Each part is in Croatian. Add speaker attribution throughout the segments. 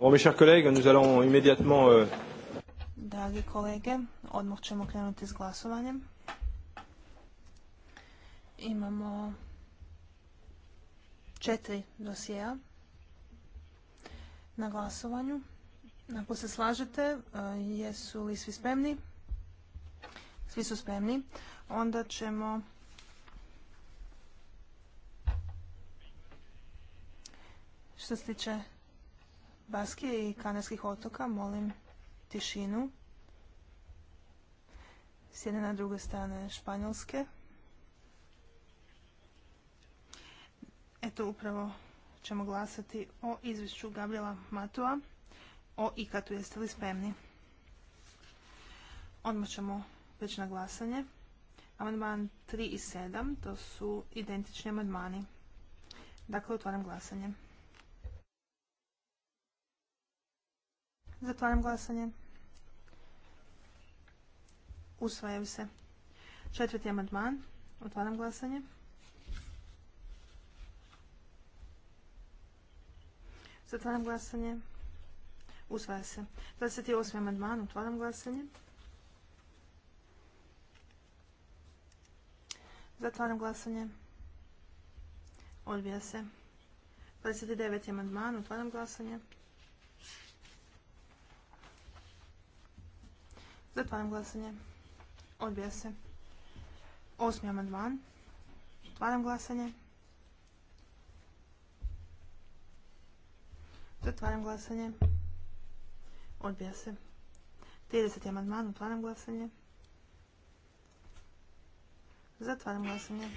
Speaker 1: Drage mes chers nous allons immédiatement... Euh,
Speaker 2: kolege, odmah ćemo krenuti s glasovanjem. Imamo četiri dosjeja na glasovanju. Ako se slažete, e, jesu li svi spremni? Svi su spremni. Onda ćemo što se tiče Baskije i Kanarskih otoka, molim tišinu. S jedne na druge strane Španjolske. Eto upravo ćemo glasati o izvješću Gabriela Matua o ikatu. Jeste li spremni? Odmah ćemo već na glasanje. Amandman 3 i 7, to su identični amandmani. Dakle, otvaram glasanje. Zatvaram glasanje. Usvajaju se. Četvrti amandman. Otvaram glasanje. Zatvaram glasanje. Usvaja se. 28. amandman. Otvaram glasanje. Zatvaram glasanje. Odbija se. 29. amandman. Otvaram glasanje. Zatvaram glasanje. Odbija se. Osmi amandman. Zatvaram glasanje. Zatvaram glasanje. Odbija se. 30. amandman. Otvaram glasanje. Zatvaram glasanje.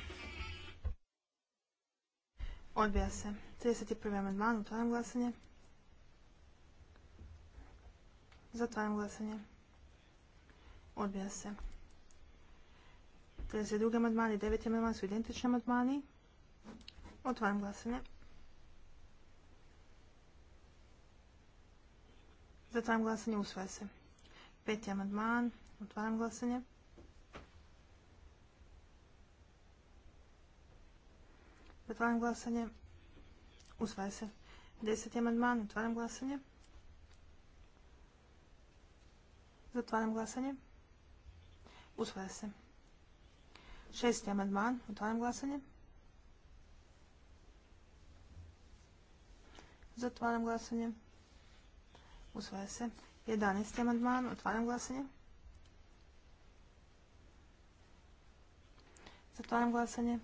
Speaker 2: Odbija se. 31. amandman. Zatvaram glasanje. Zatvaram glasanje. Odbija se. 32. amadman i 9. amandman su identični amandmani. Otvaram glasanje. Zatvaram glasanje, usvaja se. 5. amandman, otvaram glasanje. Zatvaram glasanje, usvaja se. 10. amandman, otvaram glasanje. Zatvaram glasanje. Usvaja se. Šesti amandman. Otvaram glasanje. Zatvaram glasanje. Usvaja se. 11. amandman. Otvaram glasanje. Zatvaram glasanje.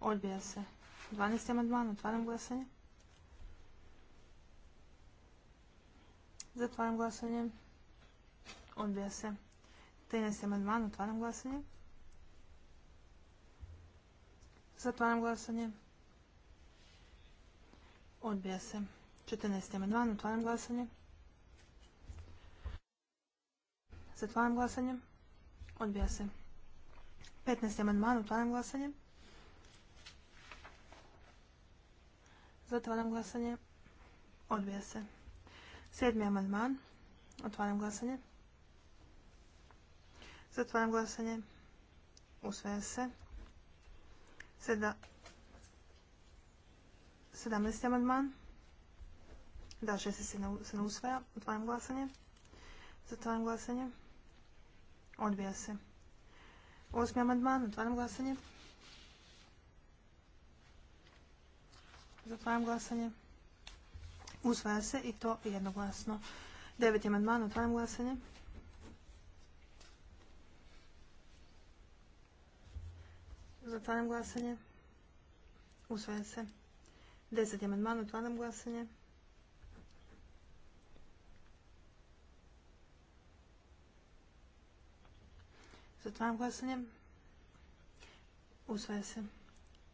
Speaker 2: Odbija se. 12. amandman. Otvaram glasanje. Zatvaram glasanje. Odbija se. 13. amandman, otvaram glasanje. Zatvaram glasanje. Odbija se. 14. amandman, otvaram glasanje. Zatvaram glasanje. Odbija se. 15. amandman, otvaram glasanje. Zatvaram glasanje. Odbija se. 7. amandman, otvaram glasanje. Zatvaram glasanje. Usvaja se. 17. amandman. Da, 16 se ne usvaja. Otvaram glasanje. Zatvaram glasanje. Odbija se. Osmi amandman. Otvaram glasanje. Zatvaram glasanje. Usvaja se i to jednoglasno. Deveti amandman. Otvaram glasanje. Zatvaram glasanje. Usvaja se. Deset amandman. Otvaram glasanje. Zatvaram glasanje. Usvaja se.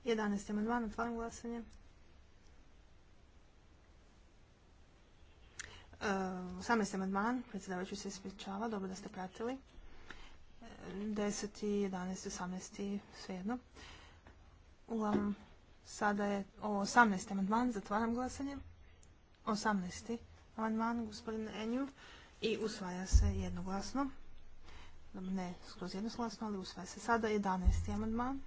Speaker 2: 11. amandman. Otvaram glasanje. E, 18. amandman. Predsjedavajući se ispričava. Dobro da ste pratili. 10. 11. 18. svejedno. Uglavnom, sada je ovo 18. amandman, zatvaram glasanje. 18. amandman, gospodin Enju, i usvaja se jednoglasno. Ne skroz jednoglasno, ali usvaja se. Sada 11. amandman.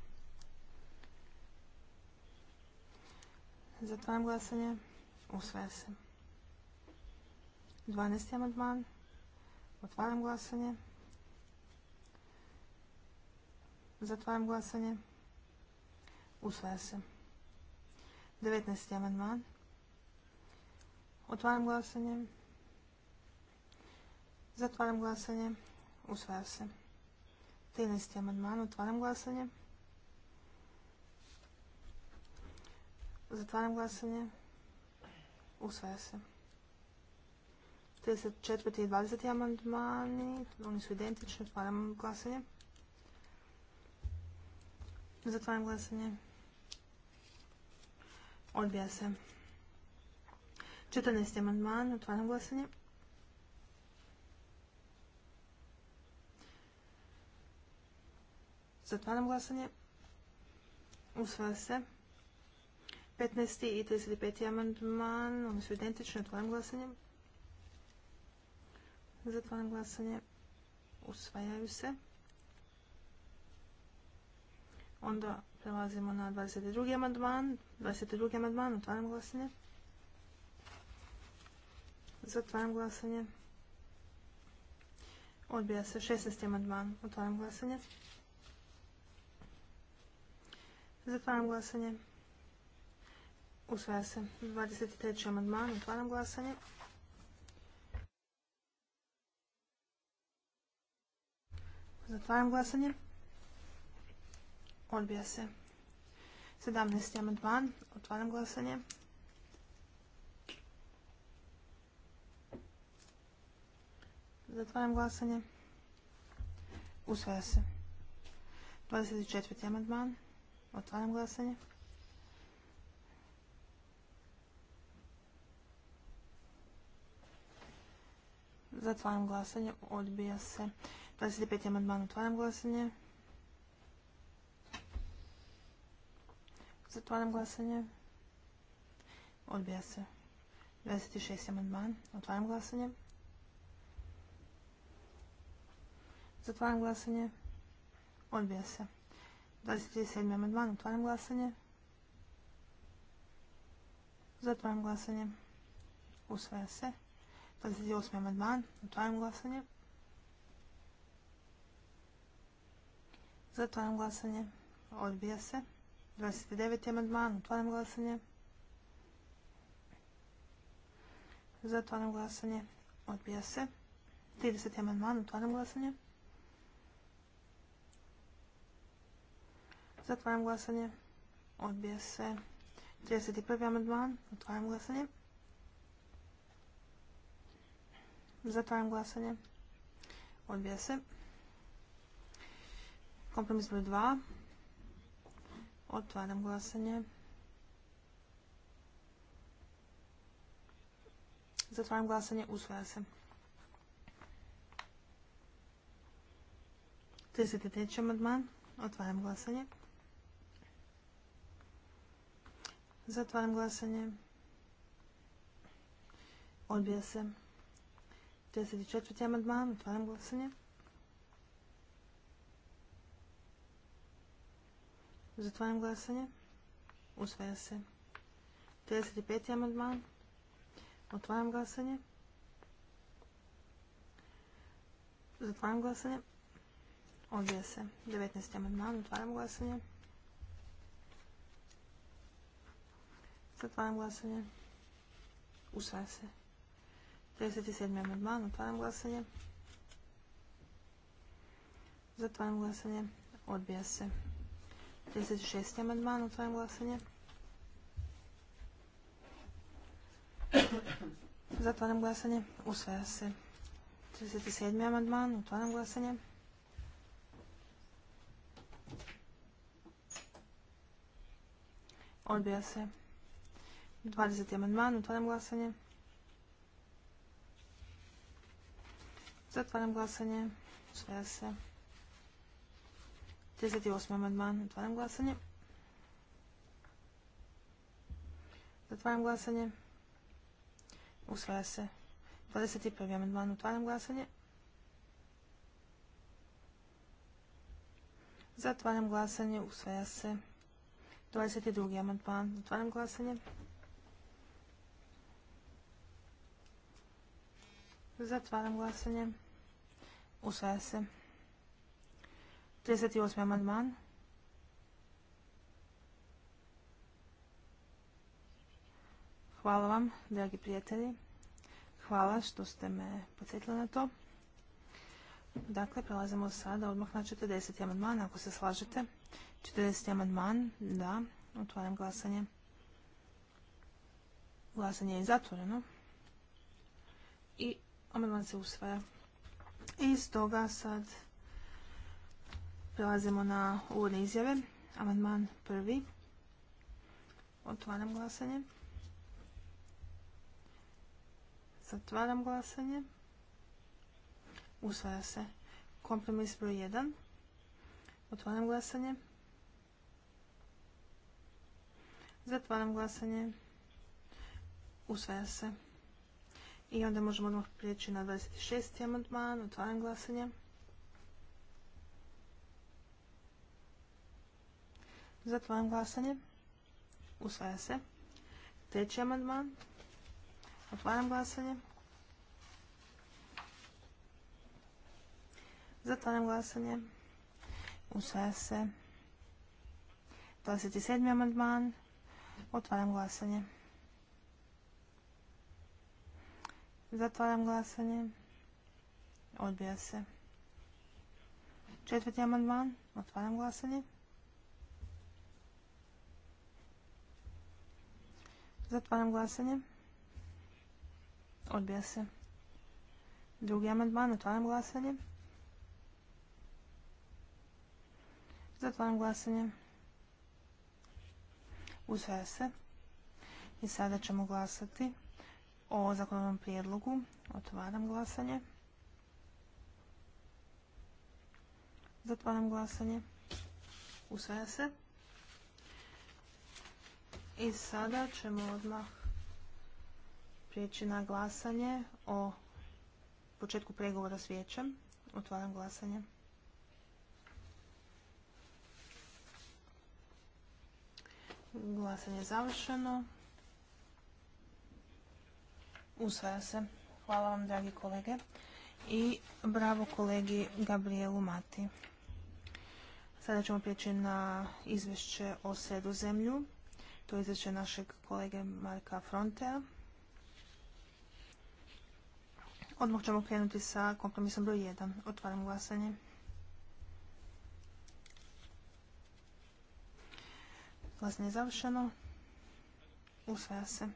Speaker 2: Zatvaram glasanje. Usvaja se. 12. amandman. Otvaram glasanje. Zatvaram glasanje. Usvaja se. 19. amandman. Otvaram glasanje. Zatvaram glasanje. Usvaja se. 13. amandman. Otvaram glasanje. Zatvaram glasanje. Usvaja se. 34. i 20. amandmani. Oni su identični. Otvaram glasanje. Zatvaram glasanje. Odbija se. 14. amandman. Otvaram glasanje. Zatvaram glasanje. Usvaja se. 15. i 35. amandman. Oni su identični. Otvaram glasanje. Zatvaram glasanje. Usvajaju se. Onda prelazimo na 22. amandman. 22. amandman, otvaram glasanje. Zatvaram glasanje. Odbija se 16. amandman. Otvaram glasanje. Zatvaram glasanje. Usvaja se 23. amandman. Otvaram glasanje. Zatvaram glasanje. Odbija se. 17. amandman. Otvaram glasanje. Zatvaram glasanje. Usvaja se. 24. amandman. Otvaram glasanje. Zatvaram glasanje. Odbija se. 25. amandman. Otvaram glasanje. Zatvaram glasanje. Odbija se. 26. amandman. Otvaram glasanje. Zatvaram glasanje. Odbija se. 27. amandman. Otvaram glasanje. Zatvaram glasanje. Usvaja se. 28. amandman. Otvaram glasanje. Zatvaram glasanje. Odbija se. 29. amandman. Otvaram glasanje. Zatvaram glasanje. Odbija se. 30. amandman. Otvaram glasanje. Zatvaram glasanje. Odbija se. 31. amandman. Otvaram glasanje. Zatvaram glasanje. Odbija se. Kompromis broj 2. Otvaram glasanje. Zatvaram glasanje. Usvaja se. 33. amadman. Otvaram glasanje. Zatvaram glasanje. Odbija se. 34. amadman, Otvaram glasanje. Zatvaram glasanje. Usvaja se. 35. amandman. Otvaram glasanje. Zatvaram glasanje. Odbija se. 19. amandman. Otvaram glasanje. Zatvaram glasanje. Usvaja se. 37. amandman. Otvaram glasanje. Zatvaram glasanje. Odbija se. 36. amandman, otvaram glasanje. Zatvaram glasanje. Usvaja se. 37. amandman, otvaram glasanje. Odbija se. 20. amandman, otvaram glasanje. Zatvaram glasanje. Usvaja se. 38. amandman. Otvaram glasanje. Zatvaram glasanje. Usvaja se. 21. amandman. Otvaram glasanje. Zatvaram glasanje. Usvaja se. 22. amandman. Otvaram glasanje. Zatvaram glasanje. Usvaja se. 38. amandman. Hvala vam, dragi prijatelji. Hvala što ste me podsjetili na to. Dakle, prelazimo sada odmah na 40. amandman, ako se slažete. 40. amandman, da, otvaram glasanje. Glasanje je zatvoreno. I amandman se usvaja. I stoga sad Prelazimo na uvodne izjave. Amandman prvi. Otvaram glasanje. Zatvaram glasanje. Usvaja se. Kompromis broj 1. Otvaram glasanje. Zatvaram glasanje. Usvaja se. I onda možemo odmah prijeći na 26. amandman. Otvaram glasanje. Zatvaram glasanje. Usvaja se. Treći amandman. Otvaram glasanje. Zatvaram glasanje. Usvaja se. 27. amandman. Otvaram glasanje. Zatvaram glasanje. Odbija se. Četvrti amandman. Otvaram glasanje. Zatvaram glasanje. Odbija se. Drugi amandman. Otvaram glasanje. Zatvaram glasanje. Usvaja se. I sada ćemo glasati o zakonovnom prijedlogu. Otvaram glasanje. Zatvaram glasanje. Usvaja se. I sada ćemo odmah prijeći na glasanje o početku pregovora s vijećem. Otvaram glasanje. Glasanje je završeno. Usvaja se. Hvala vam, dragi kolege. I bravo kolegi Gabrielu Mati. Sada ćemo prijeći na izvješće o zemlju to izvješće našeg kolege Marka Frontea. Odmah ćemo krenuti sa kompromisom broj 1. Otvaram glasanje. Glasanje je završeno. Usvaja se.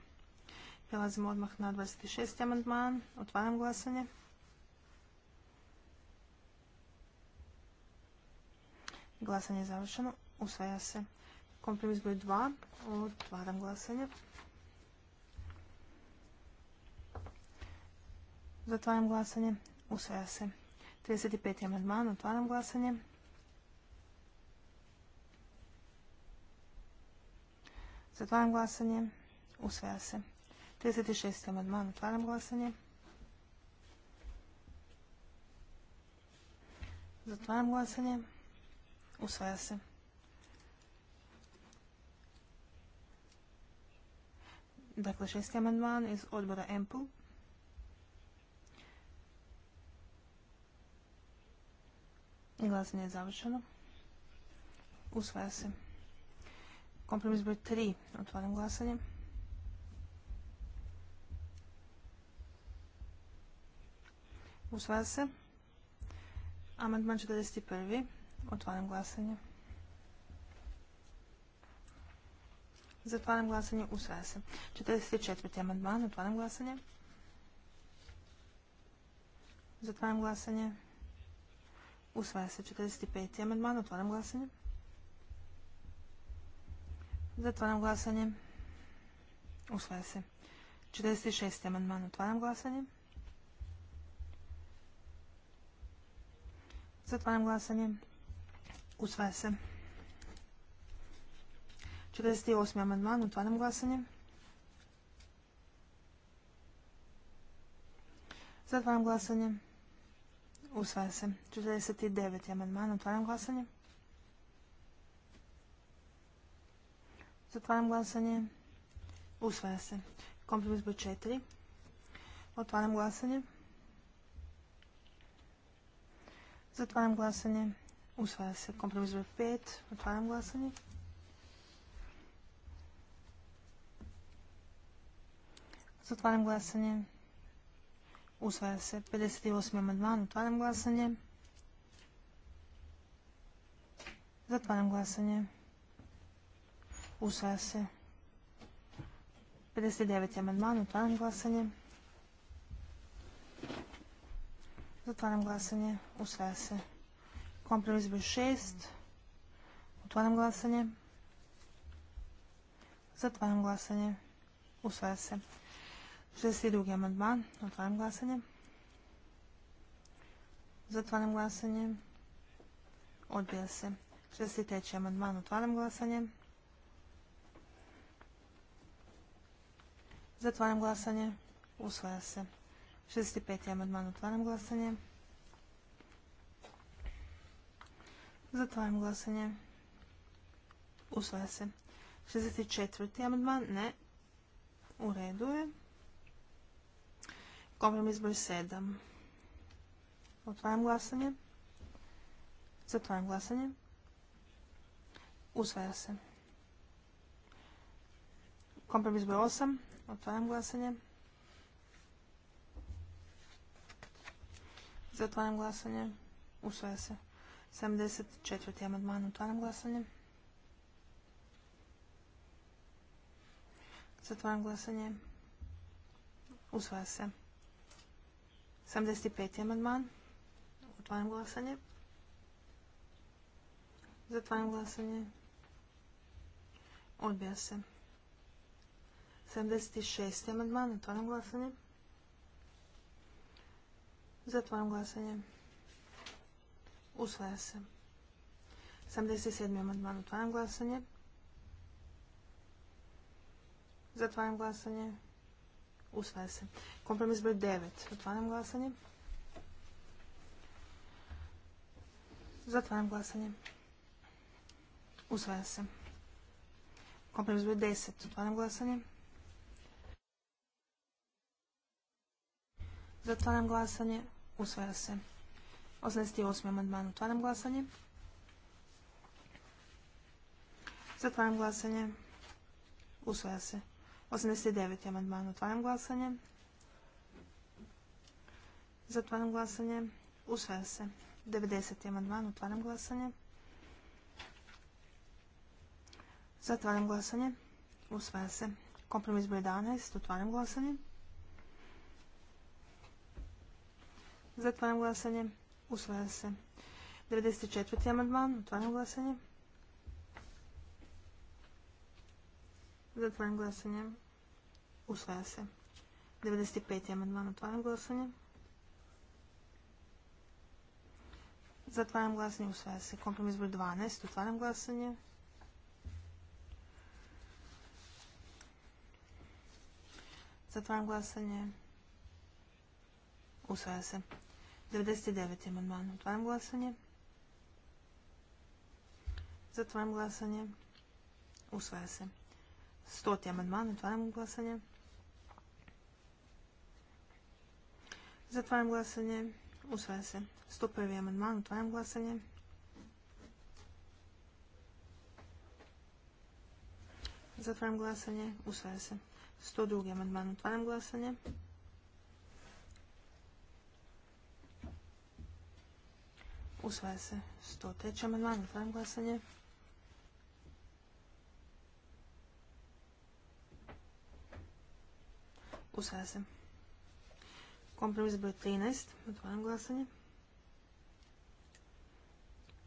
Speaker 2: Prelazimo odmah na 26. amandman. Otvaram glasanje. Glasanje je završeno. Usvaja se. Kompromis broj 2. Otvaram glasanje. Zatvaram glasanje. Usvaja se. 35. amandman. Otvaram glasanje. Zatvaram glasanje. Usvaja se. 36. amandman. Otvaram glasanje. Zatvaram glasanje. Usvaja se. Dakle, šesti amandman iz odbora EMPL. I glasanje je završeno. Usvaja se. Kompromis broj 3. Otvaram glasanje. Usvaja se. Amandman 41. Otvaram glasanje. Zatvaram glasanje. Usvaja se. 44. amandman. Otvaram glasanje. Zatvaram glasanje. Usvaja se. 45. amandman. Otvaram glasanje. Zatvaram glasanje. Usvaja se. 46. amandman. Otvaram glasanje. Zatvaram glasanje. Usvaja se. 48. amandman, otvaram glasanje. Zatvaram glasanje. Usvaja se. 49. amandman, otvaram glasanje. Zatvaram glasanje. Usvaja se. Kompromis broj 4. Otvaram glasanje. Zatvaram glasanje. Usvaja se. Kompromis broj 5. Otvaram glasanje. Zatvaram glasanje. Usvaja se. 58. amandman. Otvaram glasanje. Zatvaram glasanje. Usvaja se. 59. amandman. Otvaram glasanje. Zatvaram glasanje. Usvaja se. Kompromis broj 6. Otvaram glasanje. Zatvaram glasanje. Usvaja se. 62. amandman. Otvaram glasanje. Zatvaram glasanje. Odbija se. 63. amandman. Otvaram glasanje. Zatvaram glasanje. Usvaja se. 65. amandman. Otvaram glasanje. Zatvaram glasanje. Usvaja se. 64. amandman. Ne. U redu je. Kompromis broj 7. Otvaram glasanje. Zatvaram glasanje. Usvaja se. Kompromis broj 8. Otvaram glasanje. Zatvaram glasanje. Usvaja se. 74. amandman. Otvaram glasanje. Zatvaram glasanje. Usvaja se. 75. amandman. Otvaram glasanje. Zatvaram glasanje. Odbija se. 76. amandman. Otvaram glasanje. Zatvaram glasanje. Usvaja se. 77. amandman. Otvaram glasanje. Zatvaram glasanje. Usvaja se. Kompromis broj 9. Otvaram glasanje. Zatvaram glasanje. Usvaja se. Kompromis broj 10. Otvaram glasanje. Zatvaram glasanje. Usvaja se. 88. amandman. Otvaram glasanje. Zatvaram glasanje. Usvaja se. 89. amandman. Otvaram glasanje. Zatvaram glasanje. Usvaja se. 90. amandman. Otvaram glasanje. Zatvaram glasanje. Usvaja se. Kompromis broj 11. Otvaram glasanje. Zatvaram glasanje. Usvaja se. 94. amandman. Otvaram glasanje. Zatvaram glasanje. Usvaja se. 95. amandman. Otvaram glasanje. Zatvaram glasanje. Usvaja se. Kompromis broj 12. Otvaram glasanje. Zatvaram glasanje. Usvaja se. 99. amandman. Otvaram glasanje. Zatvaram glasanje. Usvaja se. Stoti amandman, otvaram glasanje. Zatvaram glasanje. Usvaja se. 101. amandman, otvaram glasanje. Zatvaram glasanje. Usvaja se. 102. amandman, otvaram glasanje. Usvaja se. 103. amandman, otvaram glasanje. Usvaja se. Kompromis broj 13. Otvaram glasanje.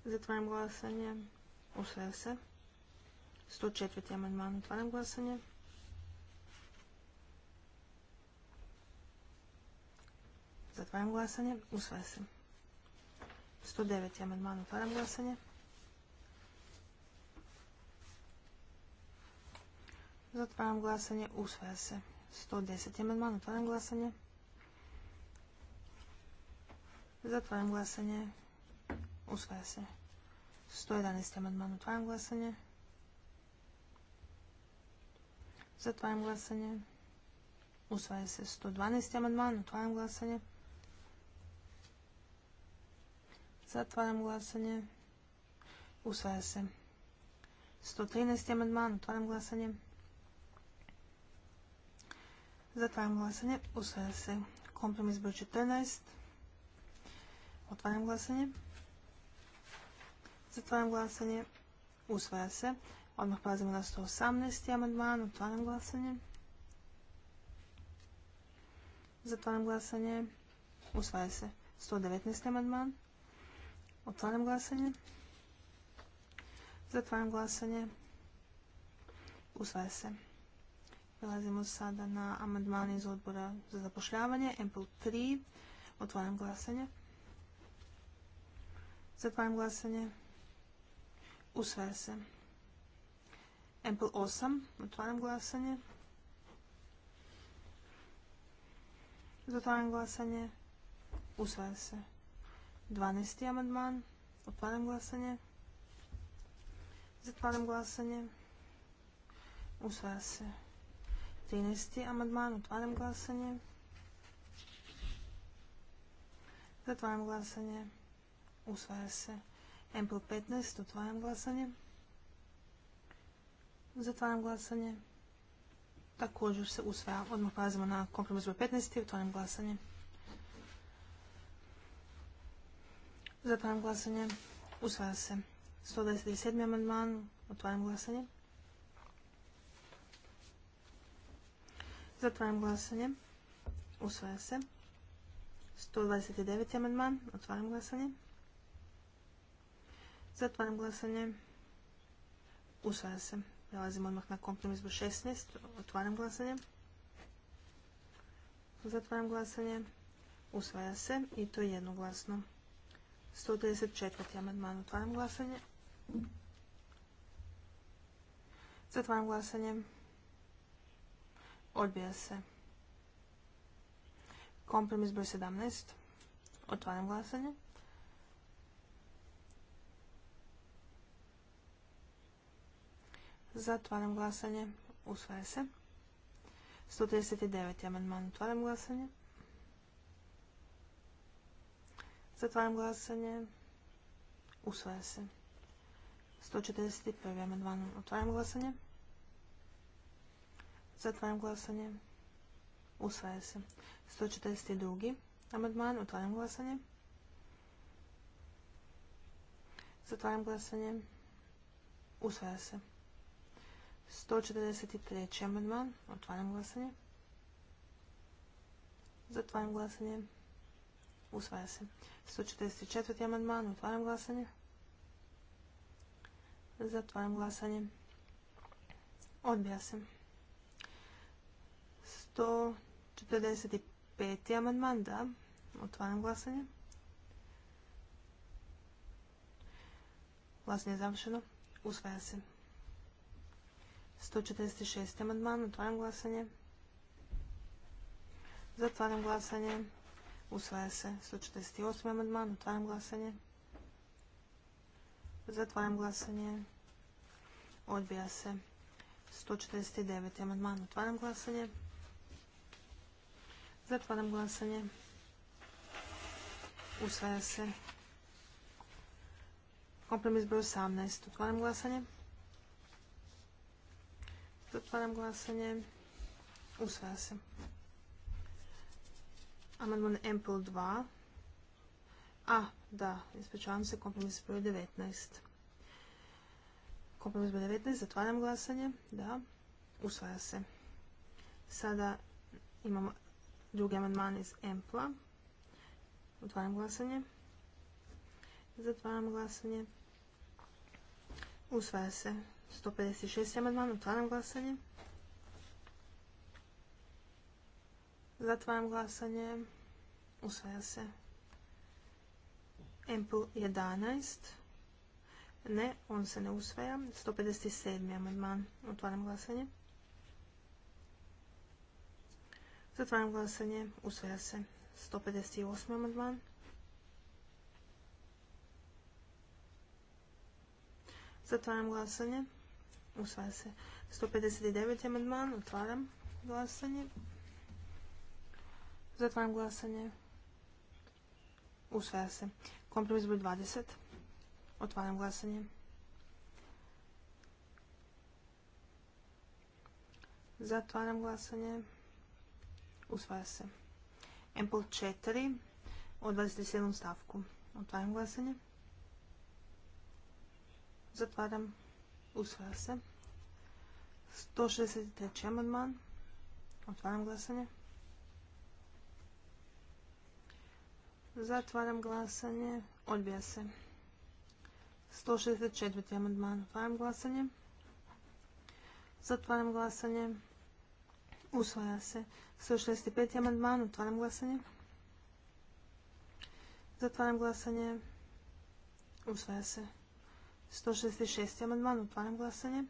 Speaker 2: Zatvaram glasanje. Usvaja se. 104. amandman. Otvaram glasanje. Zatvaram glasanje. Usvaja se. 109. amandman. Otvaram glasanje. Zatvaram glasanje. Usvaja se. 110. amandman. Otvaram glasanje. Zatvaram glasanje. Usvaja se. 111. amandman. Otvaram glasanje. Zatvaram glasanje. Usvaja se 112. amandman. Otvaram glasanje. Zatvaram glasanje. Usvaja se. 113. amandman. Otvaram glasanje. Zatvaram glasanje. Usvaja se. Kompromis broj 14. Otvaram glasanje. Zatvaram glasanje. Usvaja se. Odmah prazimo na 118. amandman. Otvaram glasanje. Zatvaram glasanje. Usvaja se. 119. amandman. Otvaram glasanje. Zatvaram glasanje. Usvaja se. Prelazimo sada na amandmane iz odbora za zapošljavanje. MPL 3. Otvaram glasanje. Zatvaram glasanje. Usvaja se. MPL 8. Otvaram glasanje. Zatvaram glasanje. Usvaja se. 12. amandman. Otvaram glasanje. Zatvaram glasanje. Usvaja se. 13. amandman. Otvaram glasanje. Zatvaram glasanje. Usvaja se. plus 15. Otvaram glasanje. Zatvaram glasanje. Također se usvaja. Odmah pazimo na kompromis broj 15. Otvaram glasanje. Zatvaram glasanje. Usvaja se. 127. amandman. Otvaram glasanje. Zatvaram glasanje. Usvaja se. 129. amandman. Otvaram glasanje. Zatvaram glasanje. Usvaja se. Prelazimo odmah na kompromis broj 16. Otvaram glasanje. Zatvaram glasanje. Usvaja se i to je jednoglasno. 134. amandman. Otvaram glasanje. Zatvaram glasanje. Odbija se. Kompromis broj 17. Otvaram glasanje. Zatvaram glasanje. Usvaja se. 139. amandman. Otvaram glasanje. Zatvaram glasanje. Usvaja se. 141. amandman. Otvaram glasanje. Zatvaram glasanje. Usvaja se. 142. Amandman. Otvaram glasanje. Zatvaram glasanje. Usvaja se. 143. amandman. Otvaram glasanje. Zatvaram glasanje. Usvaja se. 144. amandman. Otvaram glasanje. Zatvaram glasanje. Odbija se. 145. amandman, da. Otvaram glasanje. Glasanje je završeno. Usvaja se. 146. amandman. Otvaram glasanje. Zatvaram glasanje. Usvaja se. 148. amandman. Otvaram glasanje. Zatvaram glasanje. Odbija se. 149. amandman. Otvaram glasanje. Zatvaram glasanje. Usvaja se. Kompromis broj 18. Otvaram glasanje. Zatvaram glasanje. Usvaja se. Amandman MPL 2. A, da, ispričavam se, kompromis broj 19. Kompromis broj 19, zatvaram glasanje. Da, usvaja se. Sada imamo Drugi amandman iz Empla. Otvaram glasanje. Zatvaram glasanje. Usvaja se 156. amandman. Otvaram glasanje. Zatvaram glasanje. Usvaja se. Empl 11. Ne, on se ne usvaja. 157. amandman. Otvaram glasanje. Zatvaram glasanje. Usvaja se. 158. amandman. Zatvaram glasanje. Usvaja se. 159. amandman. Otvaram glasanje. Zatvaram glasanje. Usvaja se. Kompromis broj 20. Otvaram glasanje. Zatvaram glasanje. Usvaja se. Ample 4 U 27. stavku. Otvaram glasanje. Zatvaram. Usvaja se. 163. amandman. Otvaram glasanje. Zatvaram glasanje. Odbija se. 164. amandman. Otvaram glasanje. Zatvaram glasanje. Usvaja se. 165. amandman, otvaram glasanje. Zatvaram glasanje. Usvaja se. 166. amandman, otvaram glasanje.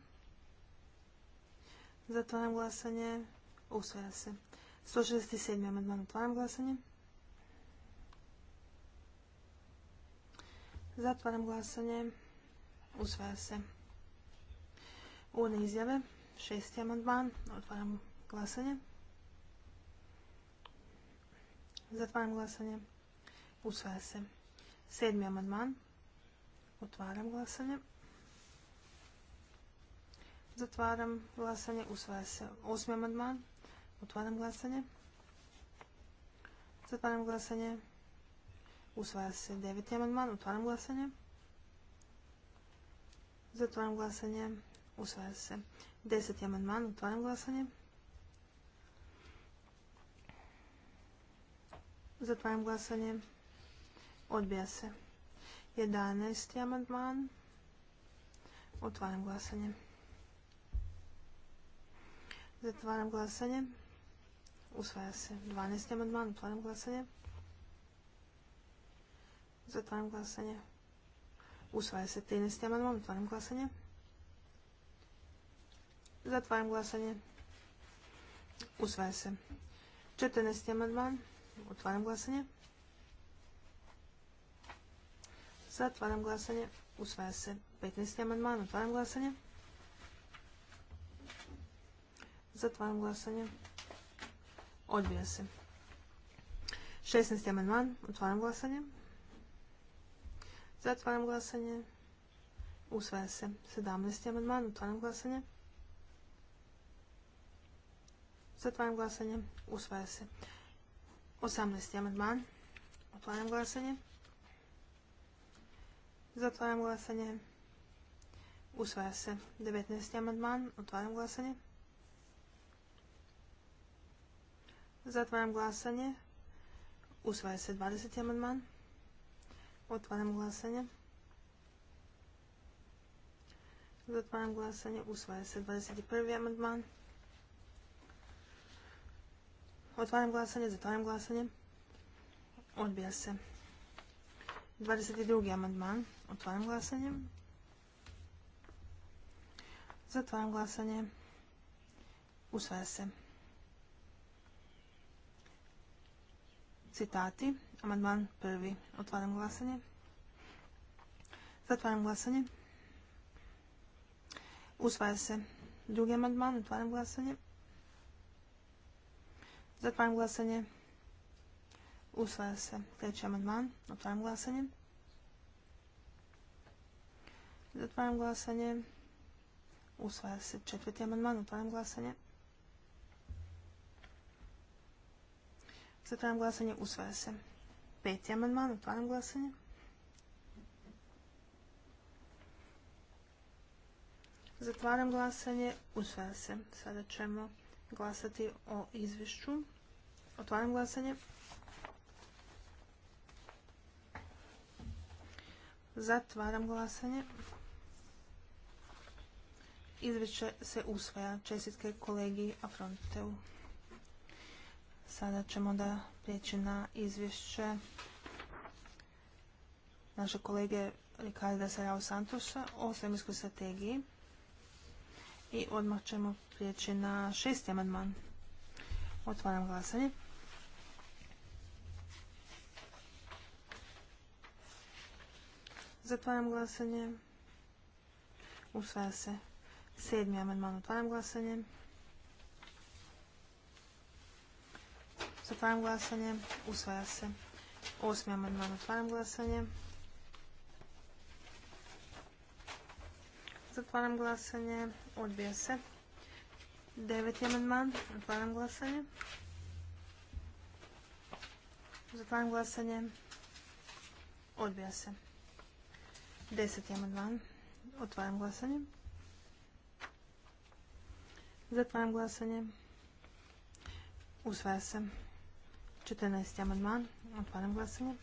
Speaker 2: Zatvaram glasanje. Usvaja se. 167. amandman, otvaram glasanje. Zatvaram glasanje. Usvaja se. One izjave. 6. amandman. Otvaram glasanje. Zatvaram glasanje. Usvaja se. Sedmi amandman. Otvaram glasanje. Zatvaram glasanje. Usvaja se. Osmi amandman. Otvaram glasanje. Zatvaram glasanje. Usvaja se. Deveti amandman. Otvaram glasanje. Zatvaram glasanje. Usvaja se. Deseti amandman. Otvaram glasanje. Zatvaram glasanje. Odbija se. 11. amandman. Otvaram glasanje. Zatvaram glasanje. Usvaja se. 12. amandman. Otvaram glasanje. Zatvaram glasanje. Usvaja se. 13. amandman. Otvaram glasanje. Zatvaram glasanje. Usvaja se. 14. amandman. Otvaram glasanje. Zatvaram glasanje. Usvaja se 15. amandman. Otvaram glasanje. Zatvaram glasanje. Odbija se. 16. amandman. Otvaram glasanje. Zatvaram glasanje. Usvaja se. 17. amandman. Otvaram glasanje. Zatvaram glasanje. Usvaja se. 18. amandman. Otvaram glasanje. Zatvaram glasanje. Usvaja se. 19. amandman. Otvaram glasanje. Zatvaram glasanje. Usvaja se 20. amandman. Otvaram glasanje. Zatvaram glasanje. Usvaja se 21. amandman. Otvaram glasanje, zatvaram glasanje. Odbija se. 22. amandman. Otvaram glasanje. Zatvaram glasanje. Usvaja se. Citati. Amandman prvi. Otvaram glasanje. Zatvaram glasanje. Usvaja se. Drugi amandman. Otvaram glasanje. Zatvaram glasanje. Usvaja se. Treći amandman. Otvaram glasanje. Zatvaram glasanje. Usvaja se. Četvrti amandman. Otvaram glasanje. Zatvaram glasanje. Usvaja se. Peti amandman. Otvaram glasanje. Zatvaram glasanje. Usvaja se. Sada ćemo glasati o izvješću. Otvaram glasanje. Zatvaram glasanje. Izvješće se usvaja. Čestitke kolegi Afronteu. Sada ćemo da prijeći na izvješće naše kolege Ricarda Sarao Santosa o svemirskoj strategiji. I odmah ćemo prijeći na šesti amandman. Otvaram glasanje. Zatvaram glasanje. Usvaja se. Sedmi amandman. Otvaram glasanje. Zatvaram glasanje. Usvaja se. Osmi amandman. Otvaram glasanje. Zatvaram glasanje. Odbija se. Deveti amandman. Otvaram glasanje. Zatvaram glasanje. Odbija se. Deseti amandman. Otvaram glasanje. Zatvaram glasanje. Usvaja se. 14. amandman. Otvaram glasanje.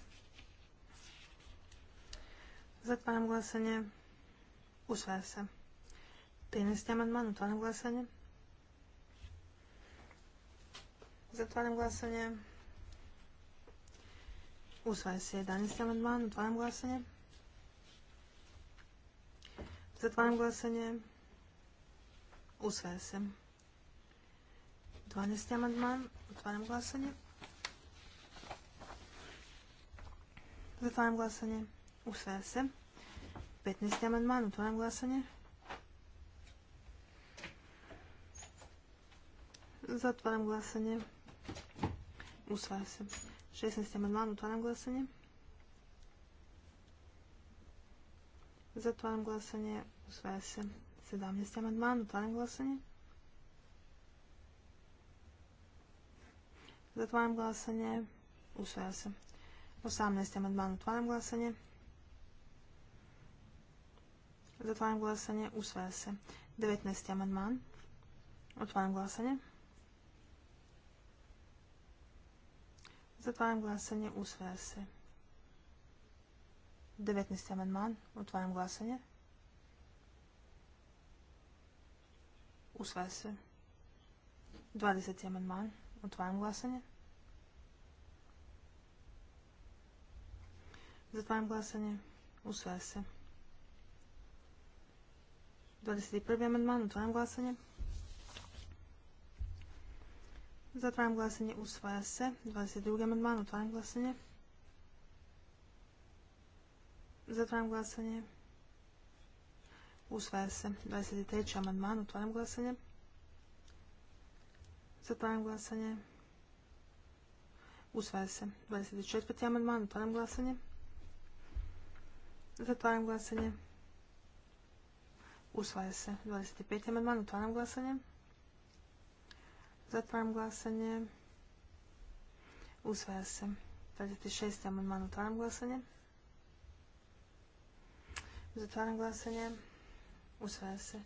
Speaker 2: Zatvaram glasanje. Usvaja se. 15 amandman, otvaram glasanje. Zatvaram glasanje. Usvaja se 11. amandman, otvaram glasanje. Zatvaram glasanje. Usvaja se. 12. amandman, otvaram glasanje. Zatvaram glasanje. Usvaja se. 15. amandman, otvaram glasanje. Zatvaram glasanje. Usvaja se. 16. amandman. Otvaram glasanje. Zatvaram glasanje. Usvaja se. 17. amandman. Otvaram glasanje. Zatvaram glasanje. Usvaja se. 18. amandman. Otvaram glasanje. Zatvaram glasanje. Usvaja se. 19. amandman. Otvaram glasanje. Zatvaram glasanje. Usvaja se. 19. amandman. Otvaram glasanje. Usvaja se. 20. amandman. Otvaram glasanje. Zatvaram glasanje. Usvaja se. 21. amandman. Otvaram glasanje. Zatvaram glasanje. Usvaja se. 22. amandman. Otvaram glasanje. Zatvaram glasanje. Usvaja se. 23. amandman. Otvaram glasanje. Zatvaram glasanje. Usvaja se. 24. amandman. Otvaram glasanje. Zatvaram glasanje. Usvaja se. 25. amandman. Otvaram glasanje. Zatvaram glasanje. Usvaja se. 26. amandman. Otvaram glasanje. Zatvaram glasanje. Usvaja se.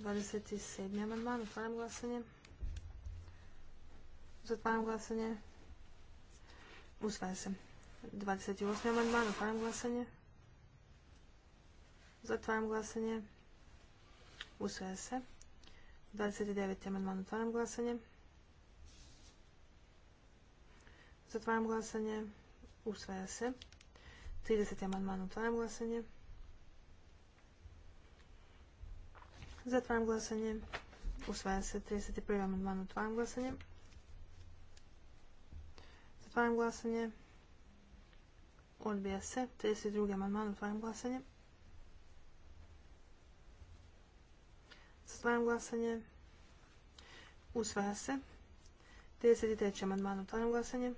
Speaker 2: 27. amandman. Otvaram glasanje. Zatvaram glasanje. Usvaja se. 28. amandman. Otvaram glasanje. Zatvaram glasanje. Usvaja se. 29. amandman. Otvaram glasanje. Zatvaram glasanje. Usvaja se. 30. amandman. Otvaram glasanje. Zatvaram glasanje. Usvaja se. 31. amandman. Otvaram glasanje. Zatvaram glasanje. Odbija se. 32. amandman. Otvaram glasanje. Zatvaram glasanje. Usvaja se. 33. amandman. Otvaram glasanje.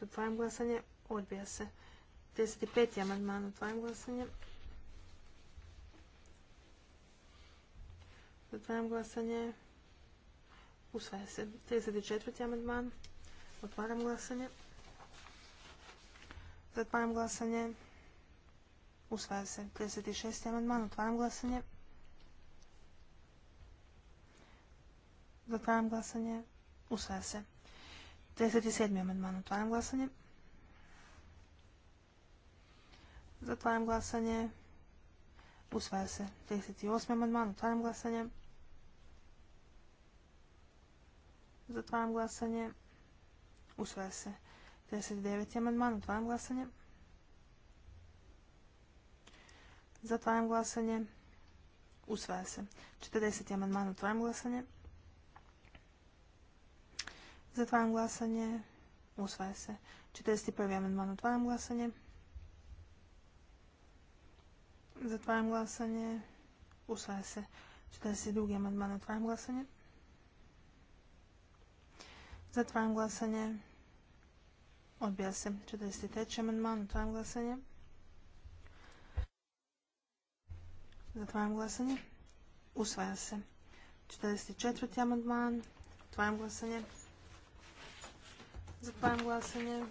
Speaker 2: Zatvaram glasanje. Odbija se. 35. amandman. Otvaram glasanje. Zatvaram glasanje. Usvaja se. 34. amandman. Otvaram glasanje. Zatvaram glasanje. Usvaja se. 36. amandman. Otvaram glasanje. Zatvaram glasanje. Usvaja se. 37. amandman. Otvaram glasanje. Zatvaram glasanje. Usvaja se 38. amandman. Otvaram glasanje. Zatvaram glasanje. Usvaja se 39. amandman. Otvaram glasanje. Zatvaram glasanje. Usvaja se. 40. amandman. Otvaram glasanje. Zatvaram glasanje. Usvaja se. 41. amandman. Otvaram glasanje. Zatvaram glasanje. Usvaja se. 42. amandman. Otvaram glasanje. Zatvaram glasanje. Odbija se. 43. amandman. Otvaram glasanje. Zatvaram glasanje. Usvaja se. 44. amandman. Otvaram glasanje. Zatvaram glasanje.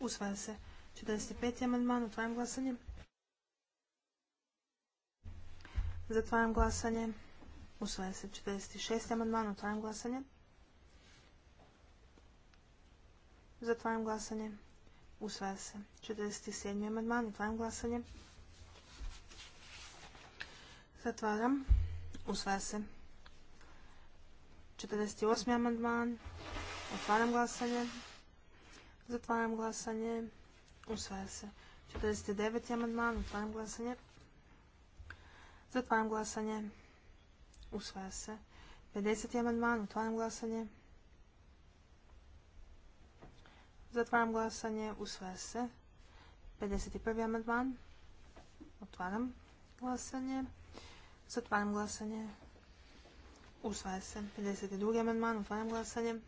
Speaker 2: Usvaja se. 45. amandman. Otvaram glasanje. Zatvaram glasanje. Usvaja se. 46. amandman. Otvaram glasanje. Zatvaram glasanje. Usvaja se. 47. amandman. Otvaram glasanje. Zatvaram. Usvaja se. 48. amandman. Otvaram glasanje. Zatvaram glasanje. Usvaja se. 49. amandman. Otvaram glasanje. Zatvaram glasanje. Usvaja se. 50. amandman. Otvaram glasanje. Zatvaram glasanje. Usvaja se. 51. amandman. Otvaram glasanje. Zatvaram glasanje. Usvaja se. 52. amandman. Otvaram glasanje.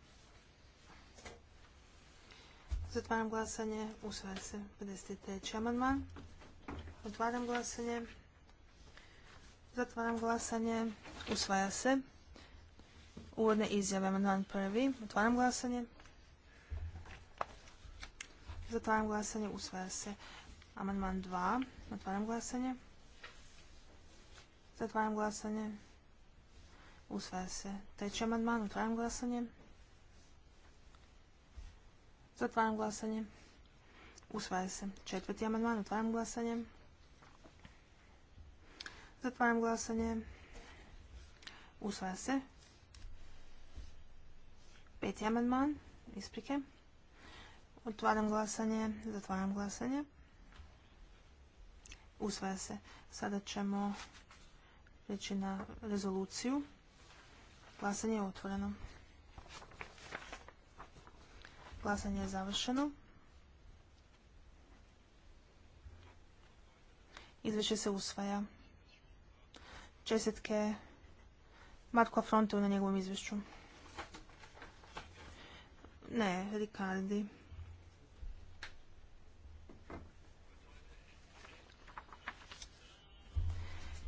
Speaker 2: Zatvaram glasanje. Usvaja se 53. amandman. Otvaram glasanje. Zatvaram glasanje. Usvaja se. Uvodne izjave. Amandman prvi. Otvaram glasanje. Zatvaram glasanje. Usvaja se. Amandman dva, Otvaram glasanje. Zatvaram glasanje. Usvaja se. Treći amandman. Otvaram glasanje. Zatvaram glasanje. Usvaja se. Četvrti amandman. Otvaram glasanje. Zatvaram glasanje. Usvaja se. Peti amandman. Isprike. Otvaram glasanje. Zatvaram glasanje. Usvaja se. Sada ćemo reći na rezoluciju. Glasanje je otvoreno. Glasanje je završeno. Izveće se usvaja. Čestitke Marko Frontu na njegovom izvješću. Ne, Ricardi.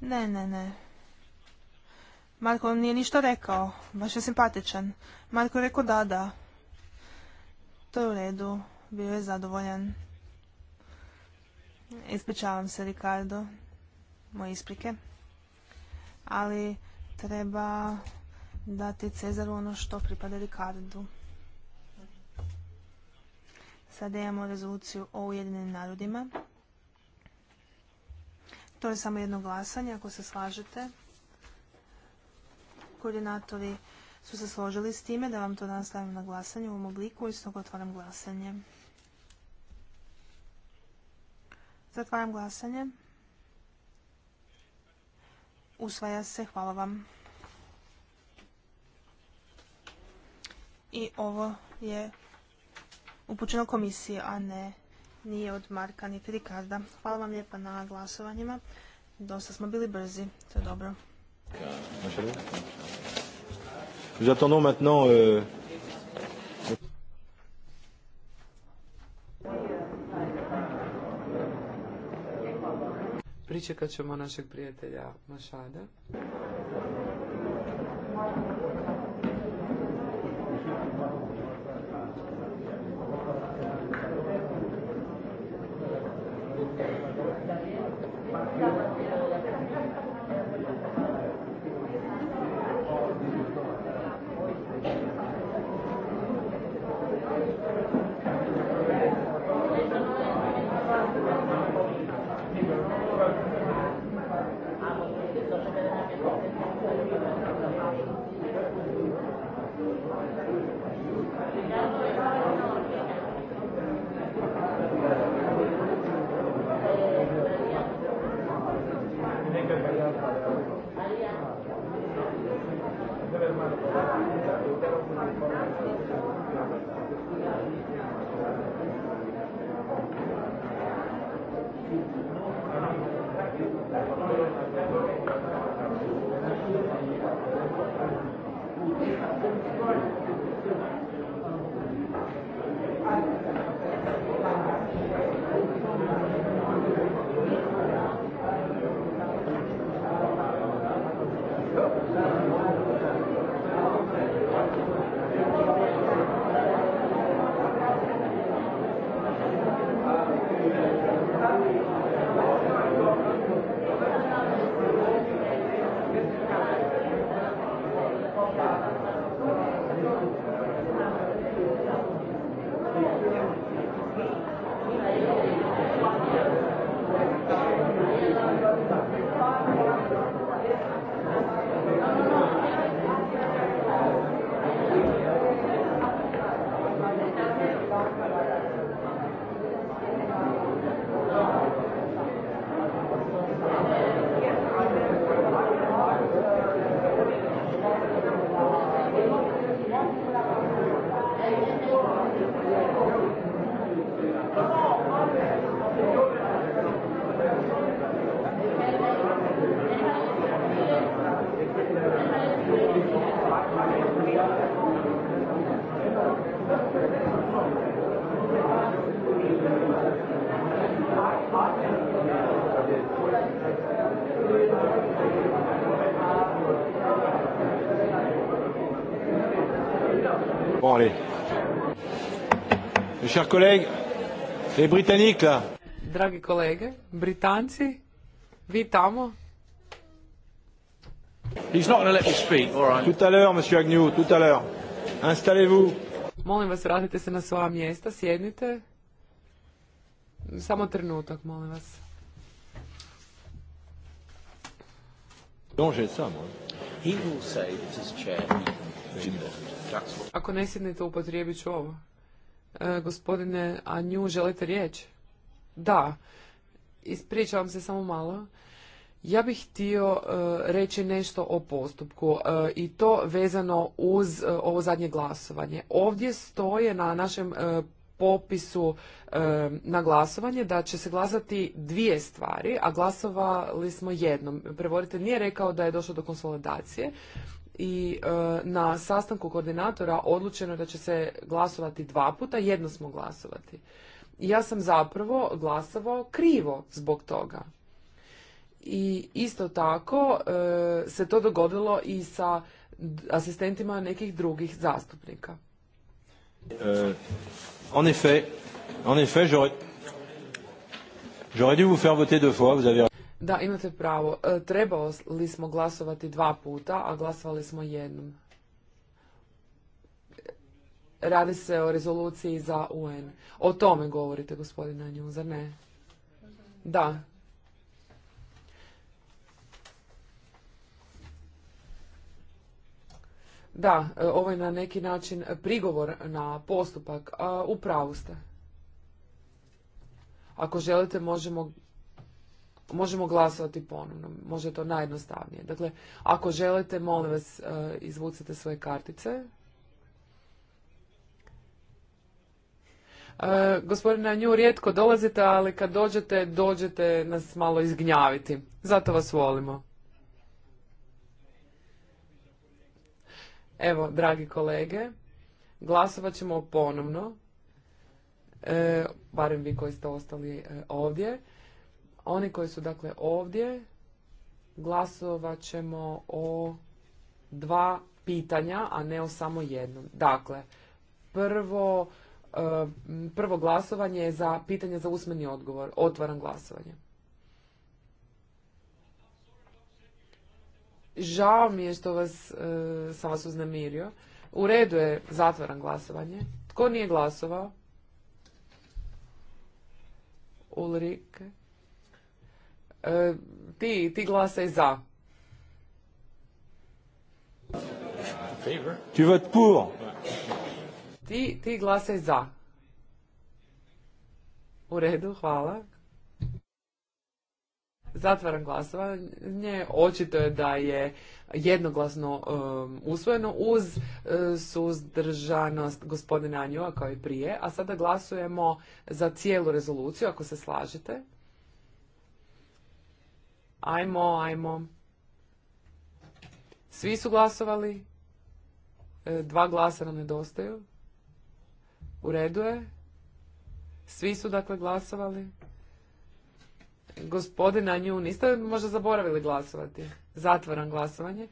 Speaker 2: Ne, ne, ne. Marko nije ništa rekao. Baš je simpatičan. Marko je rekao da, da je u redu. Bio je zadovoljan. Ispričavam se, Ricardo. Moje isprike. Ali treba dati Cezaru ono što pripada Ricardu. Sada imamo rezoluciju o Ujedinim narodima. To je samo jedno glasanje, ako se slažete. Koordinatori su se složili s time da vam to danas stavim na glasanje u ovom obliku i stoga otvaram glasanje. Zatvaram glasanje. Usvaja se. Hvala vam. I ovo je upućeno komisiji, a ne nije od Marka niti Rikarda. Hvala vam lijepa na glasovanjima. Dosta smo bili brzi. To je dobro.
Speaker 1: Nous attendons maintenant euh,
Speaker 3: Pričekat ćemo našeg prijatelja Mašada.
Speaker 1: That's chers collègues, les Britanniques là.
Speaker 3: Dragi kolege, Britanci, vi tamo. He's not going to let me
Speaker 1: speak. All right. Tout à l'heure, monsieur Agnew, tout à l'heure. Installez-vous.
Speaker 3: Molim vas, vratite se na svoja mjesta, sjednite. Samo trenutak, molim vas. Non, j'ai ça, moi. He will say that his chair Ako ne sjednete, upotrijebit ću ovo. E, gospodine Anju, želite riječ? Da. Ispričavam se samo malo. Ja bih htio e, reći nešto o postupku e, i to vezano uz ovo zadnje glasovanje. Ovdje stoje na našem popisu na glasovanje da će se glasati dvije stvari, a glasovali smo jednom. Prevoditelj nije rekao da je došlo do konsolidacije, i e, na sastanku koordinatora odlučeno da će se glasovati dva puta, jedno smo glasovati. ja sam zapravo glasovao krivo zbog toga. I isto tako e, se to dogodilo i sa asistentima nekih drugih zastupnika.
Speaker 1: Euh,
Speaker 2: en effet, en effet, j'aurais dû vous faire voter deux fois, vous avez
Speaker 3: da, imate pravo. E, trebali smo glasovati dva puta, a glasovali smo jednom. Radi se o rezoluciji za UN. O tome govorite, gospodine Anju, zar ne? Da. Da, e, ovo je na neki način prigovor na postupak. u pravu ste. Ako želite, možemo možemo glasovati ponovno. Može to najjednostavnije. Dakle, ako želite, molim vas, e, izvucite svoje kartice. E, na nju rijetko dolazite, ali kad dođete, dođete nas malo izgnjaviti. Zato vas volimo. Evo, dragi kolege, glasovat ćemo ponovno, e, barem vi koji ste ostali e, ovdje. Oni koji su dakle ovdje, glasovat ćemo o dva pitanja, a ne o samo jednom. Dakle, prvo, e, prvo glasovanje je za pitanje za usmeni odgovor. Otvaram glasovanje. Žao mi je što vas, e, sam vas uznemirio. U redu je, zatvaram glasovanje. Tko nije glasovao? Ulrike. E, ti, ti glasaj za. Ti, ti glasaj za. U redu, hvala. Zatvaram glasovanje. Očito je da je jednoglasno um, usvojeno uz e, suzdržanost gospodina Anjova kao i prije. A sada glasujemo za cijelu rezoluciju, ako se slažete. Ajmo, ajmo. Svi su glasovali. E, dva glasa nam nedostaju. U redu je. Svi su dakle glasovali. Gospodina nju niste možda zaboravili glasovati. Zatvaram glasovanje.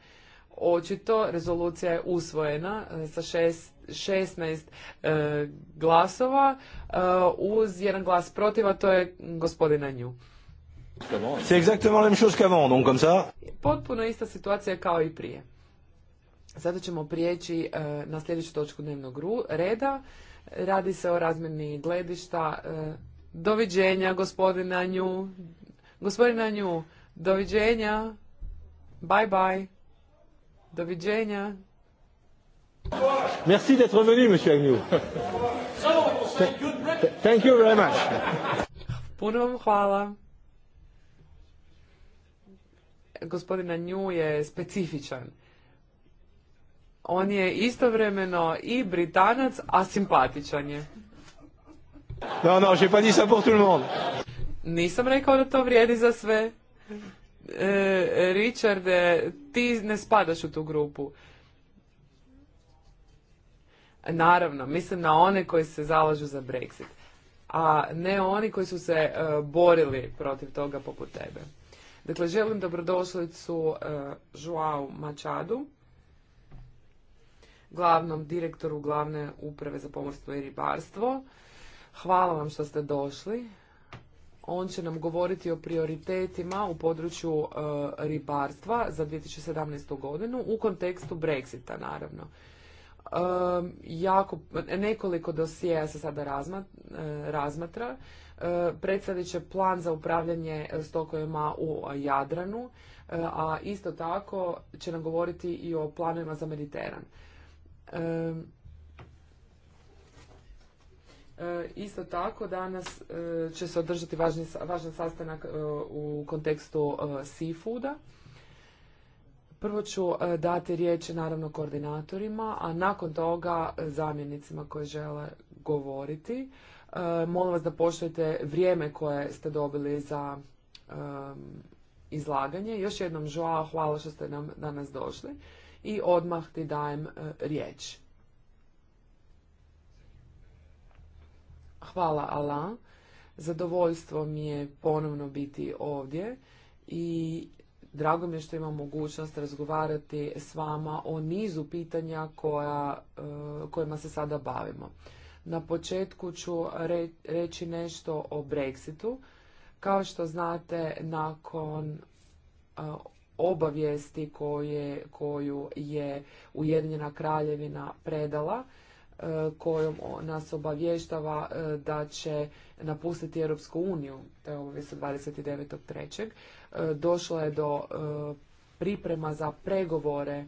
Speaker 3: Očito rezolucija je usvojena e, sa šest, 16 e, glasova uz jedan glas protiva, to je gospodina nju.
Speaker 1: C'est exactement la même chose qu'avant, donc comme ça.
Speaker 3: Potpuno ista situacija kao i prije. Sada ćemo prijeći e, na sljedeću točku dnevnog reda. Radi se o razmjeni gledišta. E, doviđenja, gospodina Nju. Gospodina Nju, doviđenja. Bye bye. Doviđenja.
Speaker 2: Merci d'être venu, monsieur Agnew.
Speaker 1: Thank you very much.
Speaker 3: Puno vam hvala gospodina Nju je specifičan. On je istovremeno i britanac, a simpatičan je.
Speaker 4: No, no,
Speaker 3: Nisam rekao da to vrijedi za sve. E, Richard, e, ti ne spadaš u tu grupu. Naravno, mislim na one koji se zalažu za Brexit, a ne oni koji su se e, borili protiv toga poput tebe. Dakle, želim dobrodošlicu e, Joao Mačadu, glavnom direktoru glavne uprave za pomorstvo i ribarstvo. Hvala vam što ste došli. On će nam govoriti o prioritetima u području e, ribarstva za 2017. godinu u kontekstu Brexita, naravno. E, jako, nekoliko dosijeja se sada razmatra E, predstavit će plan za upravljanje e, stokovima u Jadranu, e, a isto tako će nam govoriti i o planovima za Mediteran. Isto tako danas će se održati važan sastanak u kontekstu seafooda. Prvo ću dati riječ naravno koordinatorima, a nakon toga zamjenicima koji žele govoriti. E, molim vas da poštujete vrijeme koje ste dobili za izlaganje. Još jednom žao, hvala što ste nam danas došli i odmah ti dajem e, riječ. Hvala Ala. Zadovoljstvo mi je ponovno biti ovdje i drago mi je što imam mogućnost razgovarati s vama o nizu pitanja koja, e, kojima se sada bavimo. Na početku ću reći nešto o Brexitu. Kao što znate, nakon obavijesti koje, koju je Ujedinjena kraljevina predala, e, kojom nas obavještava e, da će napustiti Europsku uniju, to je obavijest 29.3. E, došlo je do priprema za pregovore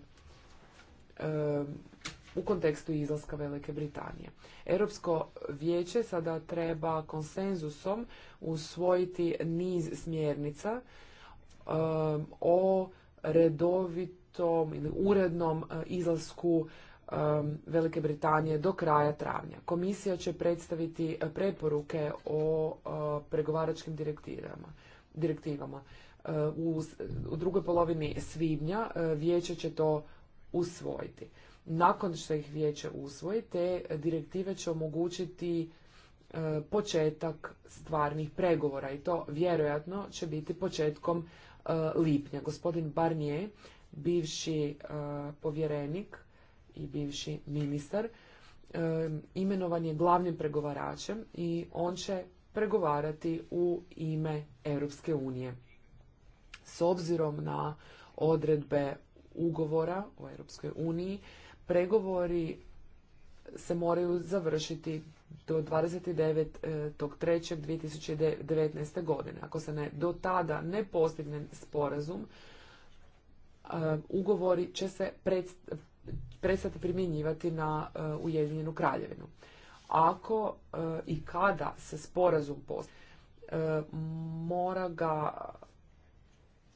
Speaker 3: u kontekstu izlaska Velike Britanije. Europsko vijeće sada treba konsenzusom usvojiti niz smjernica um, o redovitom ili urednom uh, izlasku um, Velike Britanije do kraja travnja. Komisija će predstaviti uh, preporuke o uh, pregovaračkim direktivama. direktivama. u, drugoj polovini svibnja vijeće će to usvojiti. Nakon što ih vijeće usvoji, te direktive će omogućiti e, početak stvarnih pregovora i to vjerojatno će biti početkom e, lipnja. Gospodin Barnier, bivši e, povjerenik i bivši ministar, imenovan je glavnim pregovaračem i on će pregovarati u ime Europske unije. S obzirom na odredbe ugovora o Europskoj uniji, Pregovori se moraju završiti do 29.3.2019. E, godine. Ako se ne, do tada ne postigne sporazum, e, ugovori će se prestati primjenjivati na e, Ujedinjenu kraljevinu. Ako i kada se sporazum postigne, mora ga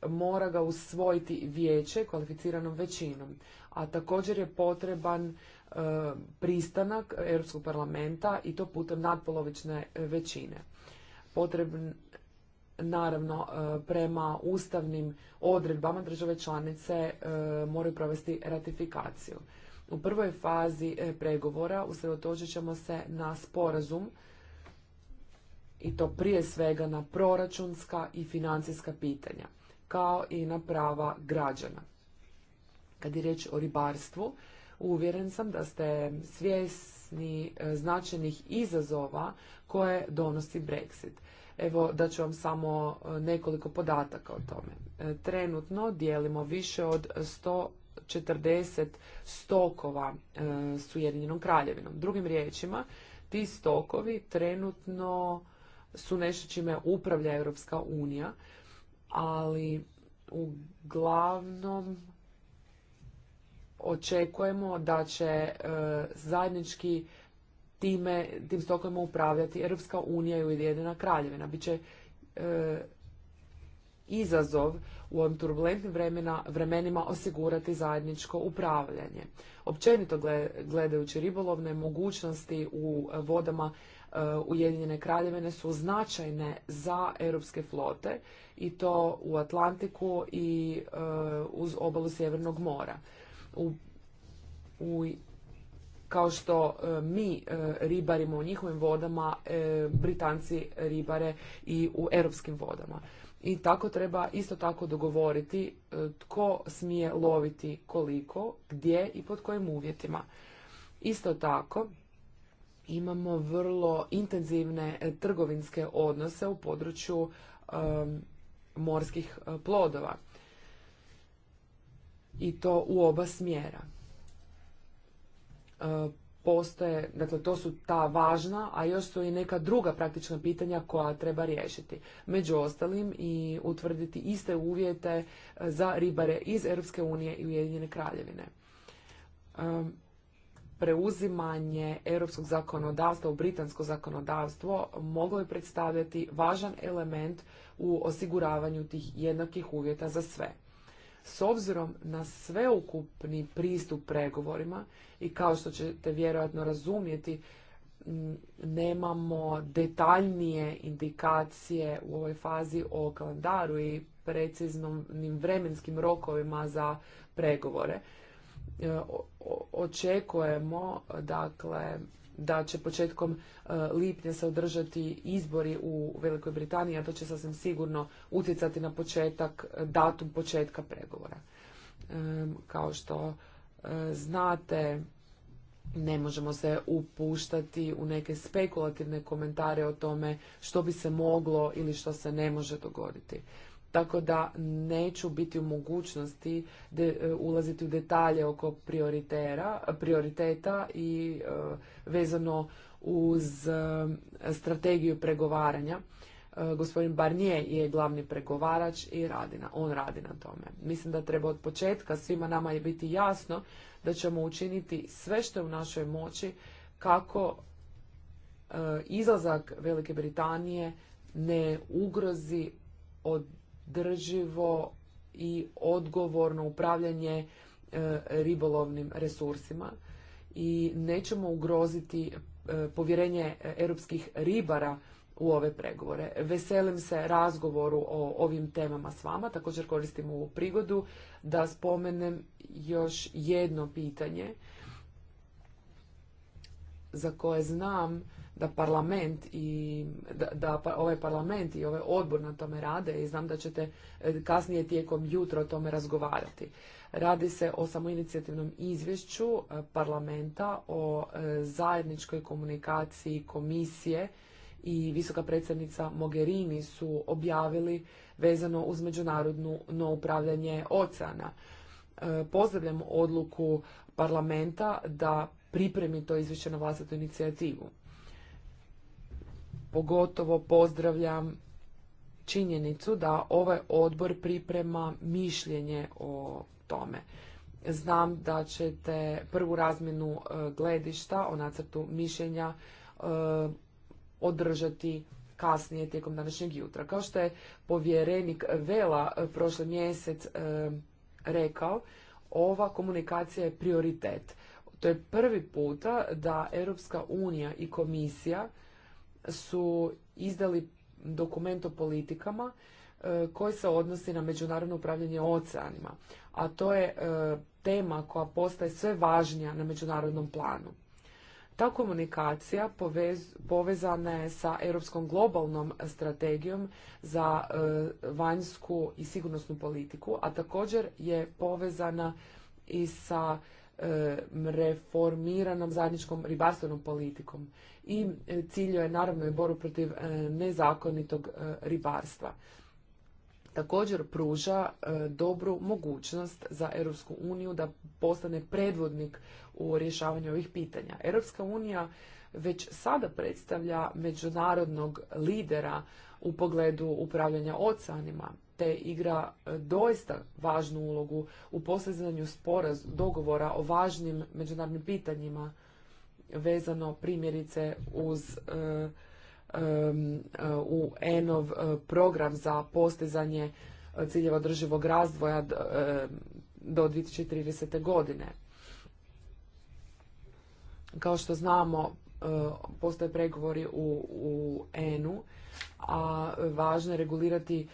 Speaker 3: mora ga usvojiti vijeće kvalificiranom većinom a također je potreban e, pristanak Europskog parlamenta i to putem nadpolovične e, većine. potreban naravno e, prema ustavnim odredbama države članice moraju provesti ratifikaciju. U prvoj fazi pregovora usredotočit ćemo se na sporazum i to prije svega na proračunska i financijska pitanja, kao i na prava građana. Kad je riječ o ribarstvu, uvjeren sam da ste svjesni e, značajnih izazova koje donosi Brexit. Evo da ću vam samo e, nekoliko podataka o tome. E, trenutno dijelimo više od 140 stokova s Ujedinjenom kraljevinom. Drugim riječima, ti stokovi trenutno su nešto čime upravlja Europska unija, ali uglavnom očekujemo da će e, zajednički time, tim stokovima upravljati Europska unija i Ujedinjena kraljevina. Biće e, izazov u ovim turbulentnim vremena, vremenima osigurati zajedničko upravljanje. Općenito gledajući ribolovne mogućnosti u vodama e, Ujedinjene kraljevine su značajne za europske flote i to u Atlantiku i uz obalu Sjevernog mora u, kao što e, mi e, ribarimo u njihovim vodama, e, Britanci ribare i u europskim vodama. I tako treba isto tako dogovoriti tko smije loviti koliko, gdje i pod kojim uvjetima. Isto tako imamo vrlo intenzivne trgovinske odnose u području morskih plodova i to u oba smjera. E, postoje, dakle to su ta važna, a još su i neka druga praktična pitanja koja treba riješiti. Među ostalim i utvrditi iste uvjete e, za ribare iz Europske unije i Ujedinjene kraljevine. E, preuzimanje europskog zakonodavstva u britansko zakonodavstvo moglo je predstavljati važan element u osiguravanju tih jednakih uvjeta za sve. S obzirom na sveukupni pristup pregovorima i kao što ćete vjerojatno razumjeti, nemamo detaljnije indikacije u ovoj fazi o kalendaru i preciznim vremenskim rokovima za pregovore. E, očekujemo, dakle, da će početkom e, lipnja se održati izbori u Velikoj Britaniji, a to će sasvim sigurno utjecati na početak, e, datum početka pregovora. E, kao što znate, ne možemo se upuštati u neke spekulativne komentare o tome što bi se moglo ili što se ne može dogoditi tako da neću biti u mogućnosti de, e, ulaziti u detalje oko prioriteta i e, vezano uz e, strategiju pregovaranja. gospodin Barnier je glavni pregovarač i radi na, on radi na tome. Mislim da treba od početka svima nama je biti jasno da ćemo učiniti sve što je u našoj moći kako izlazak Velike Britanije ne ugrozi od održivo i odgovorno upravljanje e, ribolovnim resursima i nećemo ugroziti e, povjerenje europskih ribara u ove pregovore. Veselim se razgovoru o ovim temama s vama. Također koristim ovu prigodu da spomenem još jedno pitanje za koje znam da parlament i da, da pa, ovaj parlament i ovaj odbor na tome rade i znam da ćete eh, kasnije tijekom jutra o tome razgovarati. Radi se o samoinicijativnom izvješću eh, parlamenta o eh, zajedničkoj komunikaciji komisije i visoka predsjednica Mogherini su objavili vezano uz međunarodno no upravljanje oceana. Pozdravljam odluku parlamenta da pripremi to izvješće na vlastitu inicijativu. Pogotovo pozdravljam činjenicu da ovaj odbor priprema mišljenje o tome. Znam da ćete prvu razmjenu e, gledišta o nacrtu mišljenja e, održati kasnije tijekom današnjeg jutra. Kao što je povjerenik Vela e, prošli mjesec rekao, ova komunikacija je prioritet. To je prvi puta da Europska unija i komisija su izdali dokument o politikama e, koji se odnosi na međunarodno upravljanje oceanima, a to je e, tema koja postaje sve važnija na međunarodnom planu. Ta komunikacija povezana je sa europskom globalnom strategijom za e, vanjsku i sigurnosnu politiku, a također je povezana i sa reformiranom zajedničkom ribarstvenom politikom i ciljo je naravno i boru protiv nezakonitog ribarstva. Također pruža dobru mogućnost za Europsku uniju da postane predvodnik u rješavanju ovih pitanja. Europska unija već sada predstavlja međunarodnog lidera u pogledu upravljanja oceanima te igra e, doista važnu ulogu u postizanju sporaz dogovora o važnim međunarodnim pitanjima vezano primjerice uz e, e, u enov program za postizanje ciljeva održivog razvoja do 2030. godine. Kao što znamo, postoje pregovori u, u ENU, a važno je regulirati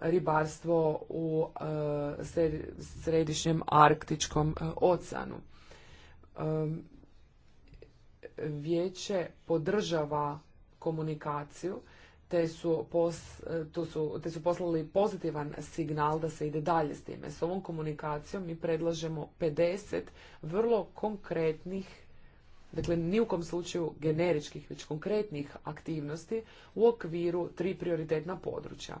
Speaker 3: ribarstvo u eh, središnjem arktičkom eh, oceanu. Vijeće podržava komunikaciju te su, eh, su, te su poslali pozitivan signal da se ide dalje s time. S ovom komunikacijom mi predlažemo 50 vrlo konkretnih Dakle, ni u kom slučaju generičkih, već konkretnih aktivnosti u okviru tri prioritetna područja.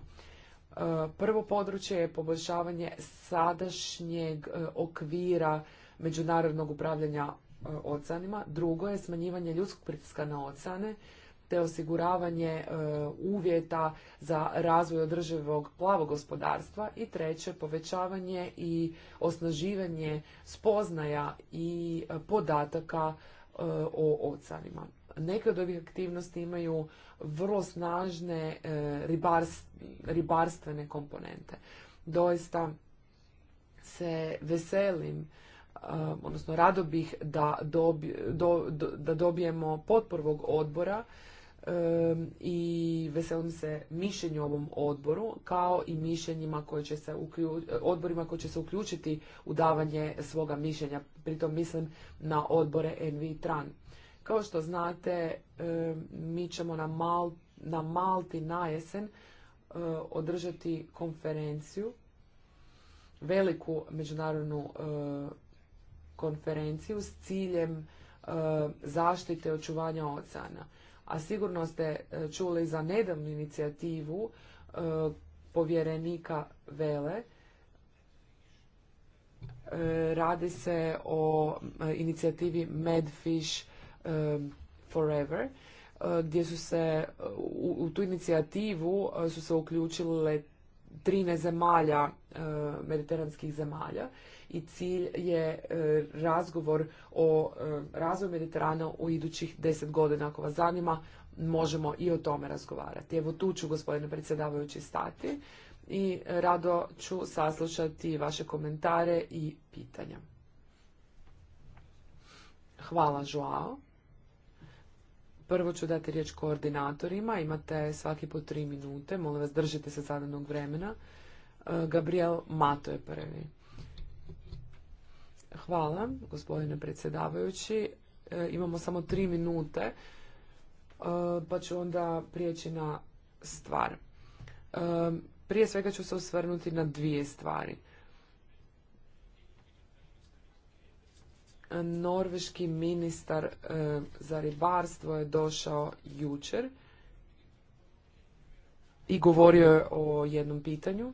Speaker 3: Prvo područje je poboljšavanje sadašnjeg e, okvira međunarodnog upravljanja e, oceanima. Drugo je smanjivanje ljudskog pritiska na oceane te osiguravanje e, uvjeta za razvoj održivog plavog gospodarstva i treće povećavanje i osnaživanje spoznaja i podataka o oceanima neke od ovih aktivnosti imaju vrlo snažne e, ribarstvene komponente. Doista se veselim e, odnosno rado bih da, dobijemo potporvog odbora e, i veselim se mišljenju ovom odboru kao i mišljenjima koje će se odborima koji će se uključiti u davanje svoga mišljenja. Pritom mislim na odbore Envi i Tran. Kao što znate, e, mi ćemo na, Malti na jesen e, održati konferenciju, veliku međunarodnu e, konferenciju s ciljem zaštite očuvanja oceana. A sigurno ste čuli za nedavnu inicijativu povjerenika Vele. Radi se o inicijativi Medfish Um, forever, uh, gdje su se u, u tu inicijativu uh, su se uključile 13 zemalja, uh, mediteranskih zemalja i cilj je razgovor o um, razvoju Mediterana u idućih 10 godina. Ako vas zanima, možemo i o tome razgovarati. Evo tu ću, gospodine predsjedavajući, stati i rado ću saslušati vaše komentare i pitanja. Hvala, Joao. Prvo ću dati riječ koordinatorima, imate svaki po tri minute, molim vas držite se zadanog vremena. E, Gabriel Mato je prvi. Hvala, gospodine predsjedavajući. E, imamo samo tri minute, e, pa ću onda prijeći na stvar. Prije svega ću se osvrnuti na dvije stvari. norveški ministar e, za ribarstvo je došao jučer i govorio je o jednom pitanju.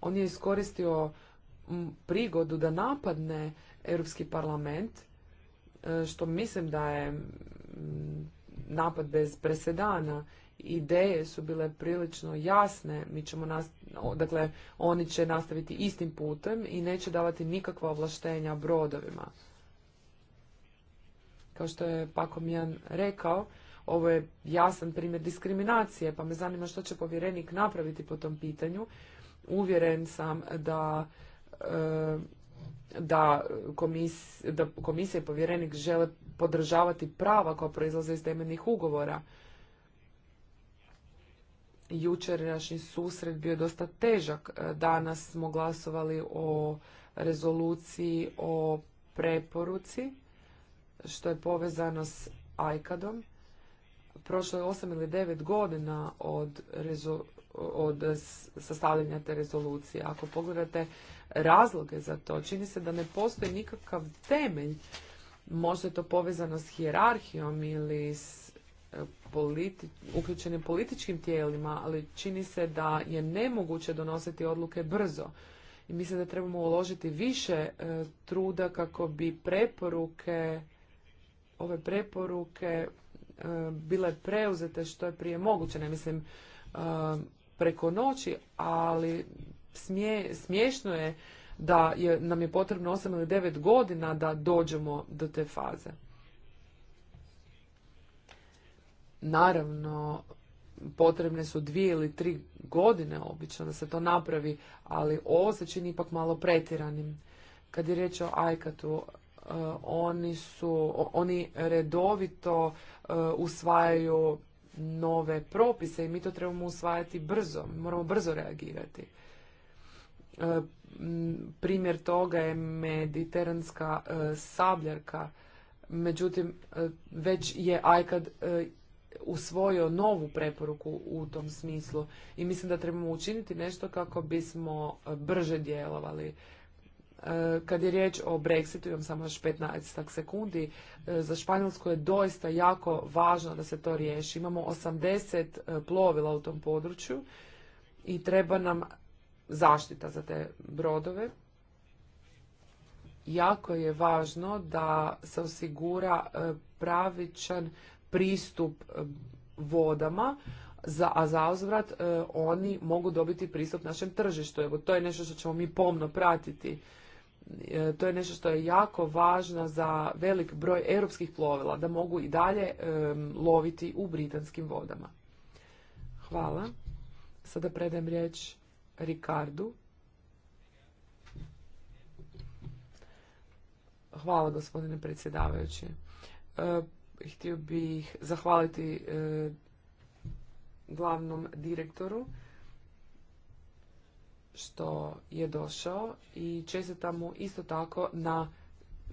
Speaker 3: On je iskoristio prigodu da napadne Europski parlament, e, što mislim da je napad bez presedana ideje su bile prilično jasne, mi ćemo dakle, oni će nastaviti istim putem i neće davati nikakva ovlaštenja brodovima. Kao što je Pakomijan rekao, ovo je jasan primjer diskriminacije, pa me zanima što će povjerenik napraviti po tom pitanju. Uvjeren sam da e, da, komis, da komisija i povjerenik žele podržavati prava koja proizlaze iz temeljnih ugovora jučerašnji susret bio dosta težak. E, danas smo glasovali o rezoluciji o preporuci, što je povezano s ajkadom. Prošlo je 8 ili 9 godina od, od sastavljanja te rezolucije. Ako pogledate razloge za to, čini se da ne postoji nikakav temelj. Možda je to povezano s hijerarhijom ili s politi uključenim političkim tijelima, ali čini se da je nemoguće donositi odluke brzo. I mislim da trebamo uložiti više e, truda kako bi preporuke, ove preporuke e, bile preuzete što je prije moguće. Ne mislim e, preko noći, ali smiješno je da je, nam je potrebno 8 ili 9 godina da dođemo do te faze. Naravno, potrebne su dvije ili tri godine obično da se to napravi, ali ovo se čini ipak malo pretjeranim. Kad je riječ o ajkatu, e, oni su, oni redovito e, usvajaju nove propise i mi to trebamo usvajati brzo, moramo brzo reagirati. E, primjer toga je mediteranska sabljarka, međutim već je ajkad usvojio novu preporuku u tom smislu i mislim da trebamo učiniti nešto kako bismo e, brže djelovali. E, kad je riječ o Brexitu, imam samo još 15 sekundi, e, za Španjolsku je doista jako važno da se to riješi. Imamo 80 plovila u tom području i treba nam zaštita za te brodove. Jako je važno da se osigura pravičan pristup e, vodama, za, a za uzvrat e, oni mogu dobiti pristup našem tržištu. Evo, to je nešto što ćemo mi pomno pratiti. E, to je nešto što je jako važno za velik broj europskih plovila, da mogu i dalje loviti u britanskim vodama. Hvala. Sada predajem riječ Rikardu. Hvala, gospodine predsjedavajući htio bih zahvaliti e, glavnom direktoru što je došao i čestitam mu isto tako na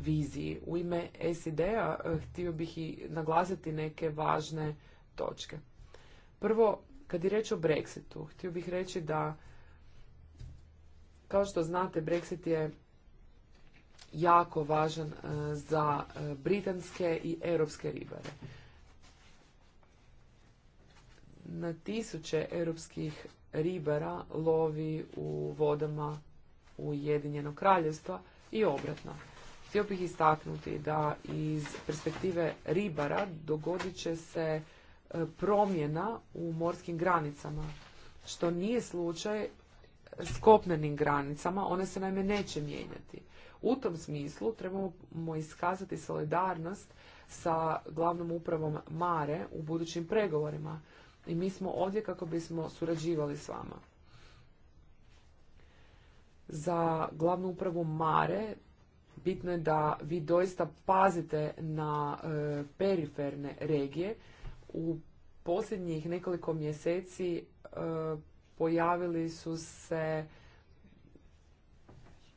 Speaker 3: viziji. U ime SID-a e, htio bih i naglasiti neke važne točke. Prvo, kad je reč o Brexitu, htio bih reći da, kao što znate, Brexit je jako važan e, za e, britanske i europske ribare. Na tisuće europskih ribara lovi u vodama Ujedinjenog kraljevstva i obratno. Htio bih istaknuti da iz perspektive ribara dogodit će se e, promjena u morskim granicama, što nije slučaj s kopnenim granicama, one se naime neće mijenjati. U tom smislu trebamo iskazati solidarnost sa glavnom upravom Mare u budućim pregovorima. I mi smo ovdje kako bismo surađivali s vama. Za glavnu upravu Mare bitno je da vi doista pazite na e, periferne regije. U posljednjih nekoliko mjeseci e, pojavili su se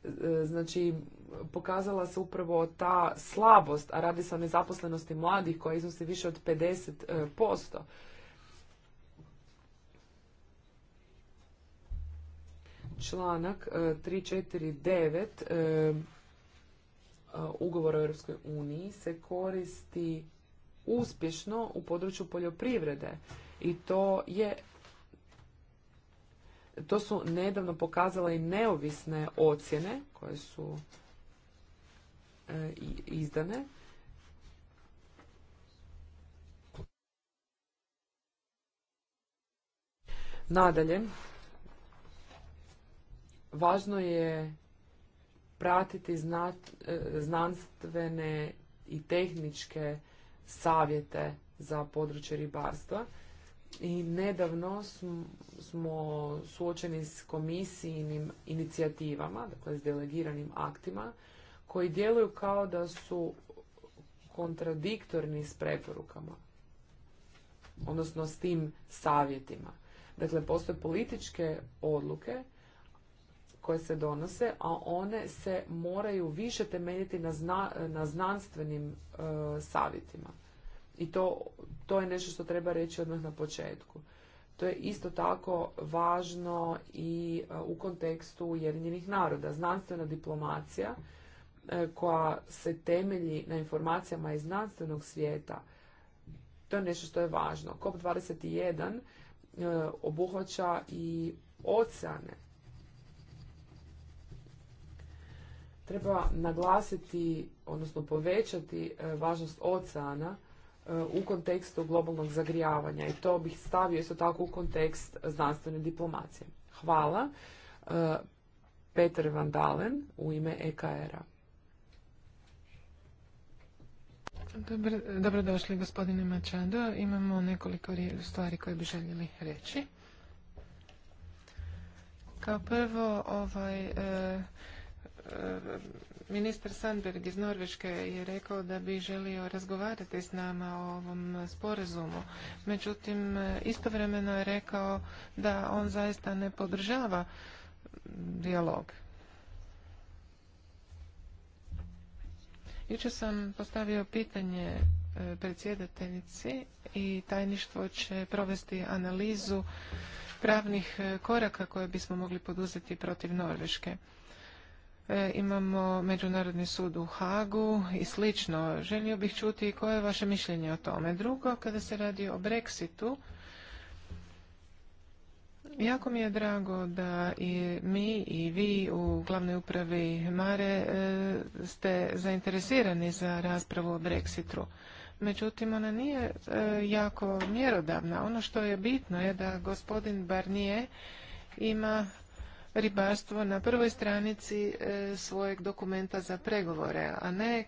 Speaker 3: E, znači, pokazala se upravo ta slabost, a radi se o nezaposlenosti mladih koja iznosi više od 50%. E, Članak 349 e, ugovora o Europskoj uniji se koristi uspješno u području poljoprivrede i to je to su nedavno pokazale i neovisne ocjene koje su e, izdane. Nadalje, važno je pratiti e, znanstvene i tehničke savjete za područje ribarstva i nedavno smo suočeni s komisijinim inicijativama, dakle s delegiranim aktima, koji djeluju kao da su kontradiktorni s preporukama, odnosno s tim savjetima. Dakle, postoje političke odluke koje se donose, a one se moraju više temeljiti na, na znanstvenim e, savjetima. I to, to je nešto što treba reći odmah na početku. To je isto tako važno i e, u kontekstu Ujedinjenih naroda. Znanstvena diplomacija e, koja se temelji na informacijama iz znanstvenog svijeta, to je nešto što je važno. COP21 e, obuhvaća i oceane. Treba naglasiti, odnosno povećati važnost oceana u kontekstu globalnog zagrijavanja i to bih stavio isto tako u kontekst znanstvene diplomacije. Hvala. E, Peter Van Dalen u ime EKR-a.
Speaker 4: dobrodošli gospodine Mačado. Imamo nekoliko stvari koje bi željeli reći. Kao prvo, ovaj e, e, Ministar Sandberg iz Norveške je rekao da bi želio razgovarati s nama o ovom sporazumu. Međutim, istovremeno je rekao da on zaista ne podržava dijalog. Jučer sam postavio pitanje e, predsjedateljici i tajništvo će provesti analizu pravnih e, koraka koje bismo mogli poduzeti protiv Norveške. E, imamo Međunarodni sud u Hagu i slično. Želio bih čuti koje je vaše mišljenje o tome. Drugo, kada se radi o Brexitu, Jako mi je drago da i mi i vi u glavnoj upravi Mare e, ste zainteresirani za raspravu o Brexitu. Međutim, ona nije e, jako mjerodavna. Ono što je bitno je da gospodin Barnier ima ribarstvo na prvoj stranici e, svojeg dokumenta za pregovore, a ne e,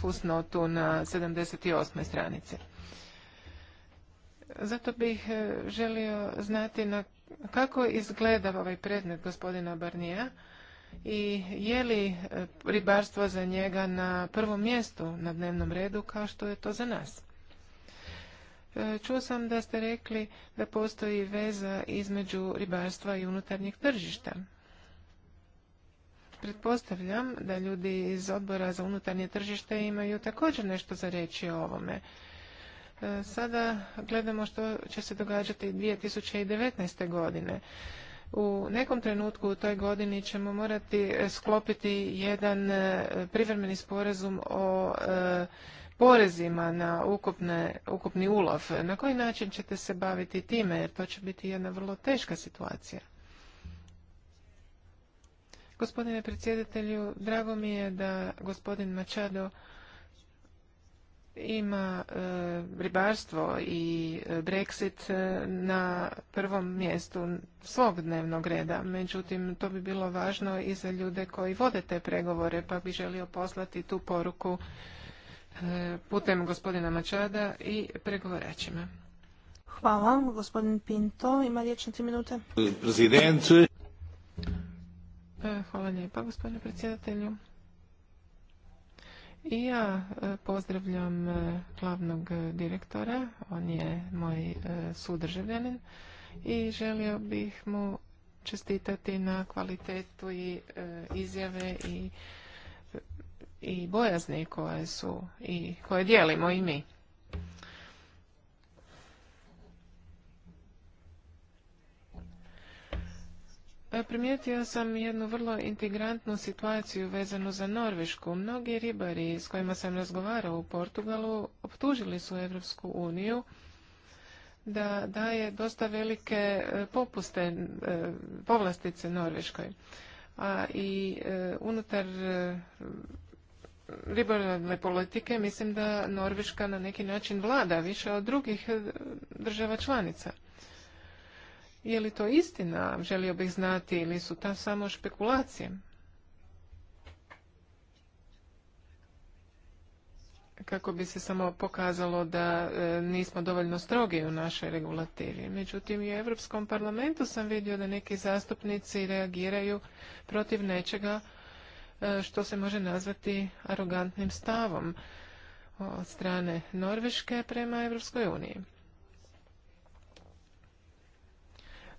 Speaker 4: fusnotu na 78. stranici. Zato bih e, želio znati na kako izgleda ovaj predmet gospodina Barnija i je li ribarstvo za njega na prvom mjestu na dnevnom redu kao što je to za nas. E, čuo sam da ste rekli da postoji veza između ribarstva i unutarnjeg tržišta. Pretpostavljam da ljudi iz odbora za unutarnje tržište imaju također nešto za reći o ovome. E, sada gledamo što će se događati 2019. godine. U nekom trenutku u toj godini ćemo morati sklopiti jedan e, privremeni sporazum o porezima na ukupne, ukupni ulov. Na koji način ćete se baviti time? Jer to će biti jedna vrlo teška situacija. Gospodine predsjedatelju, drago mi je da gospodin Mačado ima e, ribarstvo i e, Brexit e, na prvom mjestu svog dnevnog reda. Međutim, to bi bilo važno i za ljude koji vode te pregovore, pa bi želio poslati tu poruku putem gospodina Mačada i pregovoračima. Hvala. Gospodin Pinto ima riječ na tri minute. E, hvala lijepa gospodine
Speaker 2: predsjedatelju.
Speaker 4: I ja e, pozdravljam e, glavnog direktora, on je moj sudržavljanin i želio bih mu čestitati na kvalitetu i izjave i i bojazni koje su i koje dijelimo i mi. E, primijetio sam jednu vrlo integrantnu situaciju vezanu za Norvešku. Mnogi ribari s kojima sam razgovarao u Portugalu optužili su Evropsku uniju da daje dosta velike e, popuste, e, povlastice Norveškoj. A i unutar liberalne politike mislim da Norveška na neki način vlada više od drugih eh, država članica. Je li to istina, želio bih znati, ili su ta samo špekulacije? Kako bi se samo pokazalo da eh, nismo dovoljno strogi u našoj regulativi. Međutim, i u Europskom parlamentu sam vidio da neki zastupnici reagiraju protiv nečega E, što se može nazvati arogantnim stavom od strane Norveške prema Europskoj uniji.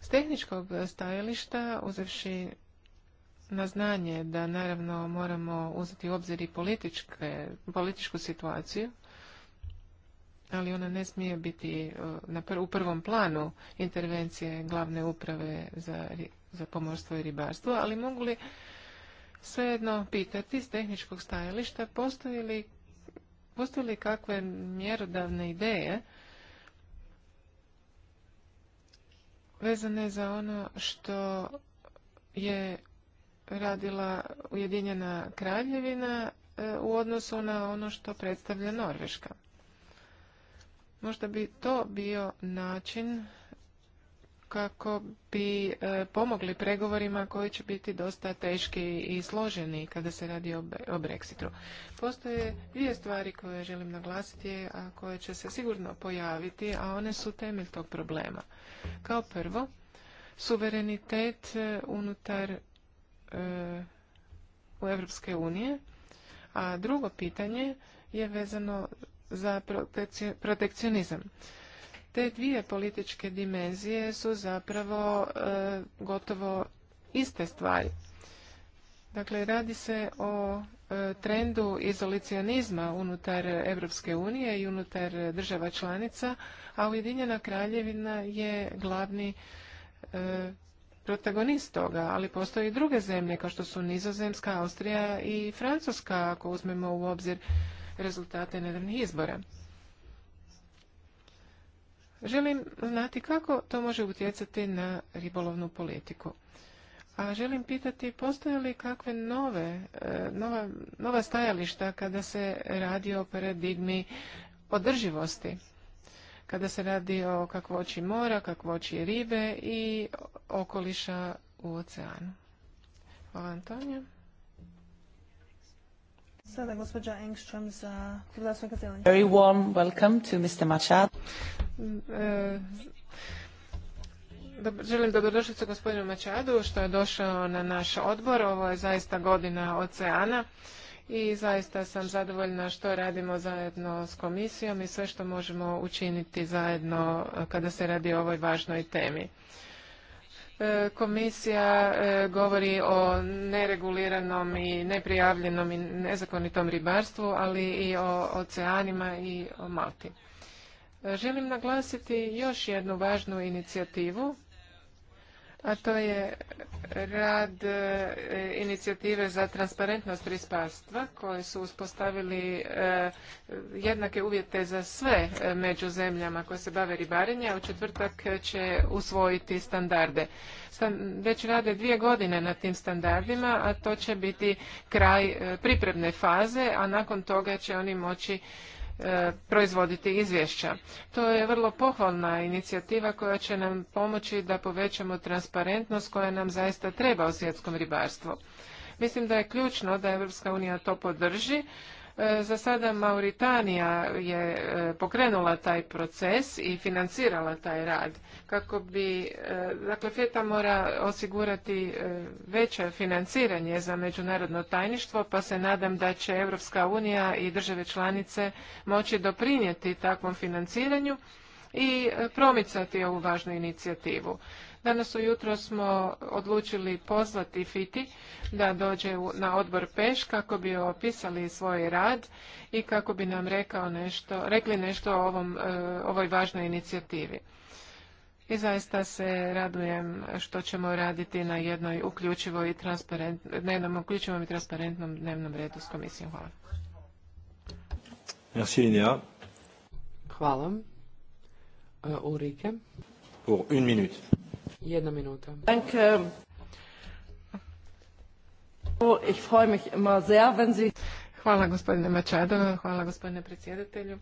Speaker 4: S tehničkog stajališta, uzevši na znanje da naravno moramo uzeti u obzir i političku situaciju, ali ona ne smije biti e, u prvom planu intervencije glavne uprave za, za pomorstvo i ribarstvo, ali mogu li svejedno pitati s tehničkog stajališta postoji li, postoji li kakve mjerodavne ideje vezane za ono što je radila Ujedinjena kraljevina e, u odnosu na ono što predstavlja Norveška. Možda bi to bio način kako bi e, pomogli pregovorima koji će biti dosta teški i složeni kada se radi o Brexitu. Postoje dvije stvari koje želim naglasiti, a koje će se sigurno pojaviti, a one su temelj tog problema. Kao prvo, suverenitet e, unutar e, u Europske unije, a drugo pitanje je vezano za protekcionizam. Te dvije političke dimenzije su zapravo e, gotovo iste stvari. Dakle, radi se o e, trendu izolicionizma unutar Europske unije i unutar država članica, a Ujedinjena kraljevina je glavni e, protagonist toga, ali postoje i druge zemlje kao što su Nizozemska, Austrija i Francuska, ako uzmemo u obzir rezultate nedavnih izbora. Želim znati kako to može utjecati na ribolovnu politiku. A želim pitati, postoje li kakve nove, e, nova, nova stajališta kada se radi o paradigmi održivosti? Kada se radi o kakvoći mora, kakvoći ribe i okoliša u oceanu. Hvala Antonija.
Speaker 2: Sada gospođa Engström
Speaker 5: Very warm welcome to Mr.
Speaker 4: E, želim gospodinu Mačadu što je došao na naš odbor. Ovo je zaista godina oceana i zaista sam zadovoljna što radimo zajedno s komisijom i sve što možemo učiniti zajedno e, kada se radi o ovoj važnoj temi. E, komisija e, govori o nereguliranom i neprijavljenom i nezakonitom ribarstvu, ali i o oceanima i o Malti. E, želim naglasiti još jednu važnu inicijativu a to je rad e, inicijative za transparentnost prispastva koje su uspostavili e, jednake uvjete za sve e, među zemljama koje se bave ribarenjem, a u četvrtak će usvojiti standarde. Već rade dvije godine na tim standardima, a to će biti kraj pripremne faze, a nakon toga će oni moći E, proizvoditi izvješća. To je vrlo pohvalna inicijativa koja će nam pomoći da povećamo transparentnost koja nam zaista treba u svjetskom ribarstvu. Mislim da je ključno da Evropska unija to podrži E, za sada Mauritanija je e, pokrenula taj proces i financirala taj rad kako bi, e, dakle FETA mora osigurati veće financiranje za međunarodno tajništvo pa se nadam da će Europska unija i države članice moći doprinijeti takvom financiranju i promicati ovu važnu inicijativu. Danas ujutro smo odlučili pozvati Fiti da dođe na odbor Peš kako bi opisali svoj rad i kako bi nam rekao nešto, rekli nešto o ovom, e, ovoj važnoj inicijativi. I zaista se radujem što ćemo raditi na jednoj uključivoj i na jednom uključivom i transparentnom dnevnom redu s
Speaker 3: komisijom. Hvala. Merci, Hvala. E, Ulrike. Pour jedna minuta. Danke. Oh, hvala gospodine Mačado,
Speaker 4: hvala gospodine predsjedatelju.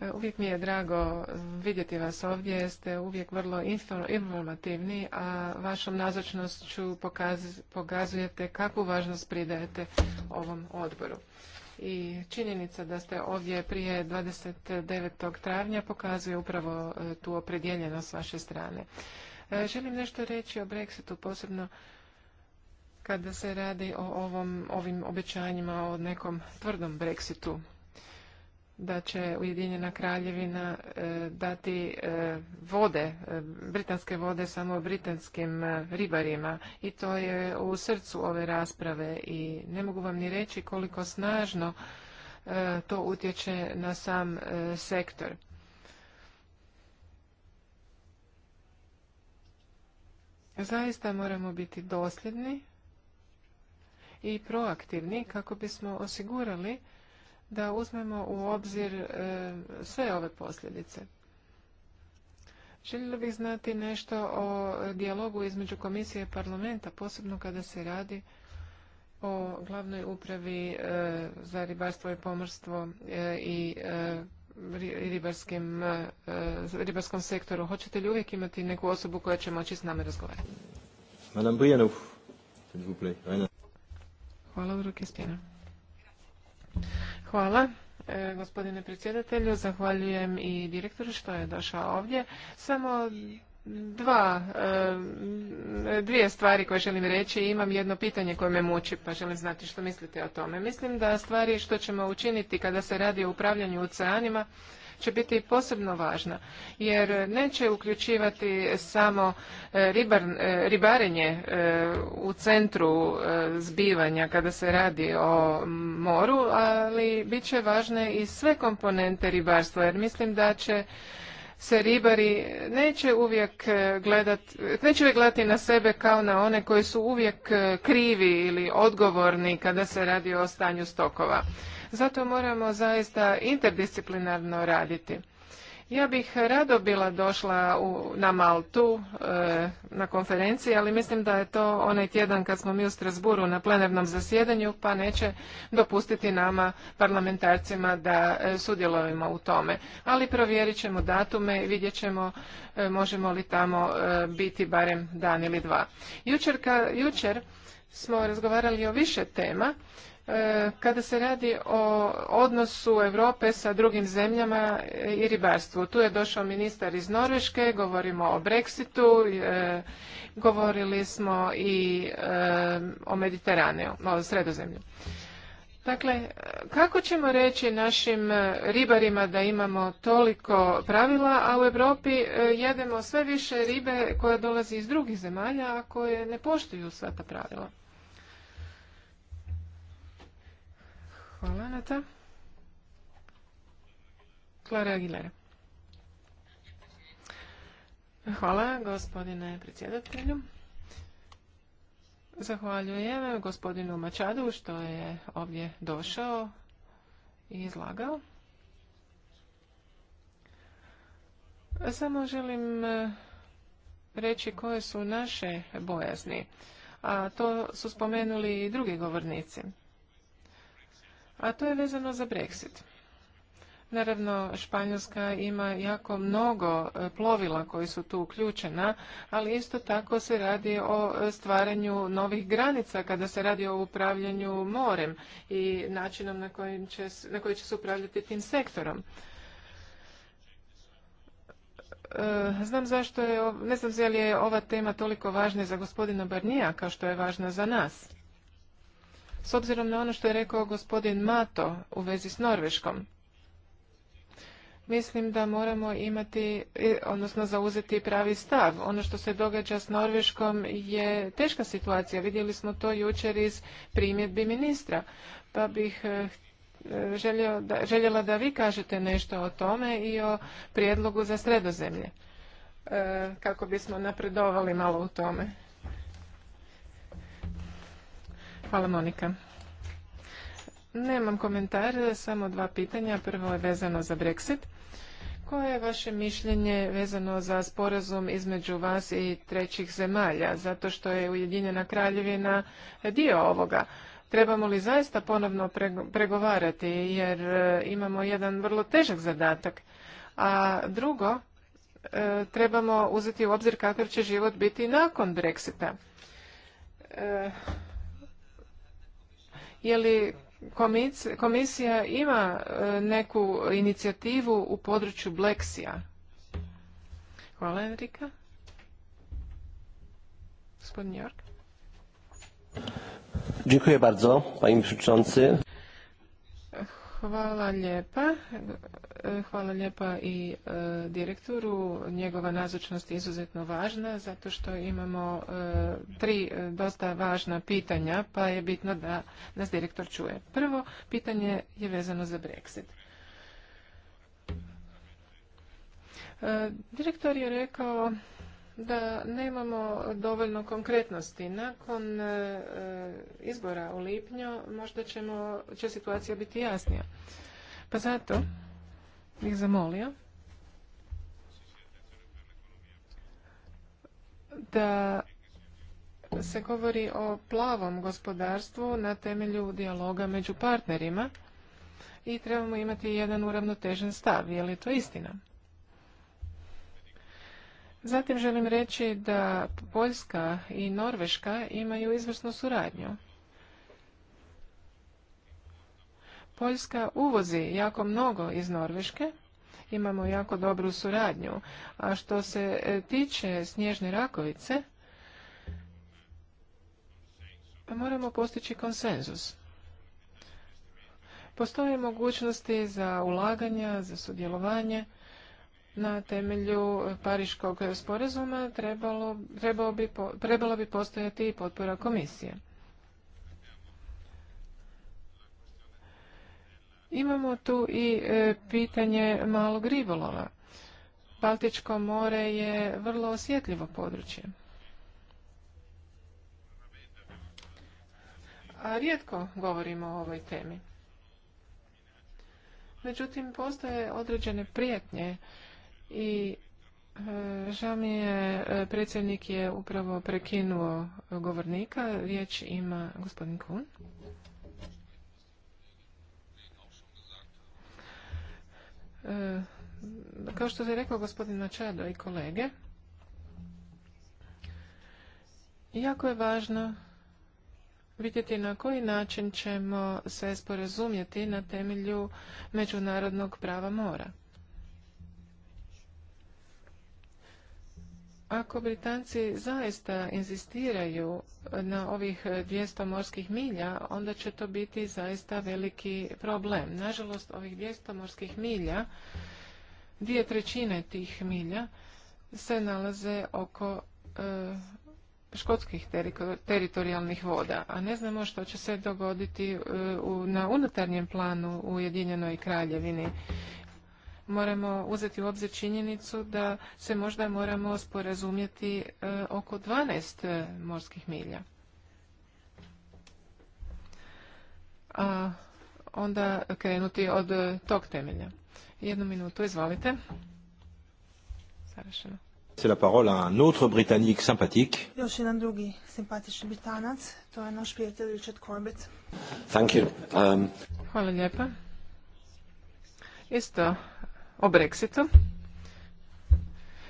Speaker 4: E, uvijek mi je drago vidjeti vas ovdje, ste uvijek vrlo informativni, a vašom nazočnošću pokazujete kakvu važnost pridajete ovom odboru. I činjenica da ste ovdje prije 29. travnja pokazuje upravo e, tu opredjeljenost vaše strane. E, želim nešto reći o Brexitu, posebno kada se radi o ovom, ovim obećanjima o nekom tvrdom Brexitu da će Ujedinjena kraljevina e, dati e, vode, britanske vode samo britanskim ribarima i to je u srcu ove rasprave i ne mogu vam ni reći koliko snažno to utječe na sam sektor. Zaista moramo biti dosljedni i proaktivni kako bismo osigurali da uzmemo u obzir e, sve ove posljedice. Željela bih znati nešto o dijalogu između komisije i parlamenta, posebno kada se radi o glavnoj upravi e, za ribarstvo i pomorstvo e, i ribarskim, eh, ribarskom sektoru. Hoćete li uvijek imati neku osobu koja će moći s nama razgovarati? Madame Brijanov, Hvala, stjena. Hvala. Eh, gospodine predsjedatelju, zahvaljujem i direktoru što je došao ovdje. Samo dva, e, dvije stvari koje želim reći imam jedno pitanje koje me muči pa želim znati što mislite o tome. Mislim da stvari što ćemo učiniti kada se radi o upravljanju oceanima će biti posebno važna jer neće uključivati samo e, e, ribarenje u centru zbivanja kada se radi o moru, ali bit će važne i sve komponente ribarstva jer mislim da će se ribari neće uvijek gledati, neće uvijek gledati na sebe kao na one koji su uvijek e, krivi ili odgovorni kada se radi o stanju stokova. Zato moramo zaista interdisciplinarno raditi. Ja bih rado bila došla na Maltu e, na konferenciji, ali mislim da je to onaj tjedan kad smo mi u Strasburu na plenarnom zasjedanju, pa neće dopustiti nama parlamentarcima da e, sudjelujemo u tome. Ali provjerit ćemo datume i vidjet ćemo e, možemo li tamo biti barem dan ili dva. Jučer, jučer smo razgovarali o više tema E, kada se radi o odnosu Europe sa drugim zemljama i ribarstvu. Tu je došao ministar iz Norveške, govorimo o Brexitu, e, govorili smo i e, o Mediteranu, o sredozemlju. Dakle, kako ćemo reći našim ribarima da imamo toliko pravila, a u Europi jedemo sve više ribe koja dolazi iz drugih zemalja, a koje ne poštuju sva ta pravila? Hvala, Anata. Klara Aguilera. Hvala, gospodine predsjedatelju. Zahvaljujem gospodinu Mačadu što je ovdje došao i izlagao. Samo želim e, reći koje su naše bojazni, a to su spomenuli i drugi govornici a to je vezano za Brexit. Naravno, Španjolska ima jako mnogo e, plovila koji su tu uključena, ali isto tako se radi o stvaranju novih granica kada se radi o upravljanju morem i načinom na koji će, na koji će se upravljati tim sektorom. E, znam zašto je, ne znam je je ova tema toliko važna za gospodina Barnija kao što je važna za nas. S obzirom na ono što je rekao gospodin Mato u vezi s Norveškom, mislim da moramo imati, e, odnosno zauzeti pravi stav. Ono što se događa s Norveškom je teška situacija. Vidjeli smo to jučer iz primjedbi ministra. Pa bih e, željela da vi kažete nešto o tome i o prijedlogu za sredozemlje. E, kako bismo napredovali malo u tome. Hvala Monika. Nemam komentar, samo dva pitanja. Prvo je vezano za Brexit. Koje je vaše mišljenje vezano za sporazum između vas i trećih zemalja? Zato što je Ujedinjena kraljevina dio ovoga. Trebamo li zaista ponovno pregovarati jer e, imamo jedan vrlo težak zadatak. A drugo, e, trebamo uzeti u obzir kakav će život biti nakon Brexita. E, je li komisija ima e, neku inicijativu u području Bleksija? Hvala Enrika. Gospodin Jork. Dziękuję bardzo, panie przewodniczący. Hvala lijepa. Hvala i e, direktoru. Njegova nazočnost je izuzetno važna zato što imamo e, tri e, dosta važna pitanja pa je bitno da nas direktor čuje. Prvo pitanje je vezano za Brexit. Direktor je rekao da nemamo dovoljno konkretnosti. Nakon e, e, izbora u lipnju možda ćemo, će situacija biti jasnija. Pa zato bih zamolio da se govori o plavom gospodarstvu na temelju dijaloga među partnerima i trebamo imati jedan uravnotežen stav. Je li to istina? Zatim želim reći da Poljska i Norveška imaju izvrsnu suradnju. Poljska uvozi jako mnogo iz Norveške, imamo jako dobru suradnju. A što se e, tiče snježne rakovice, moramo postići konsenzus. Postoje mogućnosti za ulaganja, za sudjelovanje na temelju Pariškog sporazuma trebalo, bi, trebalo bi postojati i potpora komisije. Imamo tu i e, pitanje malog ribolova. Baltičko more je vrlo osjetljivo područje. A rijetko govorimo o ovoj temi. Međutim, postoje određene prijetnje i e, žao mi je, e, predsjednik je upravo prekinuo govornika. Riječ ima gospodin Kun. E, kao što je rekao gospodin Čado i kolege, jako je važno vidjeti na koji način ćemo se sporazumjeti na temelju međunarodnog prava mora. Ako Britanci zaista inzistiraju na ovih 200 morskih milja, onda će to biti zaista veliki problem. Nažalost, ovih 200 morskih milja, dvije trećine tih milja, se nalaze oko e, škotskih teritorijalnih voda, a ne znamo što će se dogoditi e, na unutarnjem planu u Ujedinjenoj kraljevini moramo uzeti u obzir činjenicu da se možda moramo sporazumjeti e, oko 12 e, morskih milja. A onda krenuti od e, tog temelja. Jednu minutu, izvolite. Završeno.
Speaker 1: C'est la parole à un autre Britannique sympathique.
Speaker 4: Još jedan
Speaker 2: drugi simpatični Britanac, to je naš prijatelj Richard
Speaker 1: Thank you.
Speaker 4: Um... Hvala lijepa. Isto o Brexitu.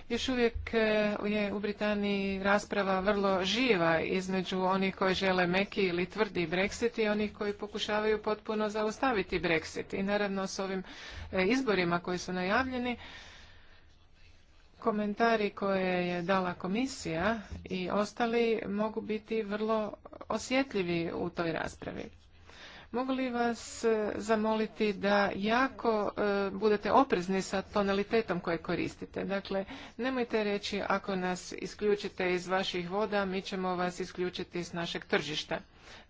Speaker 4: Još uvijek e, je u Britaniji rasprava vrlo živa između onih koji žele meki ili tvrdi Brexit i onih koji pokušavaju potpuno zaustaviti Brexit. I naravno s ovim e, izborima koji su najavljeni, komentari koje je dala komisija i ostali mogu biti vrlo osjetljivi u toj raspravi. Mogu li vas e, zamoliti da jako e, budete oprezni sa tonalitetom koje koristite? Dakle, nemojte reći ako nas isključite iz vaših voda, mi ćemo vas isključiti iz našeg tržišta.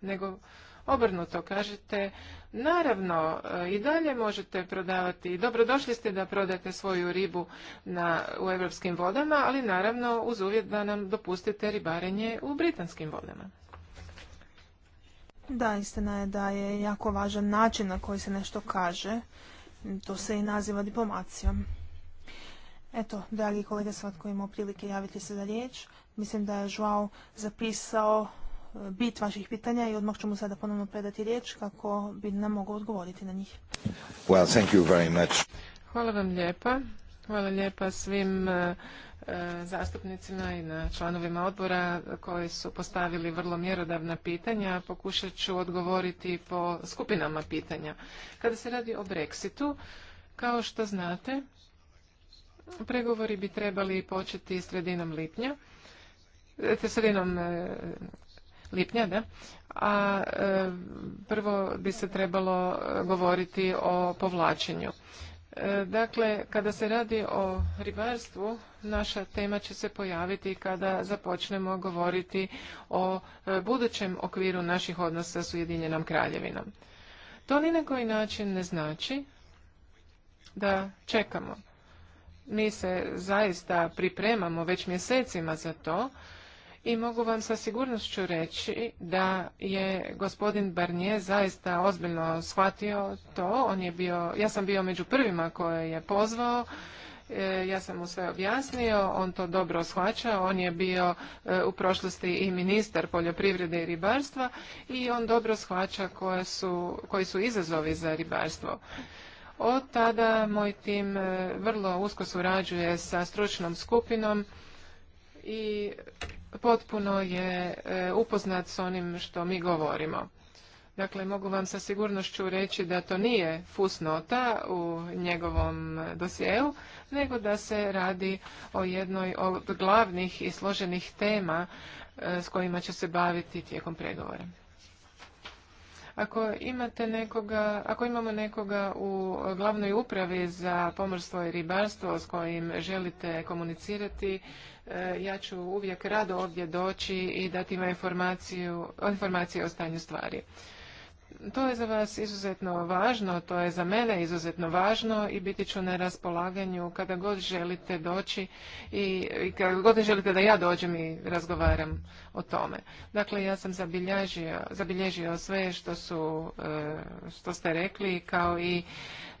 Speaker 4: Nego obrnuto kažete, naravno e, i dalje možete prodavati i dobrodošli ste da prodate svoju ribu na, u europskim vodama, ali naravno uz uvjet da nam dopustite ribarenje u britanskim vodama.
Speaker 2: Da, istina je da je jako važan način na koji se nešto kaže. To se i naziva diplomacijom. Eto, dragi kolege, svatko ima prilike javiti se za riječ. Mislim da je Joao zapisao e, bit vaših pitanja i odmah ću mu sada ponovno predati riječ kako bi nam
Speaker 4: mogao odgovoriti na njih. Hvala vam lijepa. Hvala lijepa svim e, E, zastupnicima i na članovima odbora koji su postavili vrlo mjerodavna pitanja. Pokušat ću odgovoriti po skupinama pitanja. Kada se radi o Brexitu, kao što znate, pregovori bi trebali početi sredinom lipnja, e, sredinom e, lipnja, da, a prvo bi se trebalo govoriti o povlačenju. E, dakle, kada se radi o ribarstvu, naša tema će se pojaviti kada započnemo govoriti o e, budućem okviru naših odnosa s Ujedinjenom kraljevinom. To ni na koji način ne znači da čekamo. Mi se zaista pripremamo već mjesecima za to i mogu vam sa sigurnošću reći da je gospodin Barnier zaista ozbiljno shvatio to. On je bio, ja sam bio među prvima koje je pozvao e, ja sam mu sve objasnio, on to dobro shvaća, on je bio e, u prošlosti i ministar poljoprivrede i ribarstva i on dobro shvaća koji su izazovi za ribarstvo. Od tada moj tim e, vrlo usko surađuje sa stručnom skupinom i potpuno je e, upoznat s onim što mi govorimo. Dakle, mogu vam sa sigurnošću reći da to nije fusnota u njegovom dosjeu, nego da se radi o jednoj od glavnih i složenih tema e, s kojima će se baviti tijekom pregovora. Ako imate nekoga, ako imamo nekoga u glavnoj upravi za pomorstvo i ribarstvo s kojim želite komunicirati, e, ja ću uvijek rado ovdje doći i dati vam informaciju o stanju stvari. To je za vas izuzetno važno, to je za mene izuzetno važno i biti ću na raspolaganju kada god želite doći i, kada god želite da ja dođem i razgovaram o tome. Dakle, ja sam zabilježio, zabilježio sve što, su, e, što ste rekli kao i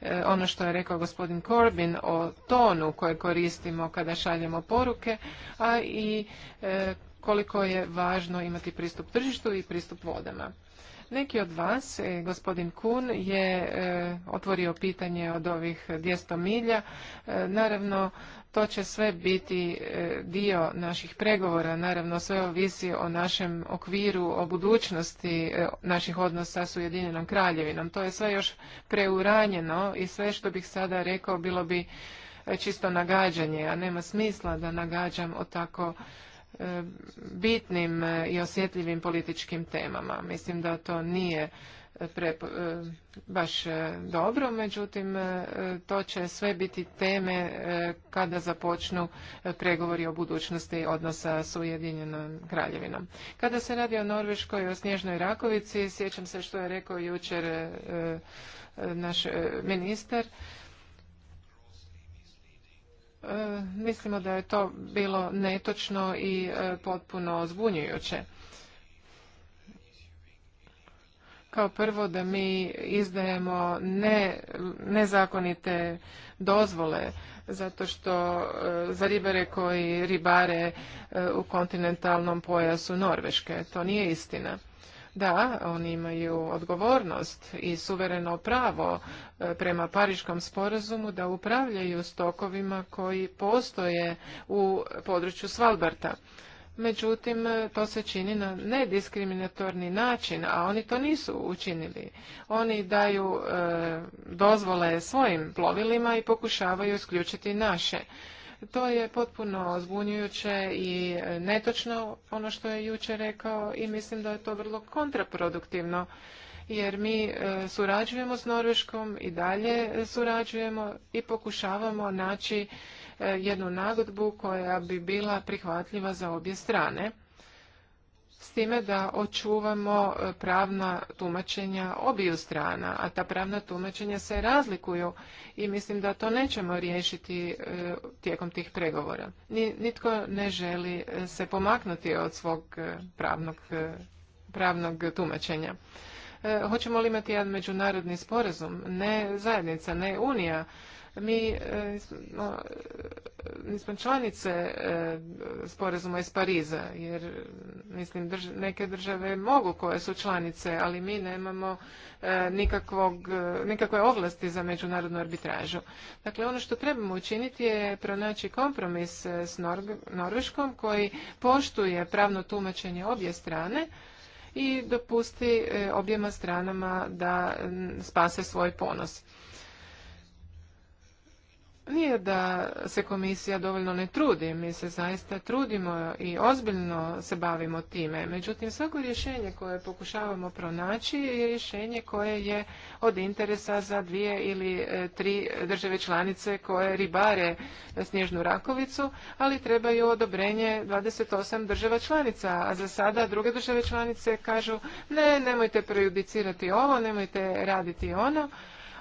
Speaker 4: e, ono što je rekao gospodin Corbin o tonu koje koristimo kada šaljemo poruke, a i e, koliko je važno imati pristup tržištu i pristup vodama. Neki od vas, e, gospodin Kun, je e, otvorio pitanje od ovih 200 milja. E, naravno, to će sve biti dio naših pregovora. Naravno, sve ovisi o našem okviru, o budućnosti naših odnosa s Ujedinjenom kraljevinom. To je sve još preuranjeno i sve što bih sada rekao bilo bi čisto nagađanje, a nema smisla da nagađam o tako E, bitnim e, i osjetljivim političkim temama. Mislim da to nije e, baš dobro, međutim to će sve biti teme kada započnu pregovori o budućnosti odnosa s Ujedinjenom kraljevinom. Kada se radi o Norveškoj i o Snježnoj Rakovici, sjećam se što je rekao jučer naš ministar, E, mislimo da je to bilo netočno i e, potpuno zbunjujuće. Kao prvo da mi izdajemo ne, nezakonite dozvole zato što e, za ribare koji ribare u kontinentalnom pojasu Norveške. To nije istina. Da, oni imaju odgovornost i suvereno pravo e, prema Pariškom sporazumu da upravljaju stokovima koji postoje u području Svalbarta. Međutim, to se čini na nediskriminatorni način, a oni to nisu učinili. Oni daju e, dozvole svojim plovilima i pokušavaju isključiti naše. To je potpuno zbunjujuće i e, netočno ono što je jučer rekao i mislim da je to vrlo kontraproduktivno jer mi e, surađujemo s Norveškom i dalje surađujemo i pokušavamo naći e, jednu nagodbu koja bi bila prihvatljiva za obje strane s time da očuvamo e, pravna tumačenja obiju strana, a ta pravna tumačenja se razlikuju i mislim da to nećemo riješiti e, tijekom tih pregovora. Nitko ne želi e, se pomaknuti od svog pravnog, pravnog tumačenja. Hoćemo li imati jedan međunarodni sporazum? Ne zajednica, ne unija mi nismo e, e, članice e, sporazuma iz Pariza, jer mislim neke države mogu koje su članice, ali mi nemamo nikakvog, nikakve ovlasti za međunarodnu arbitražu. Dakle, ono što trebamo učiniti je pronaći kompromis s Norveškom koji poštuje pravno tumačenje obje strane i dopusti objema stranama da spase svoj ponos. Nije da se komisija dovoljno ne trudi, mi se zaista trudimo i ozbiljno se bavimo time. Međutim, svako rješenje koje pokušavamo pronaći je rješenje koje je od interesa za dvije ili e, tri države članice koje ribare snježnu rakovicu, ali trebaju odobrenje 28 država članica, a za sada druge države članice kažu ne, nemojte prejudicirati ovo, nemojte raditi ono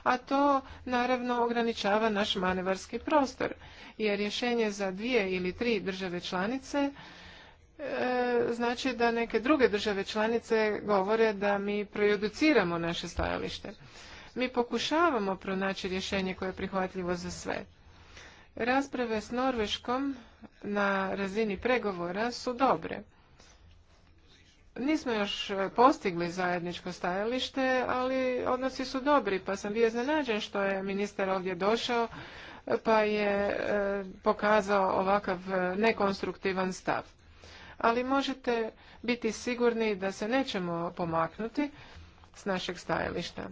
Speaker 4: a to naravno ograničava naš manevarski prostor jer rješenje za dvije ili tri države članice e, znači da neke druge države članice govore da mi prejuduciramo naše stajalište. Mi pokušavamo pronaći rješenje koje je prihvatljivo za sve. Rasprave s Norveškom na razini pregovora su dobre. Nismo još postigli zajedničko stajalište, ali odnosi su dobri, pa sam bio iznenađen što je ministar ovdje došao, pa je e, pokazao ovakav e, nekonstruktivan stav. Ali možete biti sigurni da se nećemo pomaknuti s našeg stajališta.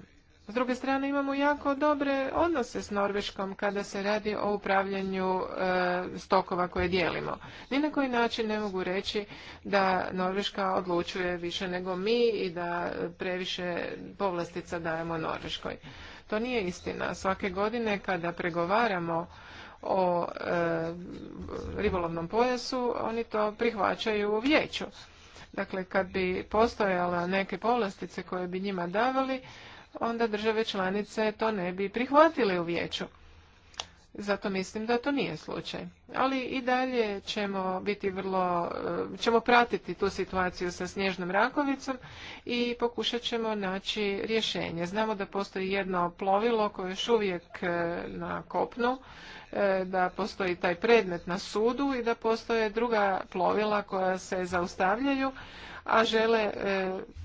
Speaker 4: S druge strane imamo jako dobre odnose s Norveškom kada se radi o upravljanju e, stokova koje dijelimo. Ni na koji način ne mogu reći da Norveška odlučuje više nego mi i da previše povlastica dajemo Norveškoj. To nije istina. Svake godine kada pregovaramo o e, ribolovnom pojasu, oni to prihvaćaju u vijeću. Dakle, kad bi postojala neke povlastice koje bi njima davali, onda države članice to ne bi prihvatile u vijeću. Zato mislim da to nije slučaj. Ali i dalje ćemo biti vrlo, eh, ćemo pratiti tu situaciju sa snježnom rakovicom i pokušat ćemo naći rješenje. Znamo da postoji jedno plovilo koje je još uvijek eh, na kopnu, eh, da postoji taj predmet na sudu i da postoje druga plovila koja se zaustavljaju, a žele e,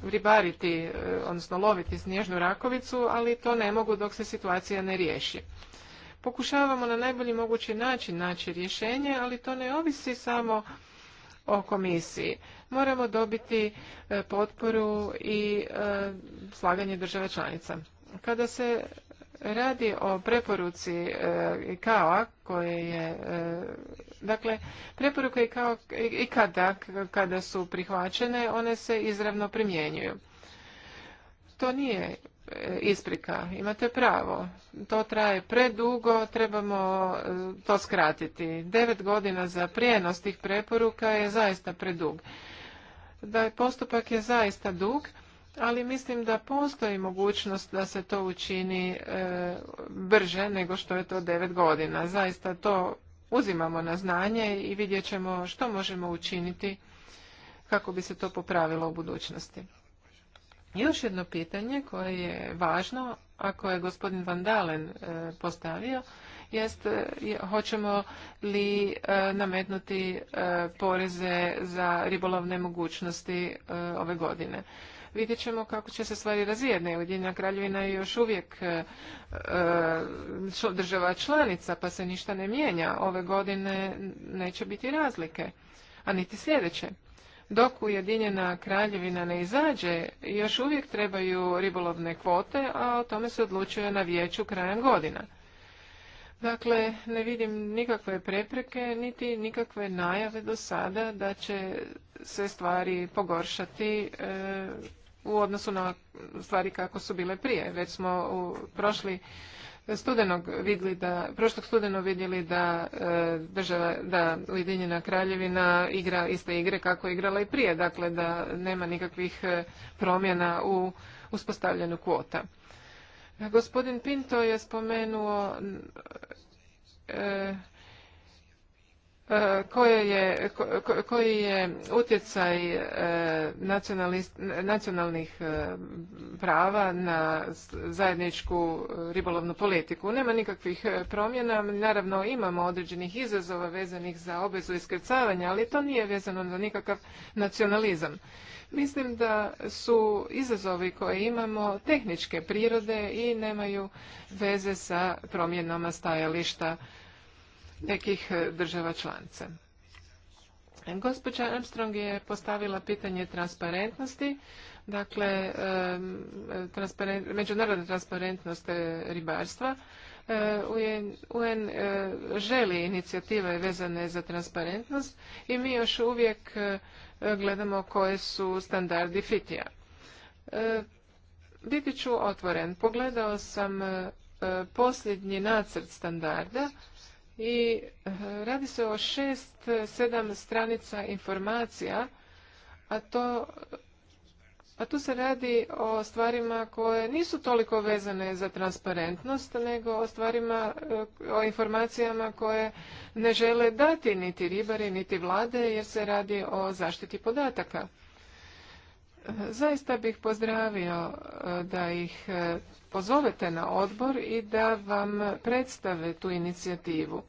Speaker 4: ribariti, e, odnosno loviti snježnu rakovicu, ali to ne mogu dok se situacija ne riješi. Pokušavamo na najbolji mogući način naći rješenje, ali to ne ovisi samo o komisiji. Moramo dobiti e, potporu i slaganje država članica. Kada se radi o preporuci kao koje je Dakle, preporuke i kada, kada su prihvaćene, one se izravno primjenjuju. To nije e, isprika, imate pravo. To traje predugo, trebamo e, to skratiti. Devet godina za prijenos tih preporuka je zaista predug. Da, postupak je zaista dug, ali mislim da postoji mogućnost da se to učini e, brže nego što je to devet godina. Zaista to uzimamo na znanje i vidjet ćemo što možemo učiniti kako bi se to popravilo u budućnosti. Još jedno pitanje koje je važno, a koje je gospodin Van Dalen e, postavio, jest e, hoćemo li e, nametnuti poreze za ribolovne mogućnosti ove godine vidjet ćemo kako će se stvari razvijati. Ujedinjena kraljevina je još uvijek e, e, država članica pa se ništa ne mijenja. Ove godine neće biti razlike, a niti sljedeće. Dok Ujedinjena kraljevina ne izađe, još uvijek trebaju ribolovne kvote, a o tome se odlučuje na vijeću krajem godina. Dakle, ne vidim nikakve prepreke, niti nikakve najave do sada da će se stvari pogoršati e, u odnosu na stvari kako su bile prije. Već smo u prošli studenog vidjeli da, prošlog studenog vidjeli da e, država, da Ujedinjena kraljevina igra iste igre kako je igrala i prije, dakle da nema nikakvih e, promjena u uspostavljanju kvota. Gospodin Pinto je spomenuo e, E, koji je, koji je utjecaj e, nacionalnih e, prava na zajedničku ribolovnu politiku. Nema nikakvih promjena, naravno imamo određenih izazova vezanih za obvezu iskrcavanja, ali to nije vezano za nikakav nacionalizam. Mislim da su izazovi koje imamo tehničke prirode i nemaju veze sa promjenama stajališta nekih e, država članica. Gospođa Armstrong je postavila pitanje transparentnosti, dakle transparent, međunarodna transparentnost e, ribarstva. E, UN, UN želi inicijative vezane za transparentnost i mi još uvijek gledamo koje su standardi FITIA. Biti ću otvoren. Pogledao sam posljednji nacrt standarda i eh, radi se o šest, sedam stranica informacija, a to a tu se radi o stvarima koje nisu toliko vezane za transparentnost, nego o stvarima, eh, o informacijama koje ne žele dati niti ribari, niti vlade, jer se radi o zaštiti podataka. Zaista bih pozdravio e, da ih e, pozovete na odbor i da vam predstave tu inicijativu.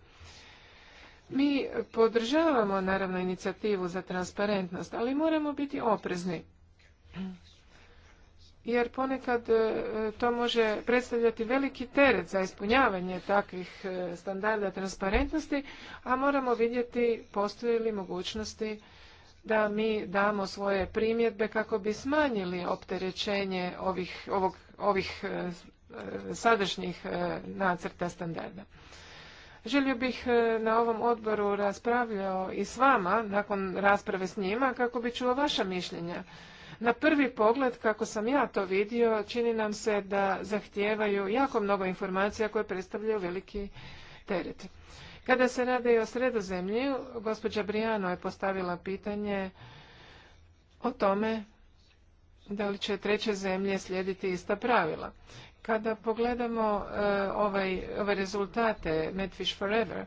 Speaker 4: Mi podržavamo naravno inicijativu za transparentnost, ali moramo biti oprezni. Jer ponekad e, to može predstavljati veliki teret za ispunjavanje takvih standarda transparentnosti, a moramo vidjeti postoje li mogućnosti da mi damo svoje primjedbe kako bi smanjili opterećenje ovih, ovog, ovih e, e, sadašnjih e, nacrta standarda. Želio bih na ovom odboru raspravljao i s vama nakon rasprave s njima kako bi čuo vaša mišljenja. Na prvi pogled, kako sam ja to vidio, čini nam se da zahtijevaju jako mnogo informacija koje predstavljaju veliki teret. Kada se radi o sredozemlju, gospođa Brijano je postavila pitanje o tome da li će treće zemlje slijediti ista pravila. Kada pogledamo eh, ovaj, ove rezultate Medfish Forever,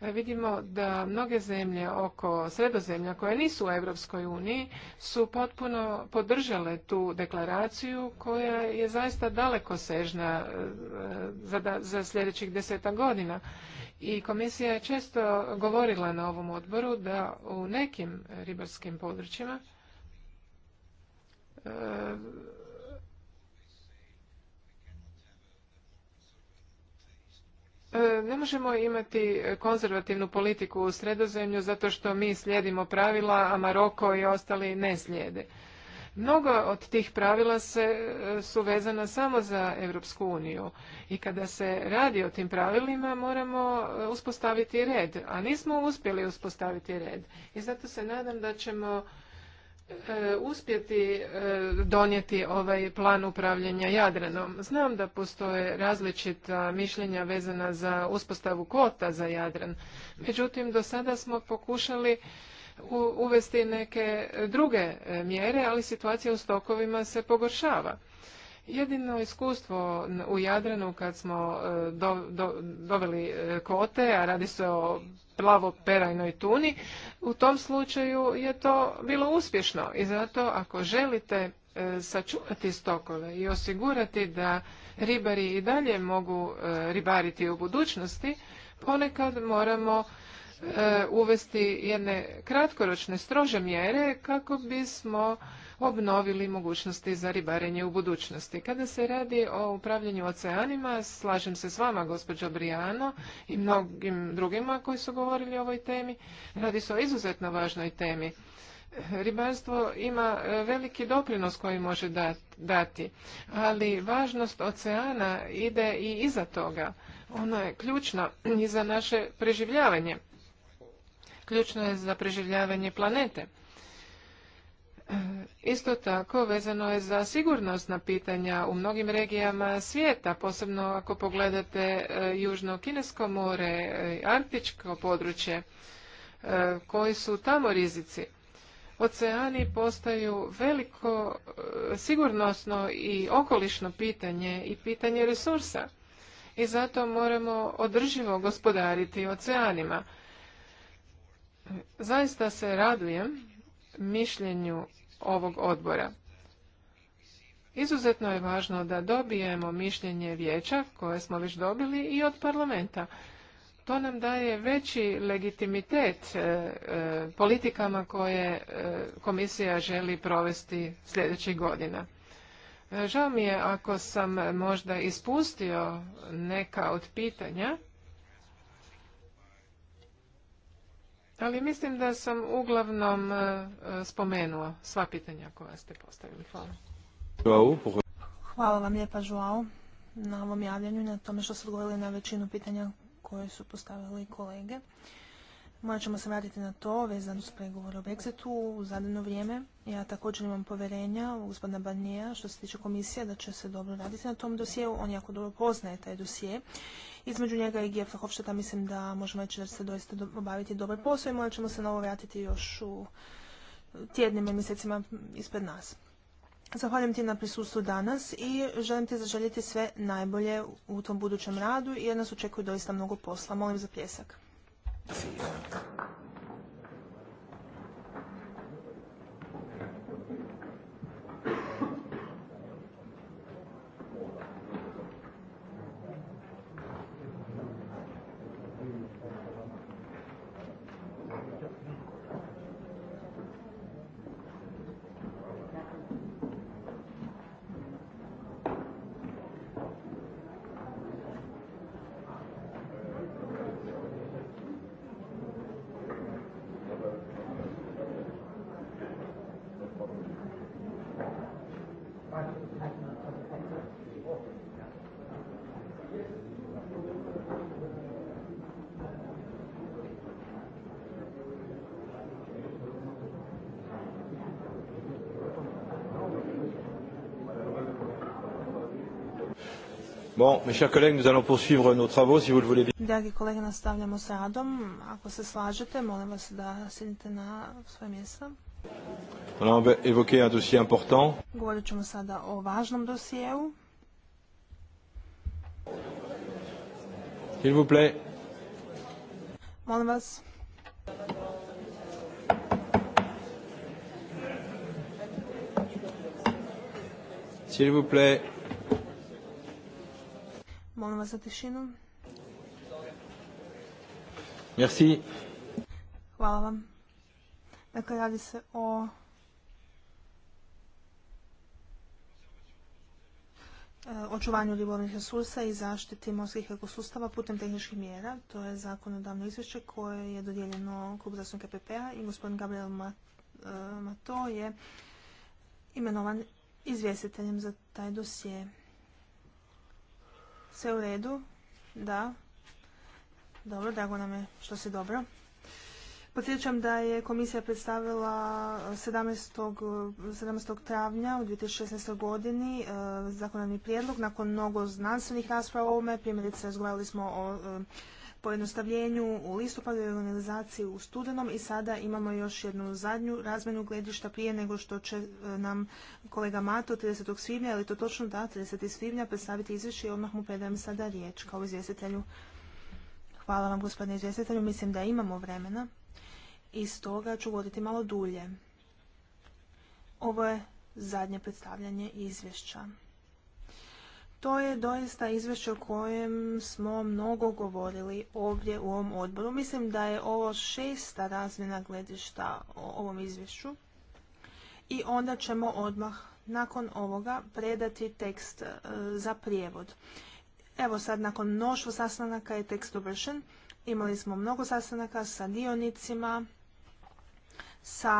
Speaker 4: eh, vidimo da mnoge zemlje oko sredozemlja koje nisu u Europskoj uniji su potpuno podržale tu deklaraciju koja je zaista daleko eh, za, za sljedećih deseta godina i komisija je često govorila na ovom odboru da u nekim ribarskim područjima e, e, Ne možemo imati konzervativnu politiku u sredozemlju zato što mi slijedimo pravila, a Maroko i ostali ne slijede. Mnogo od tih pravila se, e, su vezana samo za Europsku uniju i kada se radi o tim pravilima moramo e, uspostaviti red, a nismo uspjeli uspostaviti red. I zato se nadam da ćemo e, uspjeti donijeti ovaj plan upravljanja Jadranom. Znam da postoje različita mišljenja vezana za uspostavu kvota za Jadran. Međutim, do sada smo pokušali uvesti neke druge e, mjere, ali situacija u stokovima se pogoršava. Jedino iskustvo u Jadranu kad smo e, doveli e, kote, a radi se o plavo perajnoj tuni, u tom slučaju je to bilo uspješno i zato ako želite sačuvati stokove i osigurati da ribari i dalje mogu ribariti u budućnosti, ponekad moramo E, uvesti jedne kratkoročne strože mjere kako bismo obnovili mogućnosti za ribarenje u budućnosti. Kada se radi o upravljanju oceanima, slažem se s vama, gospođo Brijano, i mnogim drugima koji su govorili o ovoj temi. Radi se o izuzetno važnoj temi. Ribarstvo ima e, veliki doprinos koji može dati, ali važnost oceana ide i iza toga. Ona je ključna i za naše preživljavanje ključno je za preživljavanje planete. Isto tako vezano je za sigurnosna pitanja u mnogim regijama svijeta, posebno ako pogledate e, Južno Kinesko more, e, Arktičko područje, e, koji su tamo rizici. Oceani postaju veliko sigurnosno i okolišno pitanje i pitanje resursa. I zato moramo održivo gospodariti oceanima Zaista se radujem mišljenju ovog odbora. Izuzetno je važno da dobijemo mišljenje vijeća koje smo već dobili i od parlamenta. To nam daje veći legitimitet e, e, politikama koje e, komisija želi provesti sljedećih godina. Žao mi je ako sam možda ispustio neka od pitanja Ali mislim da sam uglavnom e, spomenuo sva pitanja koja ste postavili. Hvala.
Speaker 2: Hvala vam lijepa, Joao, na ovom javljanju na tome što ste odgovorili na većinu pitanja koje su postavili kolege. Morat ćemo se vratiti na to vezano s pregovore o Brexitu u zadano vrijeme. Ja također imam poverenja u gospodina Barnija što se tiče komisije da će se dobro raditi na tom dosijeu. On jako dobro poznaje taj dosije. Između njega i Gefa Hofšteta mislim da možemo reći da će se doista obaviti dobar posao i morat ćemo se na ovo vratiti još u tjednima i mjesecima ispred nas. Zahvaljujem ti na prisustvu danas i želim ti zaželjeti sve najbolje u tom budućem radu i jer nas očekuju doista mnogo posla. Molim za pljesak. Hvala
Speaker 1: Bon, mes chers collègues, nous allons poursuivre nos travaux, si vous le voulez bien.
Speaker 2: Dragi kolege, nastavljamo sa radom. Ako se slažete, molim vas da sjednite na svoje mjesta.
Speaker 1: On a évoquer un dossier important.
Speaker 2: Govorit ćemo sada o važnom dosijeu. S'il vous plaît. Molim vas.
Speaker 1: S'il vous plaît.
Speaker 2: Molim vas za tišinu. Merci. Hvala vam. Dakle, radi se o e, očuvanju ribolovnih resursa i zaštiti morskih ekosustava putem tehničkih mjera. To je zakonodavno izvješće koje je dodijeljeno klubu zastupnika pp i gospodin Gabriel e, Mato je imenovan izvjestiteljem za taj dosje. Sve u redu? Da. Dobro, drago nam je što se dobro. Podsjećam da je komisija predstavila 17. Eh, eh, travnja u 2016. godini eh, zakonodavni prijedlog nakon mnogo znanstvenih rasprava o ovome. Primjerice, razgovarali smo o pojednostavljenju u listopadu i organizaciji u studenom i sada imamo još jednu zadnju razmenu gledišta prije nego što će e, nam kolega Mato 30. svibnja, ali to točno da, 30. svibnja predstaviti izvješće i odmah mu predajem sada riječ kao izvjestitelju. Hvala vam gospodine izvjestitelju, mislim da imamo vremena i stoga ću voditi malo dulje. Ovo je zadnje predstavljanje izvješća. To je doista izvješće o kojem smo mnogo govorili ovdje u ovom odboru. Mislim da je ovo šesta razmjena gledišta o ovom izvješću i onda ćemo odmah nakon ovoga predati tekst e, za prijevod. Evo sad nakon mnoštvo sastanaka je tekst uvršen. Imali smo mnogo sastanaka sa dionicima, sa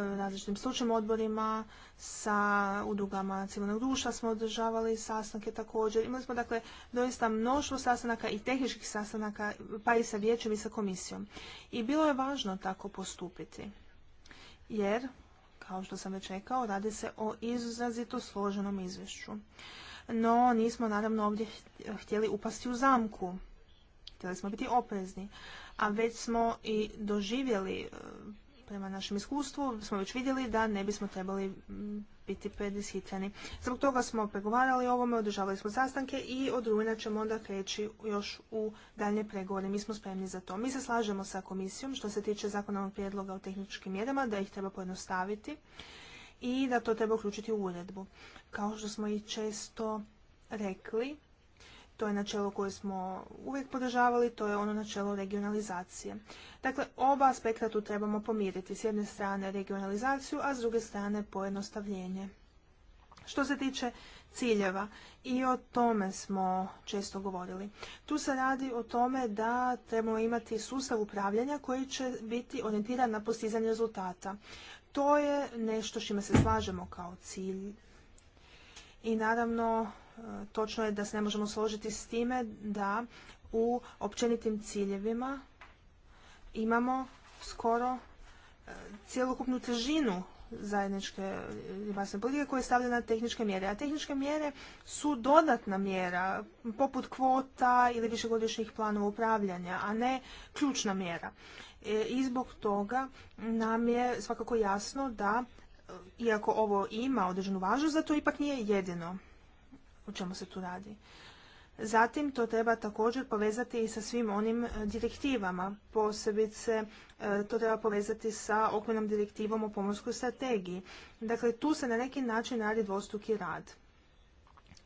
Speaker 2: e, različitim stručnim odborima, sa udrugama civilnog društva smo održavali sastanke također. Imali smo dakle doista mnoštvo sastanaka i tehničkih sastanaka pa i sa vijećem i sa komisijom. I bilo je važno tako postupiti jer, kao što sam već rekao, radi se o izrazito složenom izvješću. No, nismo naravno ovdje htjeli upasti u zamku. Htjeli smo biti oprezni. A već smo i doživjeli e, prema našem iskustvu smo već vidjeli da ne bismo trebali biti predishitreni. Zbog toga smo pregovarali ovome, održavali smo sastanke i od rujna ćemo onda kreći još u daljnje pregovore. Mi smo spremni za to. Mi se slažemo sa komisijom što se tiče zakonovog prijedloga o tehničkim mjerama, da ih treba pojednostaviti i da to treba uključiti u uredbu. Kao što smo i često rekli, to je načelo koje smo uvijek podržavali, to je ono načelo regionalizacije. Dakle, oba aspekta tu trebamo pomiriti. S jedne strane regionalizaciju, a s druge strane pojednostavljenje. Što se tiče ciljeva, i o tome smo često govorili. Tu se radi o tome da trebamo imati sustav upravljanja koji će biti orijentiran na postizanje rezultata. To je nešto s čime se slažemo kao cilj. I naravno, točno je da se ne možemo složiti s time da u općenitim ciljevima imamo skoro e, cjelokupnu težinu zajedničke ribarstvene politike koje stavlja na tehničke mjere. A tehničke mjere su dodatna mjera, poput kvota ili višegodišnjih planova upravljanja, a ne ključna mjera. E, I zbog toga nam je svakako jasno da, e, iako ovo ima određenu važnost, da to ipak nije jedino o čemu se tu radi. Zatim to treba također povezati i sa svim onim e, direktivama, posebice e, to treba povezati sa okvirnom direktivom o pomorskoj strategiji. Dakle, tu se na neki način radi dvostruki rad.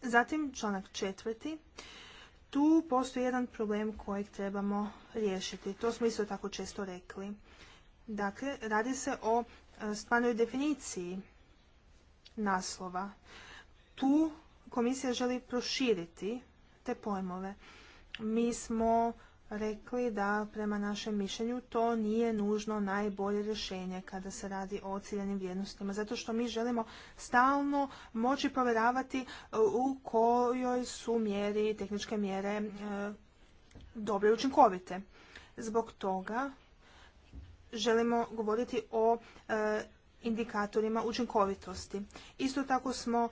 Speaker 2: Zatim članak četvrti. Tu postoji jedan problem kojeg trebamo riješiti. To smo isto tako često rekli. Dakle, radi se o e, stvarnoj definiciji naslova. Tu komisija želi proširiti te pojmove. Mi smo rekli da prema našem mišljenju to nije nužno najbolje rješenje kada se radi o ciljenim vrijednostima, zato što mi želimo stalno moći povjeravati e, u kojoj su mjeri, tehničke mjere e, dobre i učinkovite. Zbog toga želimo govoriti o e, indikatorima učinkovitosti. Isto tako smo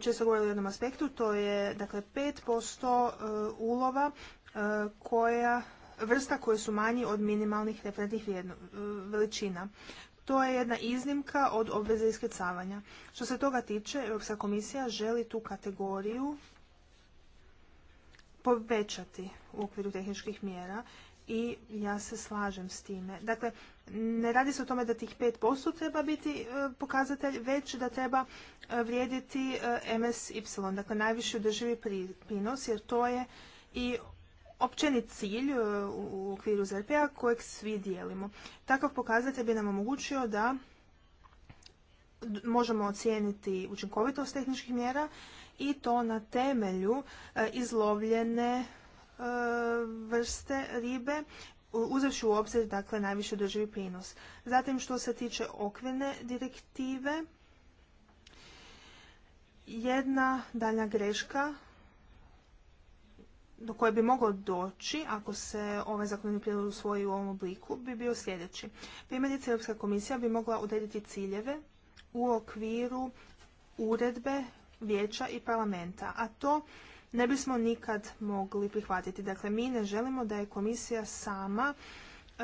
Speaker 2: često govorili o jednom aspektu, to je dakle 5% e, ulova e, koja, vrsta koje su manji od minimalnih referentnih e, veličina. To je jedna iznimka od obveze iskrcavanja. Što se toga tiče, Europska komisija želi tu kategoriju povećati u okviru tehničkih mjera i ja se slažem s time. Dakle, ne radi se o tome da tih 5% treba biti e, pokazatelj, već da treba e, vrijediti e, MSY, dakle najviši održivi prinos, jer to je i općeni cilj u okviru ZRP-a kojeg svi dijelimo. Takav pokazatelj bi nam omogućio da možemo ocijeniti učinkovitost tehničkih mjera i to na temelju izlovljene E, vrste ribe uzevši u obzir dakle najviše održivi prinos. Zatim što se tiče okvirne direktive, jedna dalja greška do koje bi moglo doći ako se ovaj zakonodavni prijedlog usvoji u ovom obliku bi bio sljedeći. Primjerice, Europska komisija bi mogla odrediti ciljeve u okviru uredbe vijeća i parlamenta, a to ne bismo nikad mogli prihvatiti. Dakle, mi ne želimo da je komisija sama e,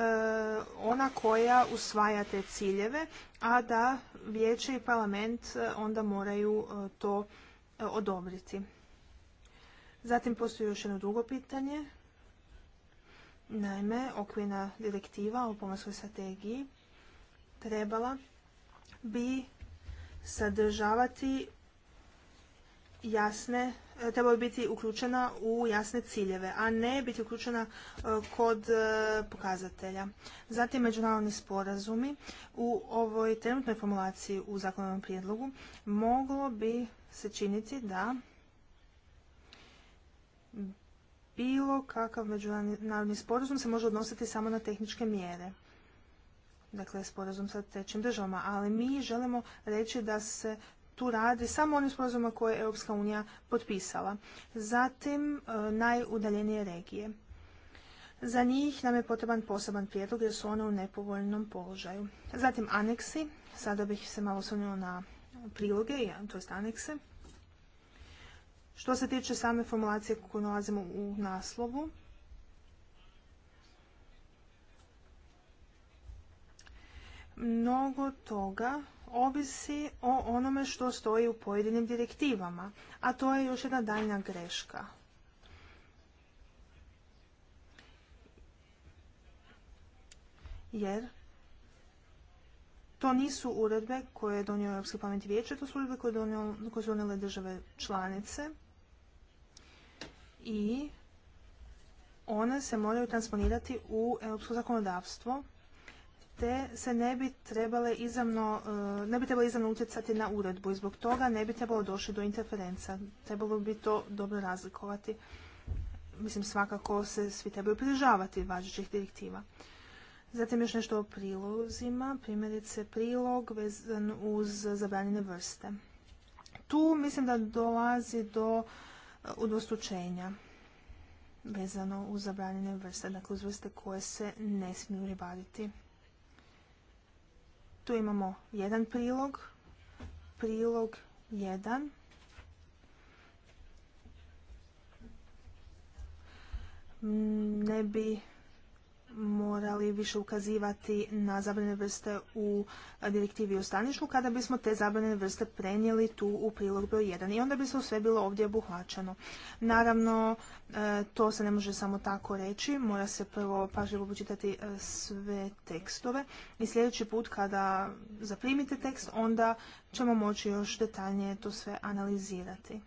Speaker 2: ona koja usvaja te ciljeve, a da vijeće i parlament e, onda moraju e, to odobriti. Zatim postoji još jedno drugo pitanje. Naime, okvirna direktiva o pomorskoj strategiji trebala bi sadržavati jasne E, treba biti uključena u jasne ciljeve, a ne biti uključena e, kod e, pokazatelja. Zatim međunarodni sporazumi u ovoj trenutnoj formulaciji u zakonovom prijedlogu moglo bi se činiti da bilo kakav međunarodni sporazum se može odnositi samo na tehničke mjere. Dakle, sporazum sa trećim državama. Ali mi želimo reći da se tu radi samo onim sporazumima koje je Europska unija potpisala. Zatim e, najudaljenije regije. Za njih nam je potreban poseban prijedlog jer su one u nepovoljnom položaju. Zatim aneksi, sada bih se malo osvrnula na priloge, to jest anekse. Što se tiče same formulacije koju nalazimo u naslovu, mnogo toga ovisi o onome što stoji u pojedinim direktivama, a to je još jedna daljna greška. Jer to nisu uredbe koje je donio Europski parlament i vijeće, to su uredbe koje su donijele države članice i one se moraju transponirati u europsko zakonodavstvo te se ne bi trebale izravno, eh, ne bi trebalo izravno utjecati na uredbu i zbog toga ne bi trebalo doći do interferenca. Trebalo bi to dobro razlikovati. Mislim, svakako se svi trebaju prižavati važećih direktiva. Zatim još nešto o prilozima. Primjerice, prilog vezan uz zabranjene vrste. Tu mislim da dolazi do eh, udostučenja vezano uz zabranjene vrste, dakle uz vrste koje se ne smiju ribariti. Tu imamo jedan prilog, prilog jedan. Mm, ne bi morali više ukazivati na zabrane vrste u direktivi o staništu kada bismo te zabrane vrste prenijeli tu u prilog broj 1 i onda bi se sve bilo ovdje obuhvaćeno. Naravno, e, to se ne može samo tako reći, mora se prvo pažljivo počitati e, sve tekstove i sljedeći put kada zaprimite tekst onda ćemo moći još detaljnije to sve analizirati.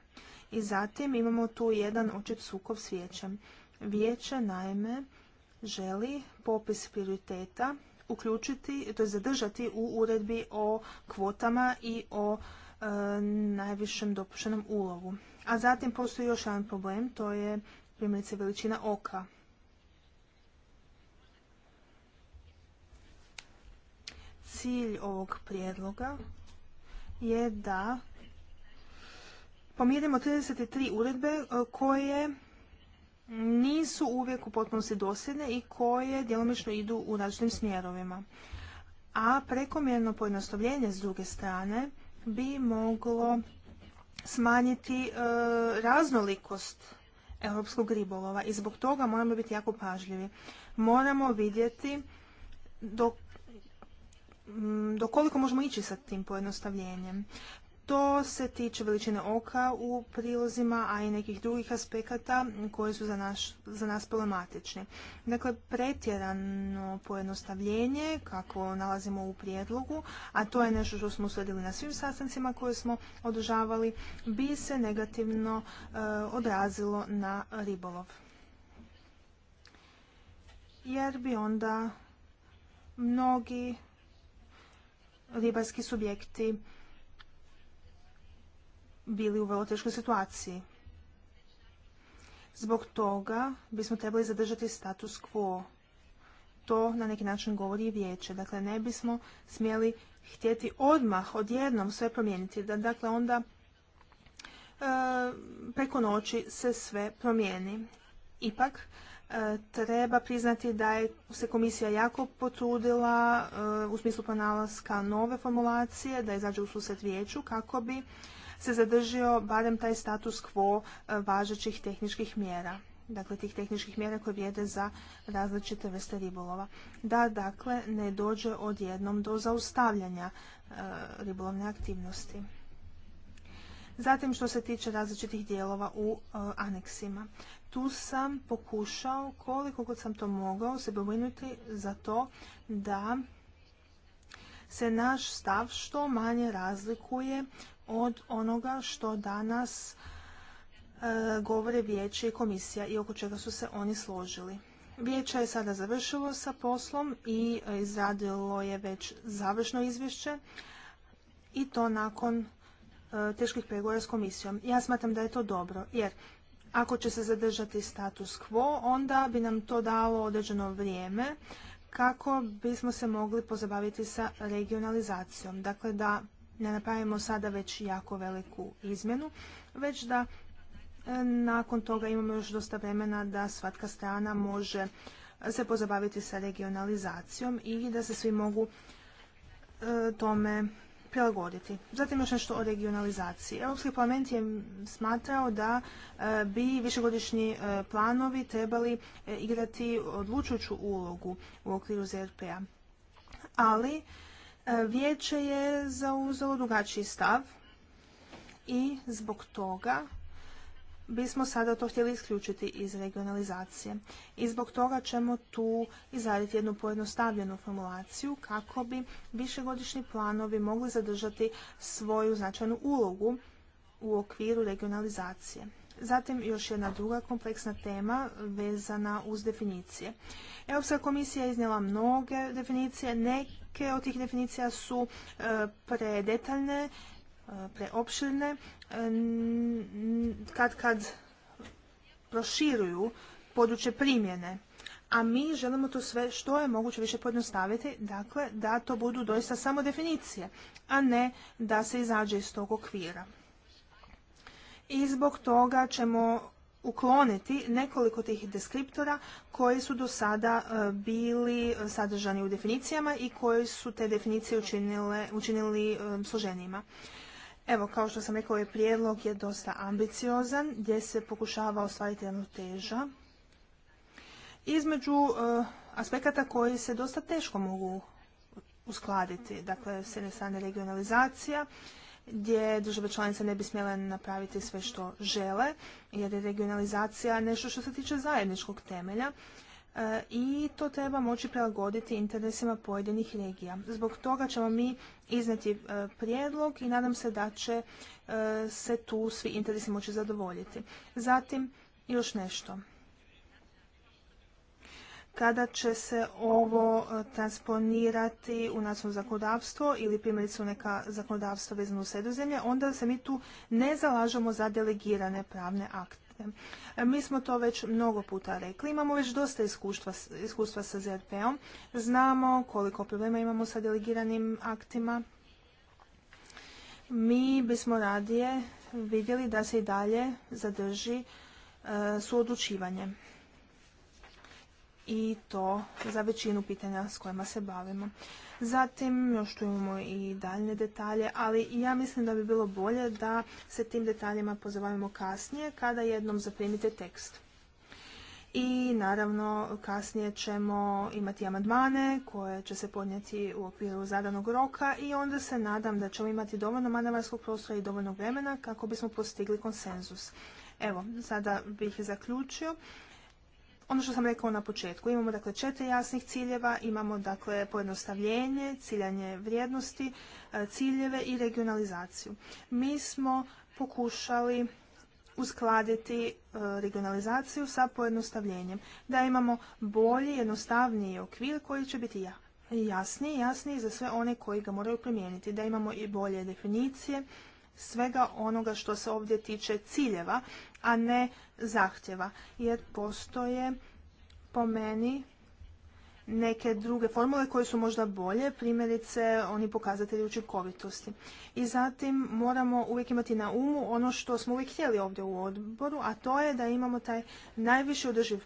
Speaker 2: I zatim imamo tu jedan očit sukov s vijećem. Vijeće naime želi popis prioriteta uključiti, to je zadržati u uredbi o kvotama i o e, najvišem dopuštenom ulovu. A zatim postoji još jedan problem, to je primjerice veličina oka. Cilj ovog prijedloga je da pomirimo 33 uredbe e, koje nisu uvijek u potpunosti dosljedne i koje djelomično idu u različitim smjerovima. A prekomjerno pojednostavljenje s druge strane bi moglo smanjiti e, raznolikost europskog ribolova i zbog toga moramo biti jako pažljivi. Moramo vidjeti dok do koliko možemo ići sa tim pojednostavljenjem. To se tiče veličine oka u prilozima, a i nekih drugih aspekata koji su za, nas problematični. Dakle, pretjerano pojednostavljenje, kako nalazimo u prijedlogu, a to je nešto što smo usledili na svim sastancima koje smo održavali, bi se negativno eh, odrazilo na ribolov. Jer bi onda mnogi ribarski subjekti bili u vrlo teškoj situaciji. Zbog toga bismo trebali zadržati status quo. To na neki način govori i vijeće. Dakle, ne bismo smjeli htjeti odmah, odjednom sve promijeniti. Da, dakle, onda e, preko noći se sve promijeni. Ipak, e, treba priznati da je se komisija jako potrudila e, u smislu pronalaska nove formulacije, da izađe u susret vijeću kako bi se zadržio barem taj status quo e, važećih tehničkih mjera dakle tih tehničkih mjera koje vrijede za različite vrste ribolova. Da, dakle, ne dođe odjednom do zaustavljanja e, ribolovne aktivnosti. Zatim što se tiče različitih dijelova u e, aneksima. Tu sam pokušao koliko god sam to mogao se bovinuti za to da se naš stav što manje razlikuje od onoga što danas e, govore vijeće i komisija i oko čega su se oni složili. Vijeće je sada završilo sa poslom i izradilo je već završno izvješće i to nakon e, teških pregovora s komisijom. Ja smatram da je to dobro jer ako će se zadržati status quo onda bi nam to dalo određeno vrijeme kako bismo se mogli pozabaviti sa regionalizacijom. Dakle, da ne napravimo sada već jako veliku izmjenu, već da e, nakon toga imamo još dosta vremena da svatka strana može se pozabaviti sa regionalizacijom i da se svi mogu e, tome prilagoditi. Zatim još nešto o regionalizaciji. Europski parlament je smatrao da e, bi višegodišnji planovi trebali igrati odlučujuću ulogu u okviru zrp p-a. Ali Vijeće je zauzelo drugačiji stav i zbog toga bismo sada to htjeli isključiti iz regionalizacije. I zbog toga ćemo tu izraditi jednu pojednostavljenu formulaciju kako bi višegodišnji planovi mogli zadržati svoju značajnu ulogu u okviru regionalizacije. Zatim još jedna druga kompleksna tema vezana uz definicije. Europska komisija je iznijela mnoge definicije, neke od tih definicija su e, predetaljne, e, preopširne, e, kad kad proširuju područje primjene a mi želimo to sve što je moguće više pojednostaviti, dakle da to budu doista samo definicije, a ne da se izađe iz tog okvira i zbog toga ćemo ukloniti nekoliko tih deskriptora koji su do sada e, bili e, sadržani u definicijama i koji su te definicije učinili e, složenijima. Evo, kao što sam rekao, ovaj prijedlog je dosta ambiciozan, gdje se pokušava ostvariti teža. između aspekata koji se dosta teško mogu uskladiti. Dakle, s jedne strane regionalizacija gdje države članice ne bi smjele napraviti sve što žele, jer je regionalizacija nešto što se tiče zajedničkog temelja e, i to treba moći prilagoditi interesima pojedinih regija. Zbog toga ćemo mi izneti e, prijedlog i nadam se da će e, se tu svi interesi moći zadovoljiti. Zatim, još nešto kada će se ovo e, transponirati u nacionalno zakonodavstvo ili primjerice u neka zakonodavstva vezano u sredozemlje, onda se mi tu ne zalažemo za delegirane pravne akte. E, mi smo to već mnogo puta rekli, imamo već dosta iskustva, iskustva sa ZRP-om, znamo koliko problema imamo sa delegiranim aktima. Mi bismo radije vidjeli da se i dalje zadrži e, suodlučivanje i to za većinu pitanja s kojima se bavimo. Zatim, još tu imamo i daljne detalje, ali ja mislim da bi bilo bolje da se tim detaljima pozabavimo kasnije kada jednom zaprimite tekst. I naravno kasnije ćemo imati amandmane koje će se podnijeti u okviru zadanog roka i onda se nadam da ćemo imati dovoljno manevarskog prostora i dovoljno vremena kako bismo postigli konsenzus. Evo, sada bih zaključio ono što sam rekao na početku, imamo dakle četiri jasnih ciljeva, imamo dakle pojednostavljenje, ciljanje vrijednosti, e, ciljeve i regionalizaciju. Mi smo pokušali uskladiti e, regionalizaciju sa pojednostavljenjem, da imamo bolji, jednostavniji okvir koji će biti jasniji, jasniji za sve one koji ga moraju primijeniti, da imamo i bolje definicije svega onoga što se ovdje tiče ciljeva a ne zahtjeva. Jer postoje po meni neke druge formule koje su možda bolje, primjerice oni pokazatelji učinkovitosti. I zatim moramo uvijek imati na umu ono što smo uvijek htjeli ovdje u odboru, a to je da imamo taj najviši održiv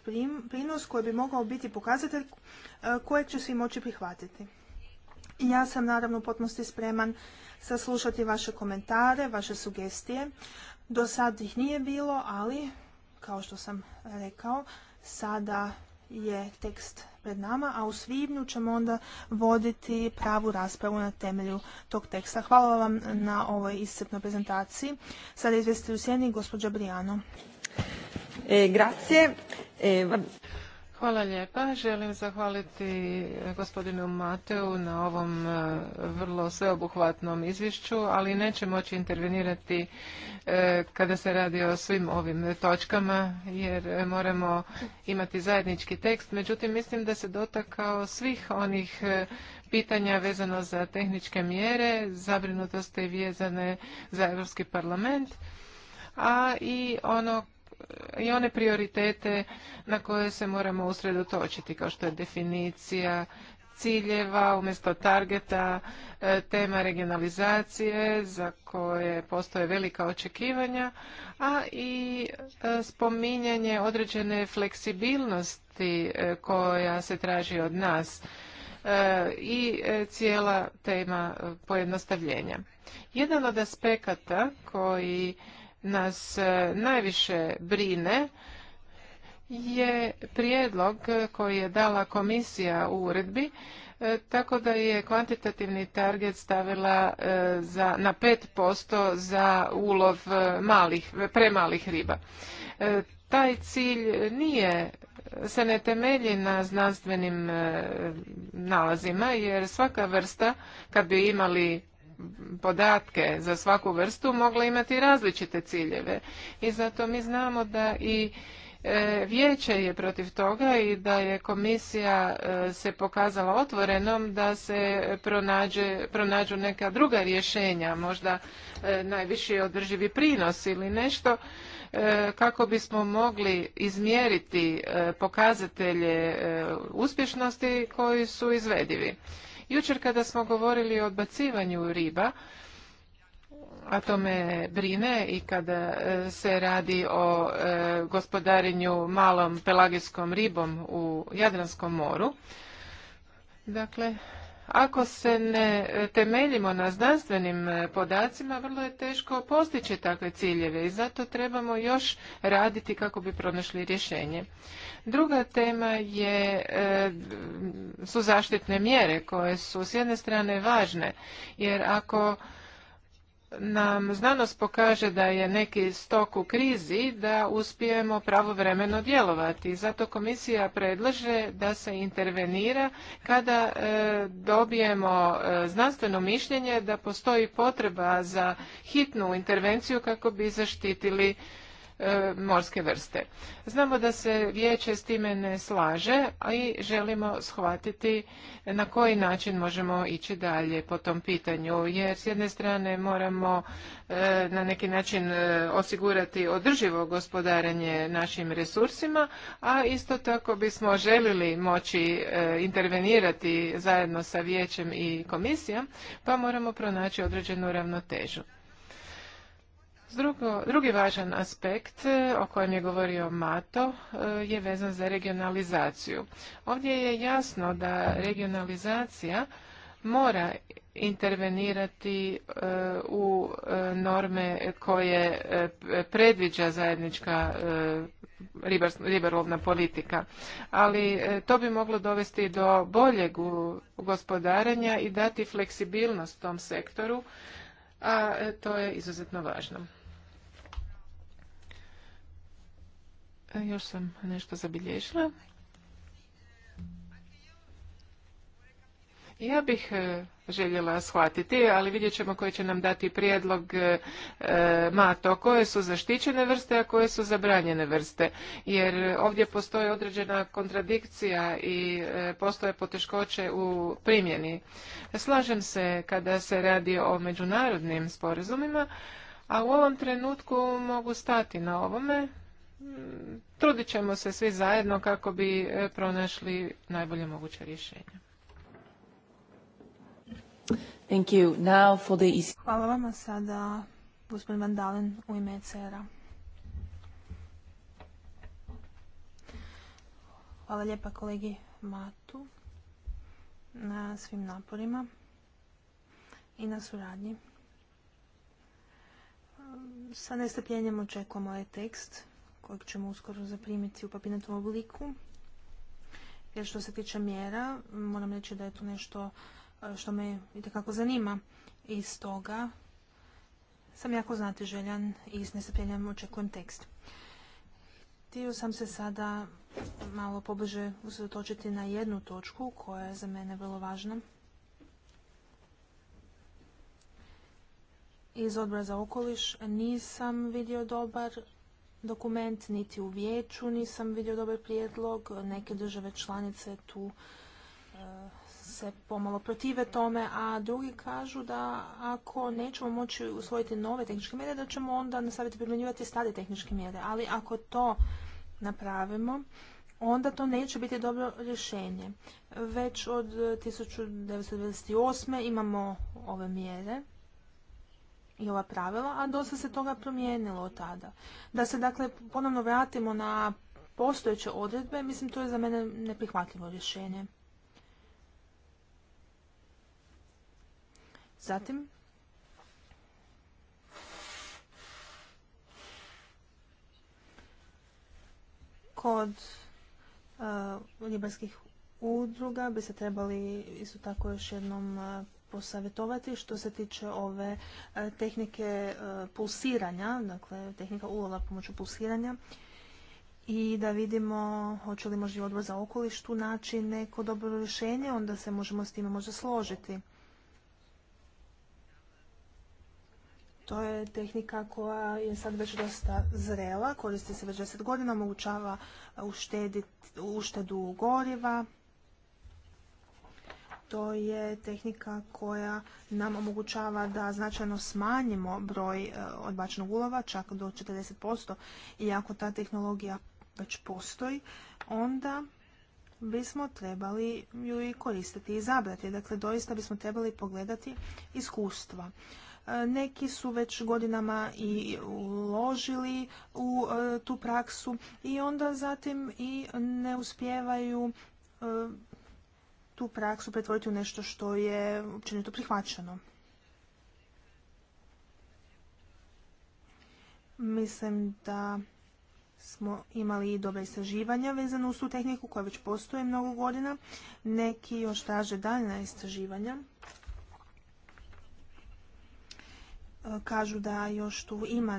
Speaker 2: prinos koji bi mogao biti pokazatelj e, kojeg će svi moći prihvatiti. Ja sam naravno u potpunosti spreman saslušati vaše komentare, vaše sugestije, do sad ih nije bilo, ali kao što sam rekao, sada je tekst pred nama, a u svibnju ćemo onda voditi pravu raspravu na temelju tog teksta. Hvala vam na ovoj iscrpnoj prezentaciji. Sada izvesti u sjeni gospođa Brijano.
Speaker 3: E, grazie.
Speaker 4: E, Hvala lijepa. Želim zahvaliti gospodinu Mateu na ovom e, vrlo sveobuhvatnom izvješću, ali neće moći intervenirati e, kada se radi o svim ovim točkama, jer moramo imati zajednički tekst. Međutim, mislim da se dotakao svih onih e, pitanja vezano za tehničke mjere, zabrinutosti vezane za Europski parlament a i ono i one prioritete na koje se moramo usredotočiti, kao što je definicija ciljeva umjesto targeta, e, tema regionalizacije za koje postoje velika očekivanja, a i e, spominjanje određene fleksibilnosti e, koja se traži od nas i cijela tema pojednostavljenja. Jedan od aspekata koji nas e, najviše brine je prijedlog koji je dala komisija u uredbi e, tako da je kvantitativni target stavila e, za, na 5% za ulov malih, premalih riba. Taj cilj nije se ne temelji na znanstvenim nalazima jer svaka vrsta kad bi imali podatke za svaku vrstu mogla imati različite ciljeve i zato mi znamo da i e, Vijeće je protiv toga i da je komisija e, se pokazala otvorenom da se pronađe, pronađu neka druga rješenja, možda e, najviši održivi prinos ili nešto kako bismo mogli izmjeriti pokazatelje uspješnosti koji su izvedivi. Jučer kada smo govorili o odbacivanju riba, a to me brine i kada e, se radi o e, gospodarenju malom pelagijskom ribom u Jadranskom moru. Dakle, ako se ne temeljimo na znanstvenim e, podacima, vrlo je teško postići takve ciljeve i zato trebamo još raditi kako bi pronašli rješenje. Druga tema je, e, su zaštitne mjere koje su s jedne strane važne, jer ako nam znanost pokaže da je neki stok u krizi, da uspijemo pravovremeno djelovati. Zato komisija predlaže da se intervenira kada e, dobijemo e, znanstveno mišljenje da postoji potreba za hitnu intervenciju kako bi zaštitili E, morske vrste. Znamo da se vijeće s time ne slaže, a i želimo shvatiti na koji način možemo ići dalje po tom pitanju, jer s jedne strane moramo e, na neki način e, osigurati održivo gospodaranje našim resursima, a isto tako bismo želili moći intervenirati zajedno sa vijećem i komisijom, pa moramo pronaći određenu ravnotežu. Drugo, drugi važan aspekt e, o kojem je govorio Mato e, je vezan za regionalizaciju. Ovdje je jasno da regionalizacija mora intervenirati e, u norme koje predviđa zajednička ribarovna politika. Ali to bi moglo dovesti do boljeg gospodarenja i dati fleksibilnost tom sektoru, a to je izuzetno važno. E, još sam nešto zabilježila. Ja bih e, željela shvatiti, ali vidjet ćemo koji će nam dati prijedlog ma e, mato, koje su zaštićene vrste, a koje su zabranjene vrste. Jer ovdje postoji određena kontradikcija i postoje poteškoće u primjeni. Slažem se kada se radi o međunarodnim sporazumima, a u ovom trenutku mogu stati na ovome trudit ćemo se svi zajedno kako bi e, pronašli najbolje moguće rješenje.
Speaker 5: Thank e
Speaker 2: Hvala vam, sada gospodin Van u ime ECR-a. Hvala lijepa kolegi Matu na svim naporima i na suradnji. Sa nestrpljenjem očekujemo ovaj tekst kojeg ćemo uskoro zaprimiti u papirnatom obliku. Jer što se tiče mjera, moram reći da je to nešto e, što me itekako zanima. I stoga sam jako znati željan i s nestrpljenjem očekujem tekst. Htio sam se sada malo pobliže usredotočiti na jednu točku koja je za mene vrlo važna. Iz odbora za okoliš nisam vidio dobar dokument, niti u vijeću nisam vidio dobar prijedlog. Neke države članice tu e, se pomalo protive tome, a drugi kažu da ako nećemo moći usvojiti nove tehničke mjere, da ćemo onda nastaviti primjenjivati stare tehničke mjere. Ali ako to napravimo, onda to neće biti dobro rješenje. Već od 1998. imamo ove mjere i ova pravila, a dosta se toga promijenilo od tada. Da se dakle ponovno vratimo na postojeće odredbe, mislim to je za mene neprihvatljivo rješenje. Zatim, kod uh, ribarskih udruga bi se trebali isto tako još jednom e, posavjetovati što se tiče ove e, tehnike e, pulsiranja, dakle tehnika ulova pomoću pulsiranja i da vidimo hoće li možda odbor za okoliš tu naći neko dobro rješenje, onda se možemo s time možda složiti. To je tehnika koja je sad već dosta zrela, koristi se već 10 godina, omogućava uštedu goriva, to je tehnika koja nam omogućava da značajno smanjimo broj e, odbačenog ulova, čak do 40%. I ako ta tehnologija već postoji, onda bismo trebali ju i koristiti i zabrati. Dakle, doista bismo trebali pogledati iskustva. E, neki su već godinama i uložili u e, tu praksu i onda zatim i ne uspijevaju tu praksu pretvoriti u nešto što je općenito prihvaćeno. Mislim da smo imali i dobre istraživanja vezano uz tu tehniku koja već postoji mnogo godina. Neki još traže daljna istraživanja. Kažu da još tu ima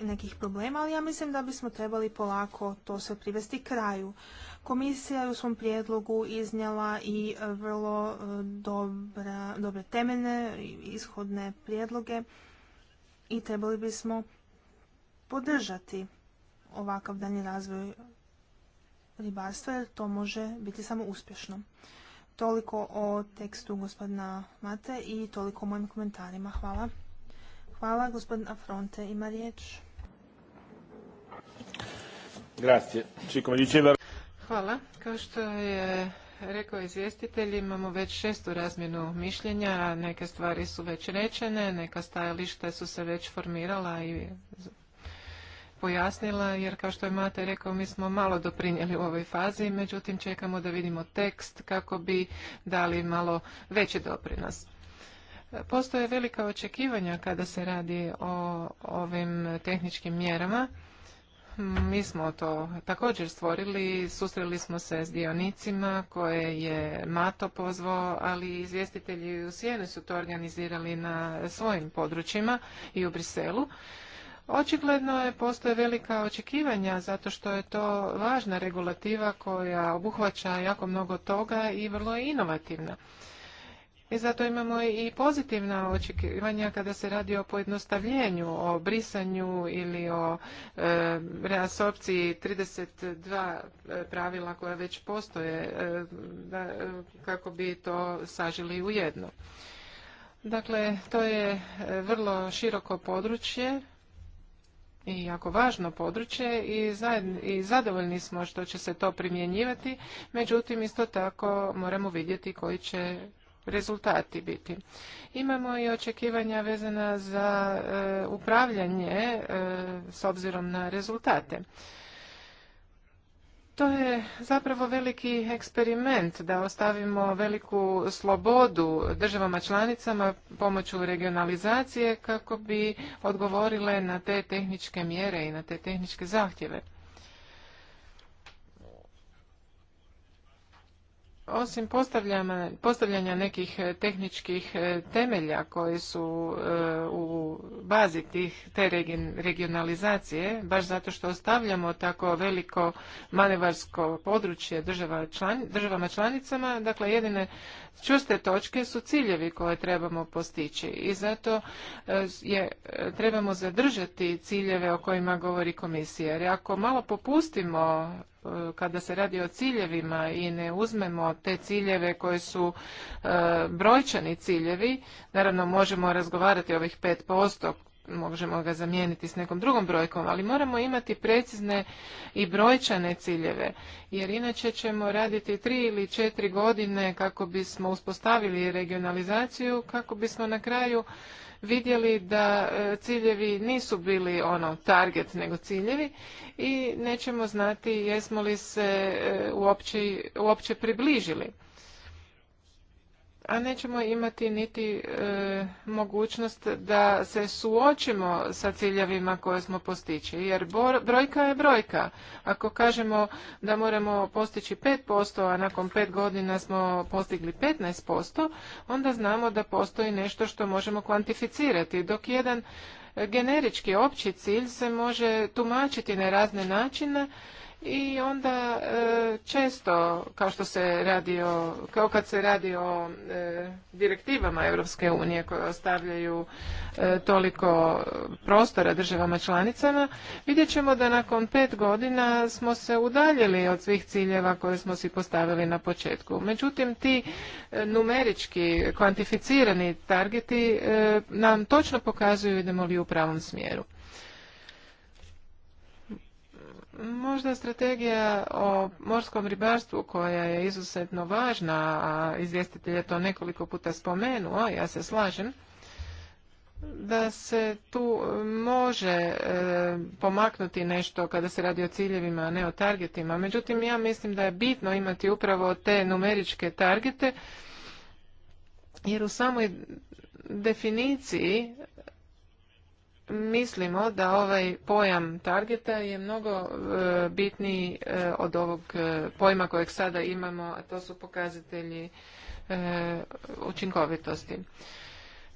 Speaker 2: nekih problema, ali ja mislim da bismo trebali polako to sve privesti kraju. Komisija je u svom prijedlogu iznijela i e, vrlo e, dobra, dobre temene i ishodne prijedloge i trebali bismo podržati ovakav danji razvoj ribarstva jer to može biti samo uspješno. Toliko o tekstu gospodina Mate i toliko o mojim komentarima. Hvala. Hvala. Gospodin Afronte
Speaker 4: ima riječ. Hvala. Kao što je rekao izvjestitelj, imamo već šestu razmjenu mišljenja, neke stvari su već rečene, neka stajališta su se već formirala i pojasnila, jer kao što je Mate rekao, mi smo malo doprinijeli u ovoj fazi, međutim čekamo da vidimo tekst kako bi dali malo veći doprinos. Postoje velika očekivanja kada se radi o ovim tehničkim mjerama mi smo to također stvorili, susreli smo se s dionicima koje je Mato pozvao, ali izvjestitelji u Sijene su to organizirali na svojim područjima i u Briselu. Očigledno je postoje velika očekivanja zato što je to važna regulativa koja obuhvaća jako mnogo toga i vrlo je inovativna. I zato imamo i pozitivna očekivanja kada se radi o pojednostavljenju, o brisanju ili o e, reasopciji 32 e, pravila koja već postoje e, kako bi to sažili u jedno. Dakle, to je vrlo široko područje i jako važno područje i, i zadovoljni smo što će se to primjenjivati, međutim isto tako moramo vidjeti koji će rezultati biti. Imamo i očekivanja vezana za e, upravljanje e, s obzirom na rezultate. To je zapravo veliki eksperiment da ostavimo veliku slobodu državama članicama pomoću regionalizacije kako bi odgovorile na te tehničke mjere i na te tehničke zahtjeve. Osim postavljanja nekih e, tehničkih e, temelja koji su e, u bazi te regionalizacije, baš zato što ostavljamo tako veliko manevarsko područje država član, državama članicama, dakle jedine čvrste točke su ciljevi koje trebamo postići i zato je, trebamo zadržati ciljeve o kojima govori komisija. Jer ako malo popustimo E, kada se radi o ciljevima i ne uzmemo te ciljeve koji su e, brojčani ciljevi, naravno možemo razgovarati o ovih 5%, možemo ga zamijeniti s nekom drugom brojkom, ali moramo imati precizne i brojčane ciljeve, jer inače ćemo raditi tri ili četiri godine kako bismo uspostavili regionalizaciju, kako bismo na kraju vidjeli da e, ciljevi nisu bili ono target nego ciljevi i nećemo znati jesmo li se e, uopće, približili a nećemo imati niti e, mogućnost da se suočimo sa ciljevima koje smo postići jer brojka je brojka ako kažemo da moramo postići 5% a nakon 5 godina smo postigli 15% onda znamo da postoji nešto što možemo kvantificirati dok jedan generički opći cilj se može tumačiti na razne načine i onda e, često kao što se radi o, kao kad se radi o e, direktivama Europske unije koje ostavljaju e, toliko prostora državama članicama, vidjet ćemo da nakon pet godina smo se udaljili od svih ciljeva koje smo si postavili na početku. Međutim, ti numerički kvantificirani targeti nam točno pokazuju idemo li u pravom smjeru. Možda strategija o morskom ribarstvu koja je izuzetno važna, a izvjestitelj je to nekoliko puta spomenuo, ja se slažem, da se tu može e, pomaknuti nešto kada se radi o ciljevima, a ne o targetima. Međutim, ja mislim da je bitno imati upravo te numeričke targete, jer u samoj definiciji mislimo da ovaj pojam targeta je mnogo e, bitniji e, od ovog e, pojma kojeg sada imamo, a to su pokazatelji učinkovitosti.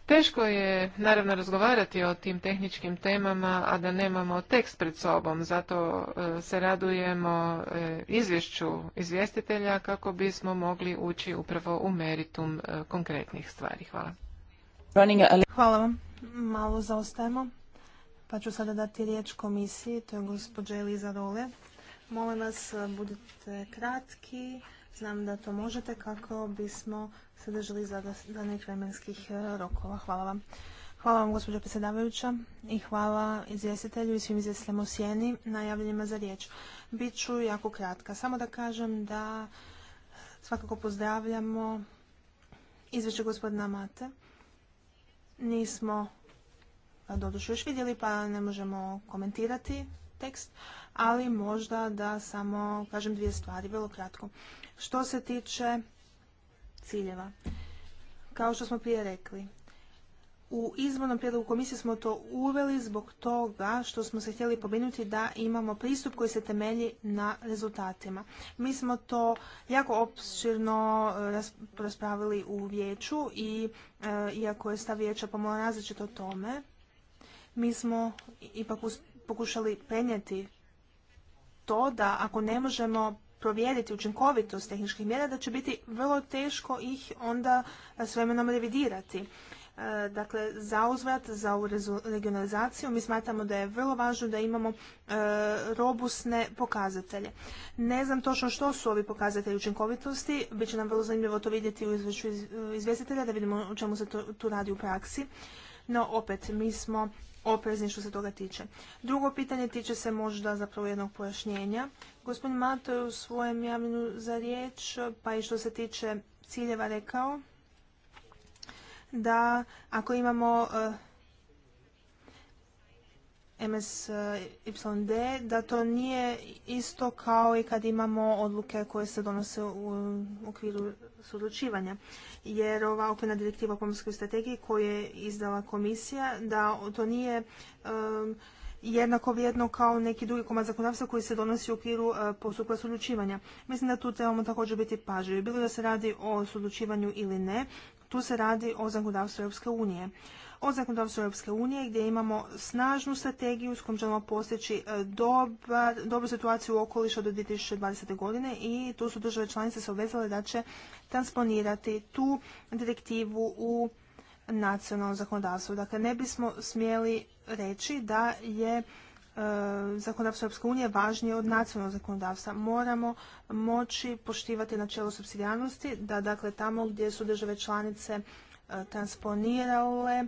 Speaker 4: Teško je naravno razgovarati o tim tehničkim temama, a da nemamo tekst pred sobom, zato se radujemo izvješću izvjestitelja kako bismo mogli ući upravo u meritum konkretnih stvari. Hvala. Hvala vam.
Speaker 2: Malo zaostajemo. Pa ću sada dati riječ komisiji, to je gospođa Eliza Role. Molim vas, budite kratki, znam da to možete kako bismo se držali zadanih vremenskih e, rokova. Hvala vam. Hvala vam gospođo predsjedavajuća i hvala izvjestitelju i svim izvjestiteljima u sjeni na javljenjima za riječ. Biću jako kratka. Samo da kažem da svakako pozdravljamo izvješće gospodina Mate. Nismo doduše još vidjeli pa ne možemo komentirati tekst, ali možda da samo kažem dvije stvari, vrlo kratko. Što se tiče ciljeva, kao što smo prije rekli, u izbornom prijedlogu komisije smo to uveli zbog toga što smo se htjeli pobrinuti da imamo pristup koji se temelji na rezultatima. Mi smo to jako opširno eh, raspravili u vijeću i eh, iako je stav vijeća pomalo različit o tome, mi smo ipak pokušali prenijeti to da ako ne možemo provjeriti učinkovitost tehničkih mjera, da će biti vrlo teško ih onda s vremenom revidirati. E, dakle, za uzvrat, za regionalizaciju mi smatramo da je vrlo važno da imamo e, robustne pokazatelje. Ne znam točno što su ovi pokazatelji učinkovitosti, bit će nam vrlo zanimljivo to vidjeti u izvješću izvjestitelja da vidimo o čemu se tu radi u praksi. No, opet, mi smo oprezni što se toga tiče. Drugo pitanje tiče se možda zapravo jednog pojašnjenja. Gospodin Mato je u svojem javljenju za riječ, pa i što se tiče ciljeva rekao da ako imamo eh, MSYD da to nije isto kao i kad imamo odluke koje se donose u okviru sudlučivanja. Jer ova okvirna direktiva o pomorskoj strategiji koju je izdala komisija, da to nije um, jednako vrijedno kao neki drugi komad zakonodavstva koji se donosi u okviru uh, postupka sudlučivanja. Mislim da tu trebamo također biti pažljivi. Bilo da se radi o sudlučivanju ili ne, tu se radi o zakonodavstvu Europske unije o zakonodavstvu Europske unije gdje imamo snažnu strategiju s kojom želimo postići e, dobru situaciju u okolišu do 2020. godine i tu su države članice se obvezale da će transponirati tu direktivu u nacionalno zakonodavstvo. Dakle, ne bismo smjeli reći da je e, zakonodavstvo Europske unije važnije od nacionalnog zakonodavstva. Moramo moći poštivati načelo subsidijarnosti da dakle tamo gdje su države članice transponirale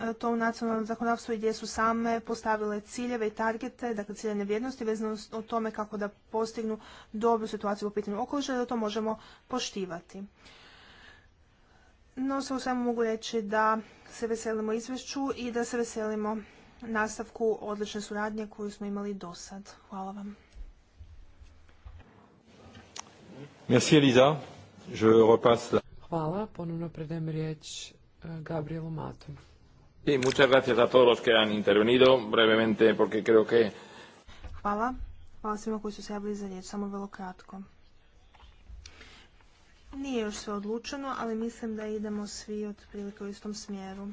Speaker 2: e, to u nacionalnom zakonodavstvu i gdje su same postavile ciljeve i targete, dakle ciljene vrijednosti vezano o tome kako da postignu dobru situaciju u pitanju okoliša da to možemo poštivati. No, sve u svemu mogu reći da se veselimo izvješću i da se veselimo nastavku odlične suradnje koju smo imali do sad. Hvala vam.
Speaker 1: Merci Elisa. Je repasse
Speaker 3: Hvala. Ponovno predajem riječ e, Gabrielu Matu.
Speaker 1: Sí, muchas gracias a todos los que han intervenido brevemente porque creo que...
Speaker 2: Hvala. Hvala svima koji su se javili za riječ, samo vrlo kratko. Nije još sve odlučeno, ali mislim da idemo svi otprilike u istom smjeru. E,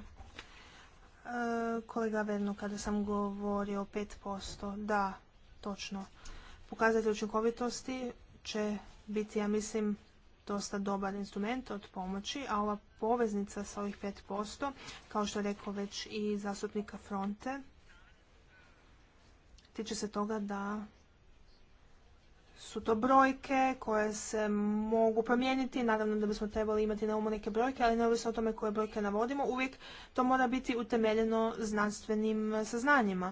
Speaker 2: kolega Verno, kada sam govorio o 5%, da, točno. Pokazatelj učinkovitosti će biti, ja mislim, dosta dobar instrument od pomoći, a ova poveznica sa ovih 5%, kao što je rekao već i zastupnika fronte, tiče se toga da su to brojke koje se mogu promijeniti. Naravno da bismo trebali imati na umu neke brojke, ali neovisno o tome koje brojke navodimo, uvijek to mora biti utemeljeno znanstvenim saznanjima.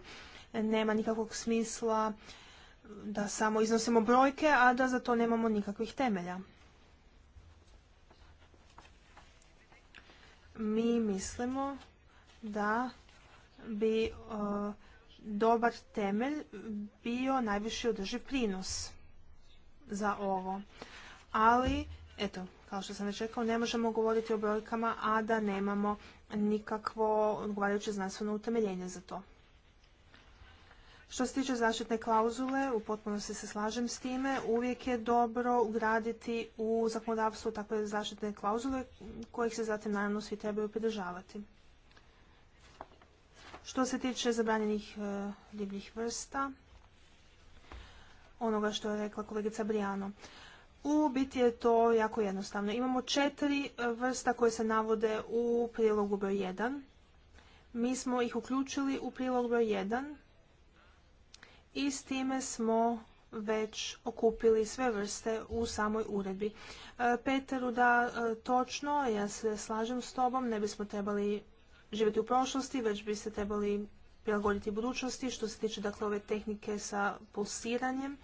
Speaker 2: Nema nikakvog smisla da samo iznosimo brojke, a da za to nemamo nikakvih temelja. mi mislimo da bi e, dobar temelj bio najviši održiv prinos za ovo. Ali, eto, kao što sam već rekao, ne možemo govoriti o brojkama, a da nemamo nikakvo odgovarajuće znanstveno utemeljenje za to. Što se tiče zaštitne klauzule, u potpunosti se slažem s time, uvijek je dobro ugraditi u zakonodavstvo takve zaštitne klauzule kojih se zatim naravno svi trebaju pridržavati. Što se tiče zabranjenih e, divljih vrsta, onoga što je rekla kolegica Brijano, u biti je to jako jednostavno. Imamo četiri e, vrsta koje se navode u prilogu broj 1. Mi smo ih uključili u prilog broj 1 i s time smo već okupili sve vrste u samoj uredbi. E, Peteru, da, e, točno, ja se slažem s tobom, ne bismo trebali živjeti u prošlosti, već bi se trebali prilagoditi budućnosti što se tiče dakle ove tehnike sa pulsiranjem.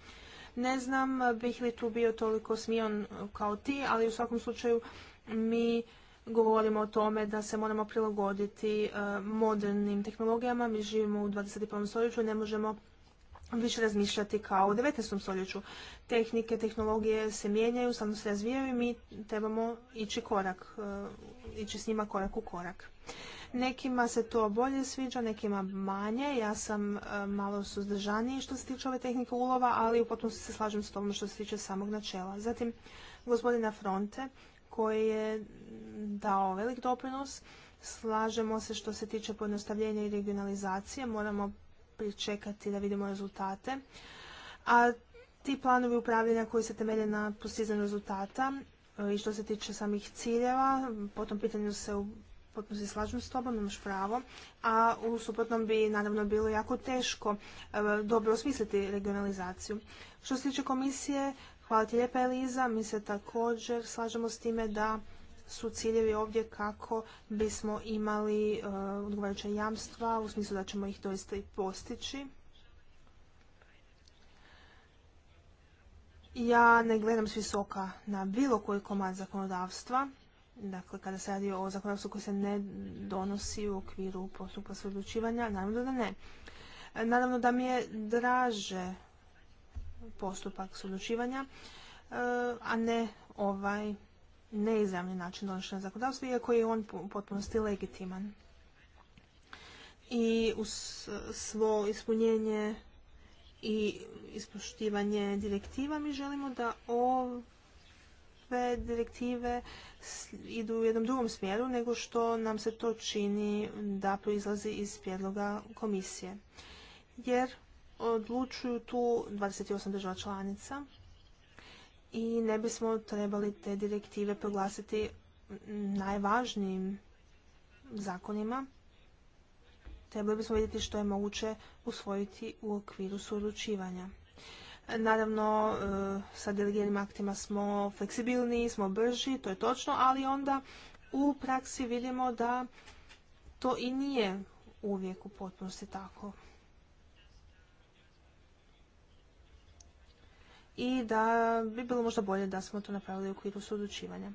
Speaker 2: Ne znam bih li tu bio toliko smion e, kao ti, ali u svakom slučaju mi govorimo o tome da se moramo prilagoditi modernim tehnologijama. Mi živimo u 21. stoljeću, ne možemo više razmišljati kao u 19. stoljeću. Tehnike, tehnologije se mijenjaju, samo se razvijaju i mi trebamo ići korak, e, ići s njima korak u korak. Nekima se to bolje sviđa, nekima manje. Ja sam e, malo suzdržaniji što se tiče ove tehnike ulova, ali u potpunosti se slažem s tom što se tiče samog načela. Zatim, gospodina Fronte, koji je dao velik doprinos, slažemo se što se tiče pojednostavljenja i regionalizacije. Moramo pričekati da vidimo rezultate. A ti planovi upravljanja koji se temelje na postizanju rezultata e, i što se tiče samih ciljeva, po tom pitanju se u potpuno slažem s tobom, imaš pravo, a u suprotnom bi naravno bilo jako teško e, dobro osmisliti regionalizaciju. Što se tiče komisije, hvala ti lijepa Eliza, mi se također slažemo s time da su ciljevi ovdje kako bismo imali e, odgovarajuća jamstva u smislu da ćemo ih doista i postići. Ja ne gledam s visoka na bilo koji komad zakonodavstva, dakle kada se radi o zakonodavstvu koji se ne donosi u okviru postupka odlučivanja, naravno da ne. E, naravno da mi je draže postupak suodlučivanja, e, a ne ovaj neizravni način donošenja zakonodavstva, iako je on u potpunosti legitiman. I uz svo ispunjenje i ispoštivanje direktiva mi želimo da ove direktive idu u jednom drugom smjeru nego što nam se to čini da proizlazi iz prijedloga komisije. Jer odlučuju tu 28 država članica i ne bismo trebali te direktive proglasiti najvažnijim zakonima. Trebali bismo vidjeti što je moguće usvojiti u okviru suodlučivanja. Naravno, e, sa delegiranim aktima smo fleksibilni, smo brži, to je točno, ali onda u praksi vidimo da to i nije uvijek u potpunosti tako. i da bi bilo možda bolje da smo to napravili u okviru sudučivanja.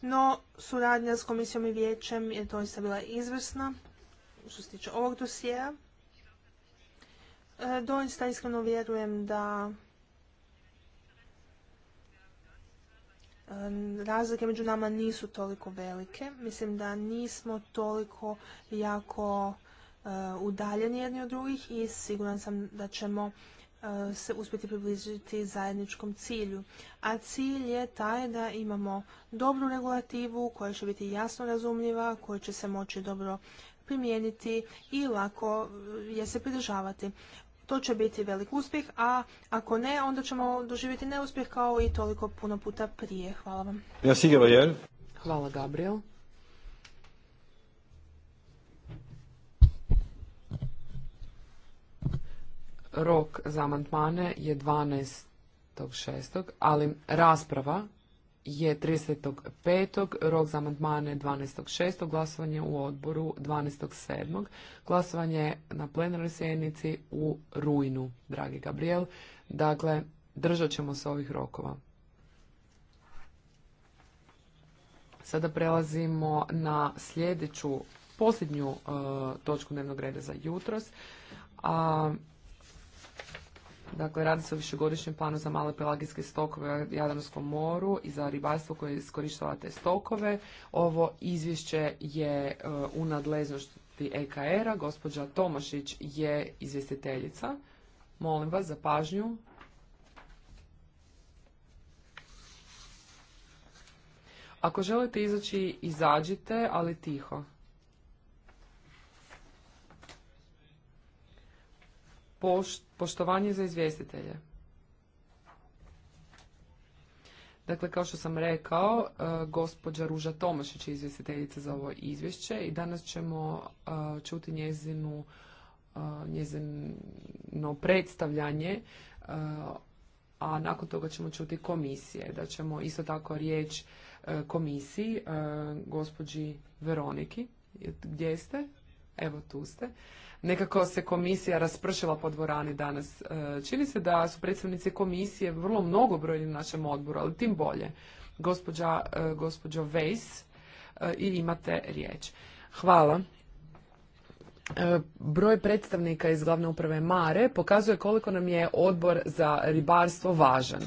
Speaker 2: No, suradnja s komisijom i vijećem je doista bila izvrsna što se tiče ovog dosjea. E, doista iskreno vjerujem da e, razlike među nama nisu toliko velike. Mislim da nismo toliko jako e, udaljeni jedni od drugih i siguran sam da ćemo E, se uspjeti približiti zajedničkom cilju. A cilj je taj da imamo dobru regulativu koja će biti jasno razumljiva, koja će se moći dobro primijeniti i lako e, je se pridržavati. To će biti velik uspjeh, a ako ne, onda ćemo doživjeti neuspjeh kao i toliko puno puta prije. Hvala vam.
Speaker 3: Hvala, Gabriel. Rok za amandmane je 12.6. ali rasprava je 30.5. Rok za amandmane 12.6. Glasovanje u odboru 12.7. Glasovanje na plenarnoj sjednici u rujnu, dragi Gabriel. Dakle, držat ćemo se ovih rokova. Sada prelazimo na sljedeću posljednju e, točku dnevnog reda za jutros. A, Dakle, radi se o višegodišnjem planu za male pelagijske stokove u Jadranskom moru i za ribarstvo koje iskorištava te stokove. Ovo izvješće je e, u nadležnosti EKR-a. Gospođa Tomašić je izvjestiteljica. Molim vas za pažnju. Ako želite izaći, izađite, ali tiho. poštovanje za izvjestitelje. Dakle, kao što sam rekao, e, gospođa Ruža Tomašić je izvjestiteljica za ovo izvješće i danas ćemo e, čuti njezinu, e, njezino predstavljanje, a nakon toga ćemo čuti komisije. Da ćemo isto tako riječ komisiji, gospođi Veroniki. Gdje ste? Evo tu ste. Nekako se komisija raspršila po dvorani danas. E, čini se da su predstavnici komisije vrlo brojni u našem odboru, ali tim bolje. Gospođa, e, gospođo Vejs, e, i imate riječ. Hvala. Broj predstavnika iz glavne uprave Mare pokazuje koliko nam je odbor za ribarstvo važan.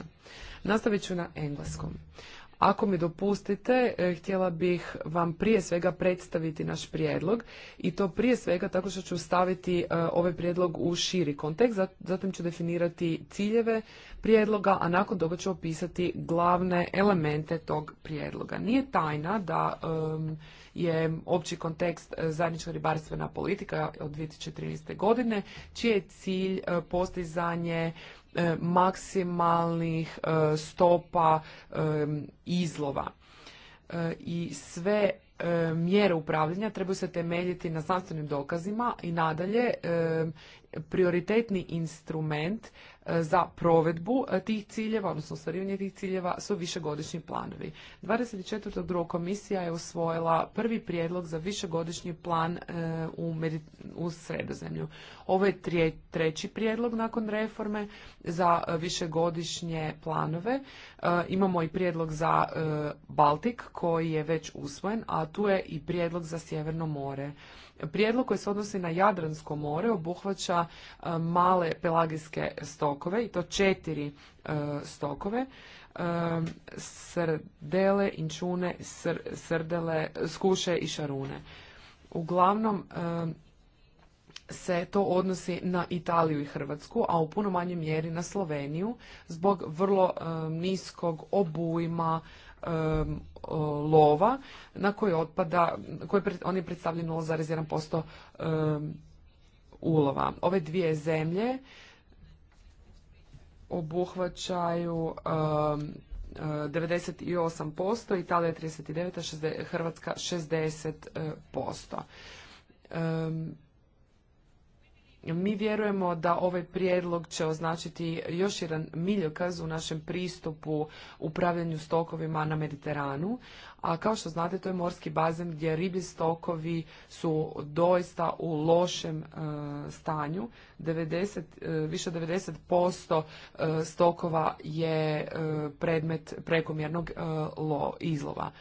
Speaker 3: Nastavit ću na engleskom. Ako mi dopustite, e, htjela bih vam prije svega predstaviti naš prijedlog i to prije svega tako što ću staviti e, ovaj prijedlog u širi kontekst, zatim ću definirati ciljeve prijedloga, a nakon toga ću opisati glavne elemente tog prijedloga. Nije tajna da je opći kontekst e, zajednička ribarstvena politika od 2013. godine, čiji je cilj postizanje E, maksimalnih e, stopa e, izlova i sve mjere upravljanja trebaju se temeljiti na znanstvenim dokazima i nadalje prioritetni instrument za provedbu tih ciljeva, odnosno ostvarivanje tih ciljeva su višegodišnji planovi. druga komisija je usvojila prvi prijedlog za višegodišnji plan e, u, u sredozemlju. Ovo je treći prijedlog nakon reforme za višegodišnje planove. E, imamo i prijedlog za e, Baltik koji je već usvojen, a tu je i prijedlog za Sjeverno more. Prijedlog koji se odnosi na Jadransko more obuhvaća e, male pelagijske stokove i to četiri e, stokove. E, srdele, inčune, srdele, skuše i šarune. Uglavnom se to odnosi na Italiju i Hrvatsku, a u puno manjoj mjeri na Sloveniju zbog vrlo niskog obujma E, lova na koji otpada, koji on je predstavljen 0,1% e, ulova. Ove dvije zemlje obuhvaćaju 98%, e, Italija 39%, Hrvatska 60%. Mi vjerujemo da ovaj prijedlog će označiti još jedan miljokaz u našem pristupu upravljanju stokovima na Mediteranu, a kao što znate to je morski bazen gdje riblji stokovi su doista u lošem e, stanju. E, više od 90% e, stokova je predmet prekomjernog izlova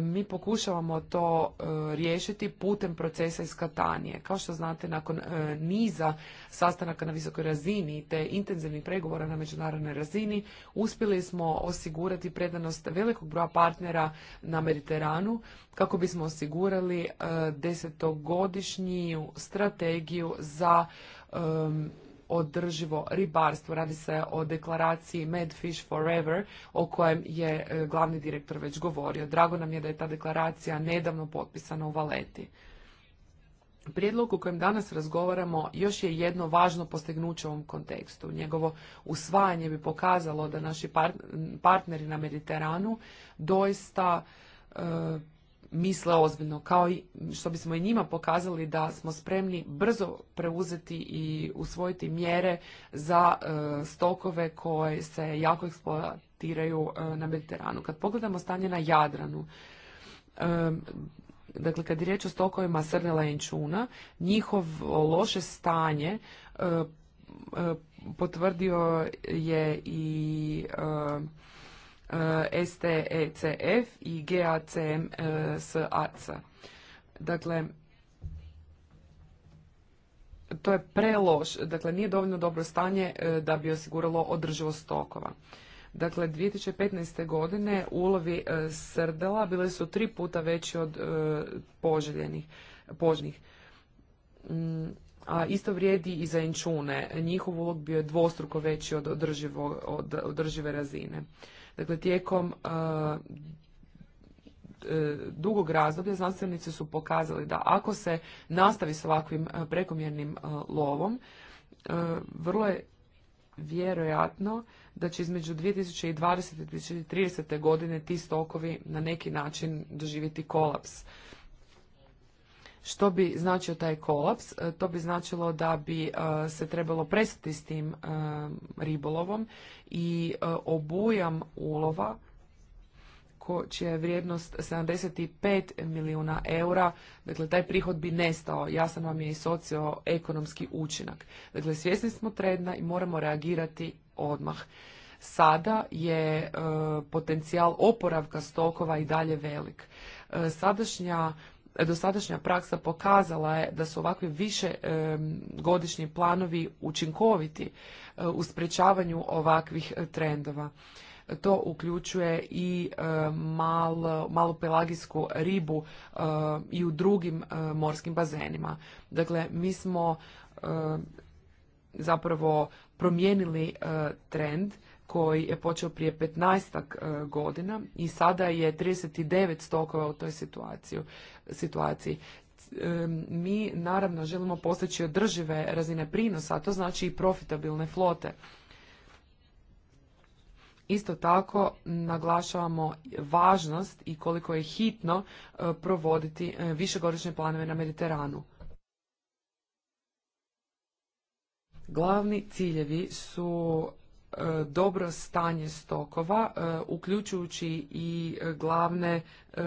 Speaker 3: mi pokušavamo to e, riješiti putem procesa iz Katanije. Kao što znate, nakon e, niza sastanaka na visokoj razini te intenzivnih pregovora na međunarodnoj razini, uspjeli smo osigurati predanost velikog broja partnera na Mediteranu kako bismo osigurali e, desetogodišnju strategiju za održivo ribarstvo. Radi se o deklaraciji Mad Fish Forever o kojem je e, glavni direktor već govorio. Drago nam je da je ta deklaracija nedavno potpisana u Valeti. Prijedlog u kojem danas razgovaramo još je jedno važno postignuće u ovom kontekstu. Njegovo usvajanje bi pokazalo da naši partneri na Mediteranu doista e, misle ozbiljno, kao i što bismo i njima pokazali da smo spremni brzo preuzeti i usvojiti mjere za e, stokove koje se jako eksploatiraju e, na Mediteranu. Kad pogledamo stanje na Jadranu, e, dakle kad je riječ o stokovima srnela čuna, njihov loše stanje potvrdio je i E, STECF i GACM e, s AC. Dakle, to je preloš, dakle nije dovoljno dobro stanje e, da bi osiguralo održivost stokova. Dakle, 2015. godine ulovi srdela bile su tri puta veći od poželjenih, požnih. Mm, a isto vrijedi i za inčune. Njihov ulog bio je dvostruko veći od održive razine. Dakle, tijekom e, e, dugog razdoblja znanstvenici su pokazali da ako se nastavi s ovakvim e, prekomjernim lovom, vrlo je vjerojatno da će između 2020. i 2030. godine ti stokovi na neki način doživjeti kolaps. Što bi značio taj kolaps? E, to bi značilo da bi e, se trebalo prestati s tim e, ribolovom i obujam ulova čija je vrijednost 75 milijuna eura, dakle taj prihod bi nestao, jasan vam je i socioekonomski učinak. Dakle, svjesni smo tredna i moramo reagirati odmah. Sada je potencijal oporavka stokova i dalje velik. sadašnja dosadašnja praksa pokazala je da su ovakvi više godišnji planovi učinkoviti eh, u sprečavanju ovakvih eh, trendova. To uključuje i malu pelagijsku ribu eh, i u drugim morskim bazenima. Dakle, mi smo zapravo promijenili trend koji je počeo prije 15 e, godina i sada je 39 stokova u toj situaciju, situaciji. E, mi naravno želimo postići održive razine prinosa, a to znači i profitabilne flote. Isto tako naglašavamo važnost i koliko je hitno e, provoditi višegodišnje planove na Mediteranu. Glavni ciljevi su E, dobro stanje stokova, e, uključujući i glavne e,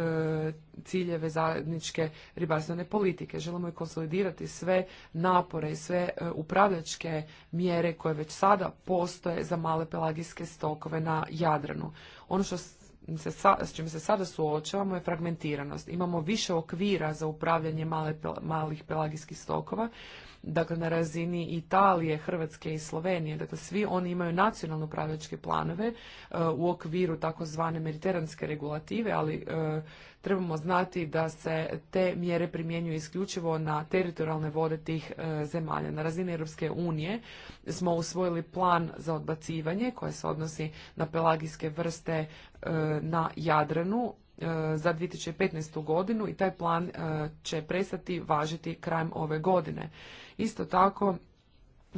Speaker 3: ciljeve zajedničke ribarstvene politike. Želimo i konsolidirati sve napore i sve upravljačke mjere koje već sada postoje za male pelagijske stokove na Jadranu. Ono što se sa, s čim se sada suočavamo je fragmentiranost. Imamo više okvira za upravljanje male, malih pelagijskih stokova, dakle na razini Italije, Hrvatske i Slovenije. Dakle, svi oni imaju nacionalno upravljačke planove e, u okviru takozvane mediteranske regulative, ali e, Trebamo znati da se te mjere primjenjuju isključivo na teritorijalne vode tih e, zemalja. Na razini Europske unije smo usvojili plan za odbacivanje koje se odnosi na pelagijske vrste e, na Jadranu e, za 2015. godinu i taj plan će prestati važiti krajem ove godine. Isto tako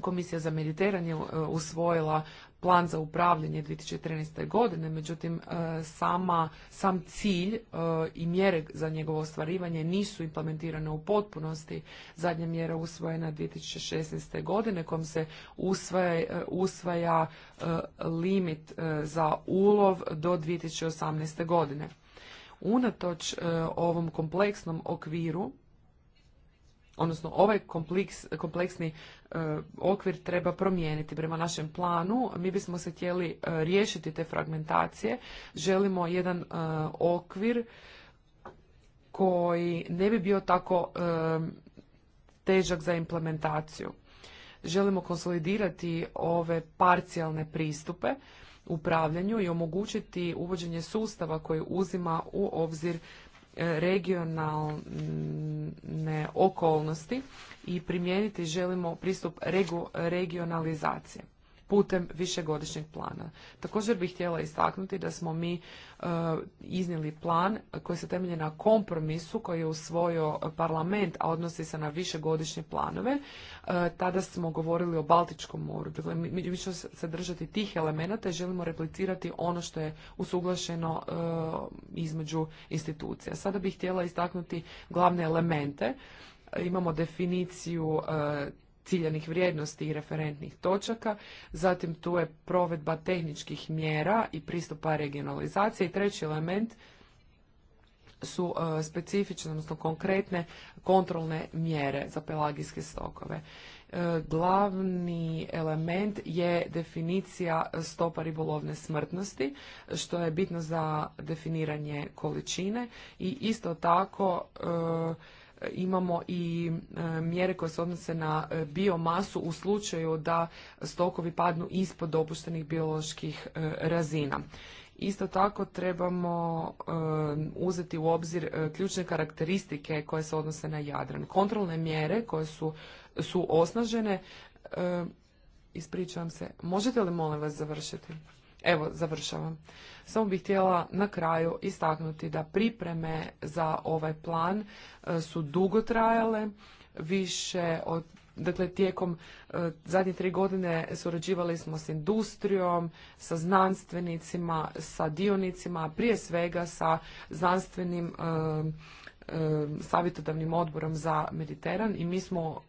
Speaker 3: Komisija za Mediteran je usvojila plan za upravljanje 2013. godine, međutim e, sama, sam cilj e, i mjere za njegovo ostvarivanje nisu implementirane u potpunosti. Zadnja mjera usvojena 2016. godine kojom se usvaja, e, usvaja limit za ulov do 2018. godine. Unatoč ovom kompleksnom okviru odnosno ovaj kompleksni e, okvir treba promijeniti. Prema našem planu mi bismo se htjeli e, riješiti te fragmentacije. Želimo jedan e, okvir koji ne bi bio tako težak za implementaciju. Želimo konsolidirati ove parcijalne pristupe upravljanju i omogućiti uvođenje sustava koji uzima u obzir regionalne okolnosti i primijeniti želimo pristup regionalizacije putem višegodišnjeg plana. Također bih htjela istaknuti da smo mi e, iznijeli plan koji se temelji na kompromisu koji je usvojio parlament, a odnosi se na višegodišnje planove. E, tada smo govorili o Baltičkom moru. Dakle, mi ćemo se držati tih elemenata i želimo replicirati ono što je usuglašeno e, između institucija. Sada bih htjela istaknuti glavne elemente. Imamo definiciju ciljanih vrijednosti i referentnih točaka, zatim tu je provedba tehničkih mjera i pristupa regionalizacije i treći element su e, specifične, odnosno konkretne kontrolne mjere za pelagijske stokove. E, glavni element je definicija stopa ribolovne smrtnosti, što je bitno za definiranje količine i isto tako e, E, imamo i e, mjere koje se odnose na e, biomasu u slučaju da stokovi padnu ispod dopuštenih bioloških razina. Isto tako trebamo uzeti u obzir ključne karakteristike koje se odnose na Jadran. Kontrolne mjere koje su, su osnažene, ispričavam se, možete li molim vas završiti? Evo, završavam. Samo bih htjela na kraju istaknuti da pripreme za ovaj plan e, su dugo trajale, više od Dakle, tijekom e, zadnje tri godine surađivali smo s industrijom, sa znanstvenicima, sa dionicima, prije svega sa znanstvenim e, savjetodavnim odborom za Mediteran i mi smo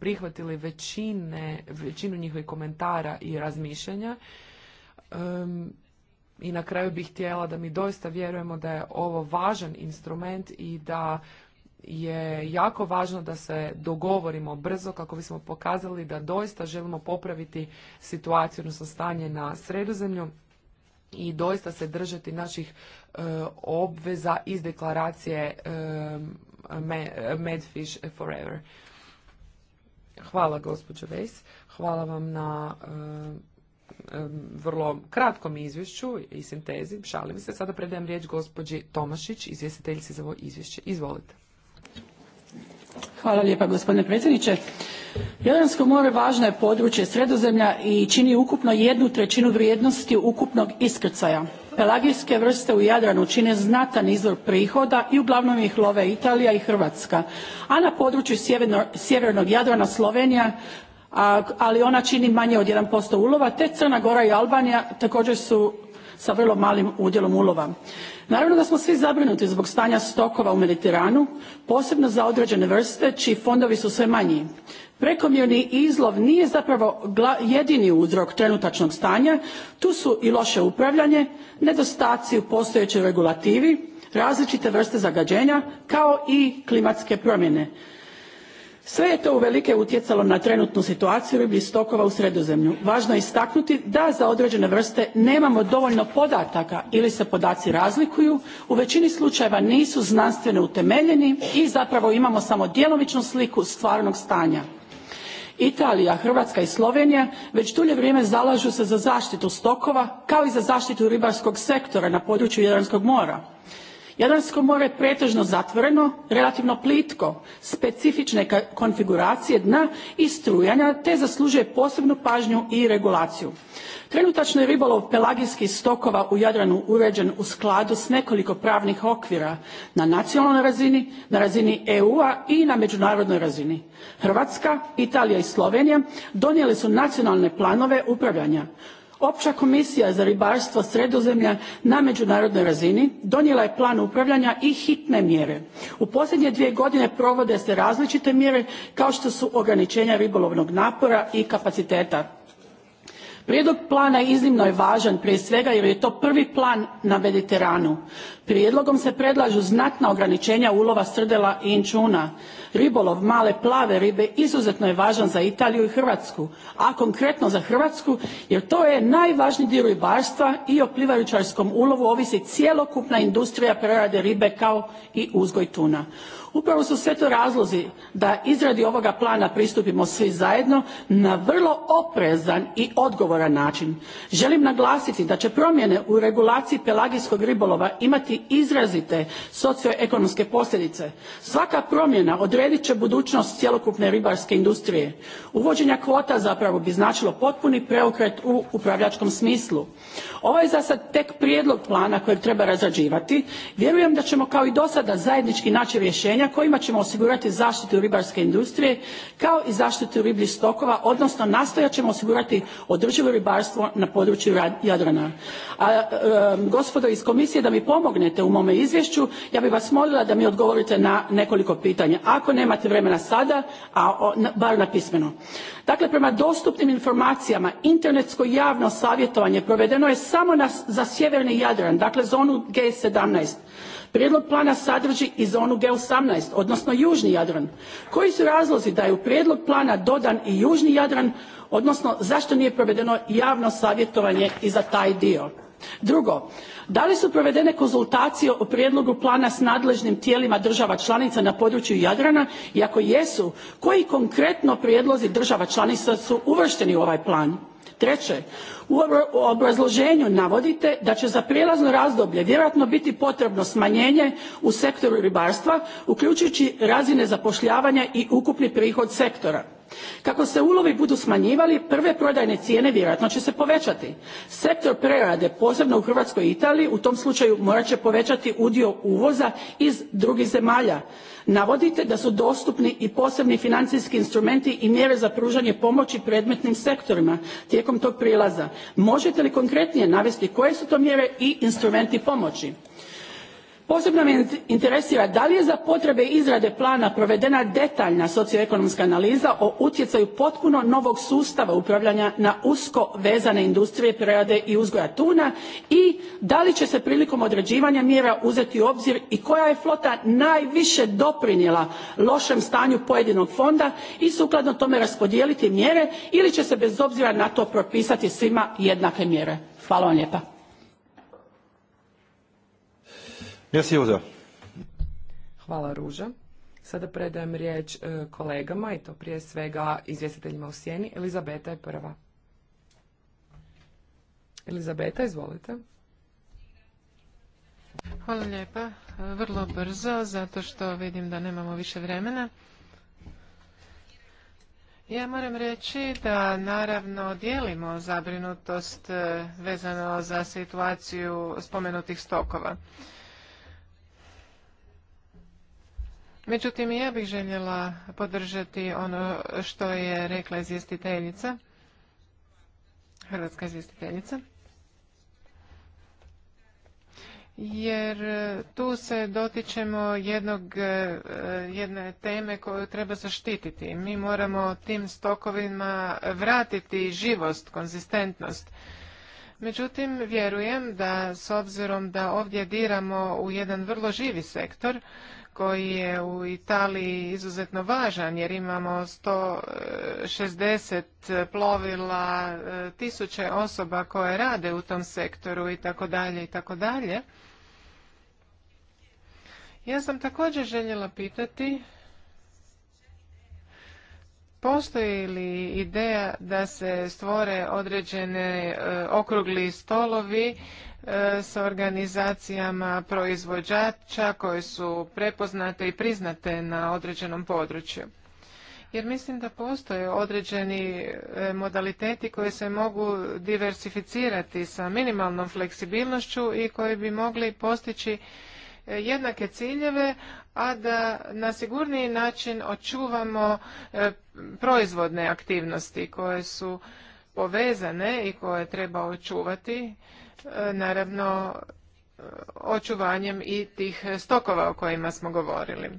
Speaker 3: prihvatili većine, većinu njihovih komentara i razmišljanja i na kraju bih htjela da mi doista vjerujemo da je ovo važan instrument i da je jako važno da se dogovorimo brzo kako bismo pokazali da doista želimo popraviti situaciju, odnosno stanje na sredozemlju i doista se držati naših e, obveza iz deklaracije e, Medfish Forever. Hvala gospođo Vejs, hvala vam na e, vrlo kratkom izvješću i sintezi. Šalim se. Sada predajem riječ gospođi Tomašić, izvjestiteljici za ovo izvješće. Izvolite.
Speaker 5: Hvala lijepa gospodine predsjedniče. Jadransko more važno je područje sredozemlja i čini ukupno jednu trećinu vrijednosti ukupnog iskrcaja. Pelagijske vrste u Jadranu čine znatan izvor prihoda i uglavnom ih love Italija i Hrvatska, a na području sjevernog Jadrana Slovenija ali ona čini manje od posto ulova, te Crna Gora i Albanija također su sa vrlo malim udjelom ulova. Naravno da smo svi zabrinuti zbog stanja stokova u Mediteranu, posebno za određene vrste čiji fondovi su sve manji. Prekomjerni izlov nije zapravo jedini uzrok trenutačnog stanja, tu su i loše upravljanje, nedostaci u postojećoj regulativi, različite vrste zagađenja kao i klimatske promjene sve je to uvelike utjecalo na trenutnu situaciju ribljih stokova u sredozemlju važno je istaknuti da za određene vrste nemamo dovoljno podataka ili se podaci razlikuju u većini slučajeva nisu znanstveno utemeljeni i zapravo imamo samo djelomičnu sliku stvarnog stanja italija hrvatska i slovenija već dulje vrijeme zalažu se za zaštitu stokova kao i za zaštitu ribarskog sektora na području jadranskog mora jadransko more je pretežno zatvoreno relativno plitko specifične konfiguracije dna i strujanja te zaslužuje posebnu pažnju i regulaciju trenutačno je ribolov pelagijskih stokova u jadranu uređen u skladu s nekoliko pravnih okvira na nacionalnoj razini na razini eu a i na međunarodnoj razini hrvatska italija i slovenija donijele su nacionalne planove upravljanja opća komisija za ribarstvo sredozemlja na međunarodnoj razini donijela je plan upravljanja i hitne mjere u posljednje dvije godine provode se različite mjere kao što su ograničenja ribolovnog napora i kapaciteta prijedlog plana iznimno je važan prije svega jer je to prvi plan na mediteranu. prijedlogom se predlažu znatna ograničenja ulova srdela i inćuna. ribolov male plave ribe izuzetno je važan za italiju i hrvatsku a konkretno za hrvatsku jer to je najvažniji dio ribarstva i o plivajućarskom ulovu ovisi cjelokupna industrija prerade ribe kao i uzgoj tuna. Upravo su sve to razlozi da izradi ovoga plana pristupimo svi zajedno na vrlo oprezan i odgovoran način. Želim naglasiti da će promjene u regulaciji pelagijskog ribolova imati izrazite socioekonomske posljedice. Svaka promjena odredit će budućnost cjelokupne ribarske industrije. Uvođenja kvota zapravo bi značilo potpuni preokret u upravljačkom smislu. Ovo je za sad tek prijedlog plana kojeg treba razrađivati. Vjerujem da ćemo kao i do sada zajednički naći rješenja rješenja kojima ćemo osigurati zaštitu ribarske industrije kao i zaštitu ribljih stokova odnosno nastojat ćemo osigurati održivo ribarstvo na području jadrana. a e, gospodo iz komisije da mi pomognete u mome izvješću ja bih vas molila da mi odgovorite na nekoliko pitanja ako nemate vremena sada a bar na pismeno. dakle prema dostupnim informacijama internetsko javno savjetovanje provedeno je samo za sjeverni jadran dakle zonu g seventeen Prijedlog plana sadrži i zonu G18, odnosno Južni Jadran. Koji su razlozi da je u prijedlog plana dodan i Južni Jadran, odnosno zašto nije provedeno javno savjetovanje i za taj dio? Drugo, da li su provedene konzultacije o prijedlogu plana s nadležnim tijelima država članica na području Jadrana i ako jesu, koji konkretno prijedlozi država članica su uvršteni u ovaj plan? Treće, u obrazloženju navodite da će za prijelazno razdoblje vjerojatno biti potrebno smanjenje u sektoru ribarstva uključujući razine zapošljavanja i ukupni prihod sektora. Kako se ulovi budu smanjivali prve prodajne cijene vjerojatno će se povećati. Sektor prerade posebno u Hrvatskoj i Italiji u tom slučaju morat će povećati udio uvoza iz drugih zemalja. Navodite da su dostupni i posebni financijski instrumenti i mjere za pružanje pomoći predmetnim sektorima tijekom tog prijelaza možete li konkretnije navesti koje su to mjere i instrumenti pomoći? posebno me interesira da li je za potrebe izrade plana provedena detaljna socioekonomska analiza o utjecaju potpuno novog sustava upravljanja na usko vezane industrije prerade i uzgoja tuna i da li će se prilikom određivanja mjera uzeti u obzir i koja je flota najviše doprinijela lošem stanju pojedinog fonda i sukladno tome raspodijeliti mjere ili će se bez obzira na to propisati svima jednake mjere. hvala vam lijepa. Merci, Ruža. Hvala,
Speaker 3: Ruža. Sada predajem riječ e, kolegama i to prije svega izvjestiteljima u sjeni. Elizabeta je prva. Elizabeta, izvolite.
Speaker 4: Hvala lijepa. E, vrlo brzo, zato što vidim da nemamo više vremena. Ja moram reći da naravno dijelimo zabrinutost e, vezano za situaciju spomenutih stokova. Međutim, ja bih željela podržati ono što je rekla izvjestiteljica, hrvatska izvjestiteljica, jer e, tu se dotičemo jednog, e, jedne teme koju treba zaštititi. Mi moramo tim stokovima vratiti živost, konzistentnost. Međutim, vjerujem da s obzirom da ovdje diramo u jedan vrlo živi sektor, koji je u Italiji izuzetno važan jer imamo 160 plovila, e, tisuće osoba koje rade u tom sektoru i tako dalje i tako dalje. Ja sam također željela pitati postoji li ideja da se stvore određene e, okrugli stolovi E, sa organizacijama proizvođača koje su prepoznate i priznate na određenom području. Jer mislim da postoje određeni e, modaliteti koji se mogu diversificirati sa minimalnom fleksibilnošću i koji bi mogli postići e, jednake ciljeve, a da na sigurniji način očuvamo proizvodne aktivnosti koje su povezane i koje treba očuvati, e, naravno e, očuvanjem i tih stokova o kojima smo govorili.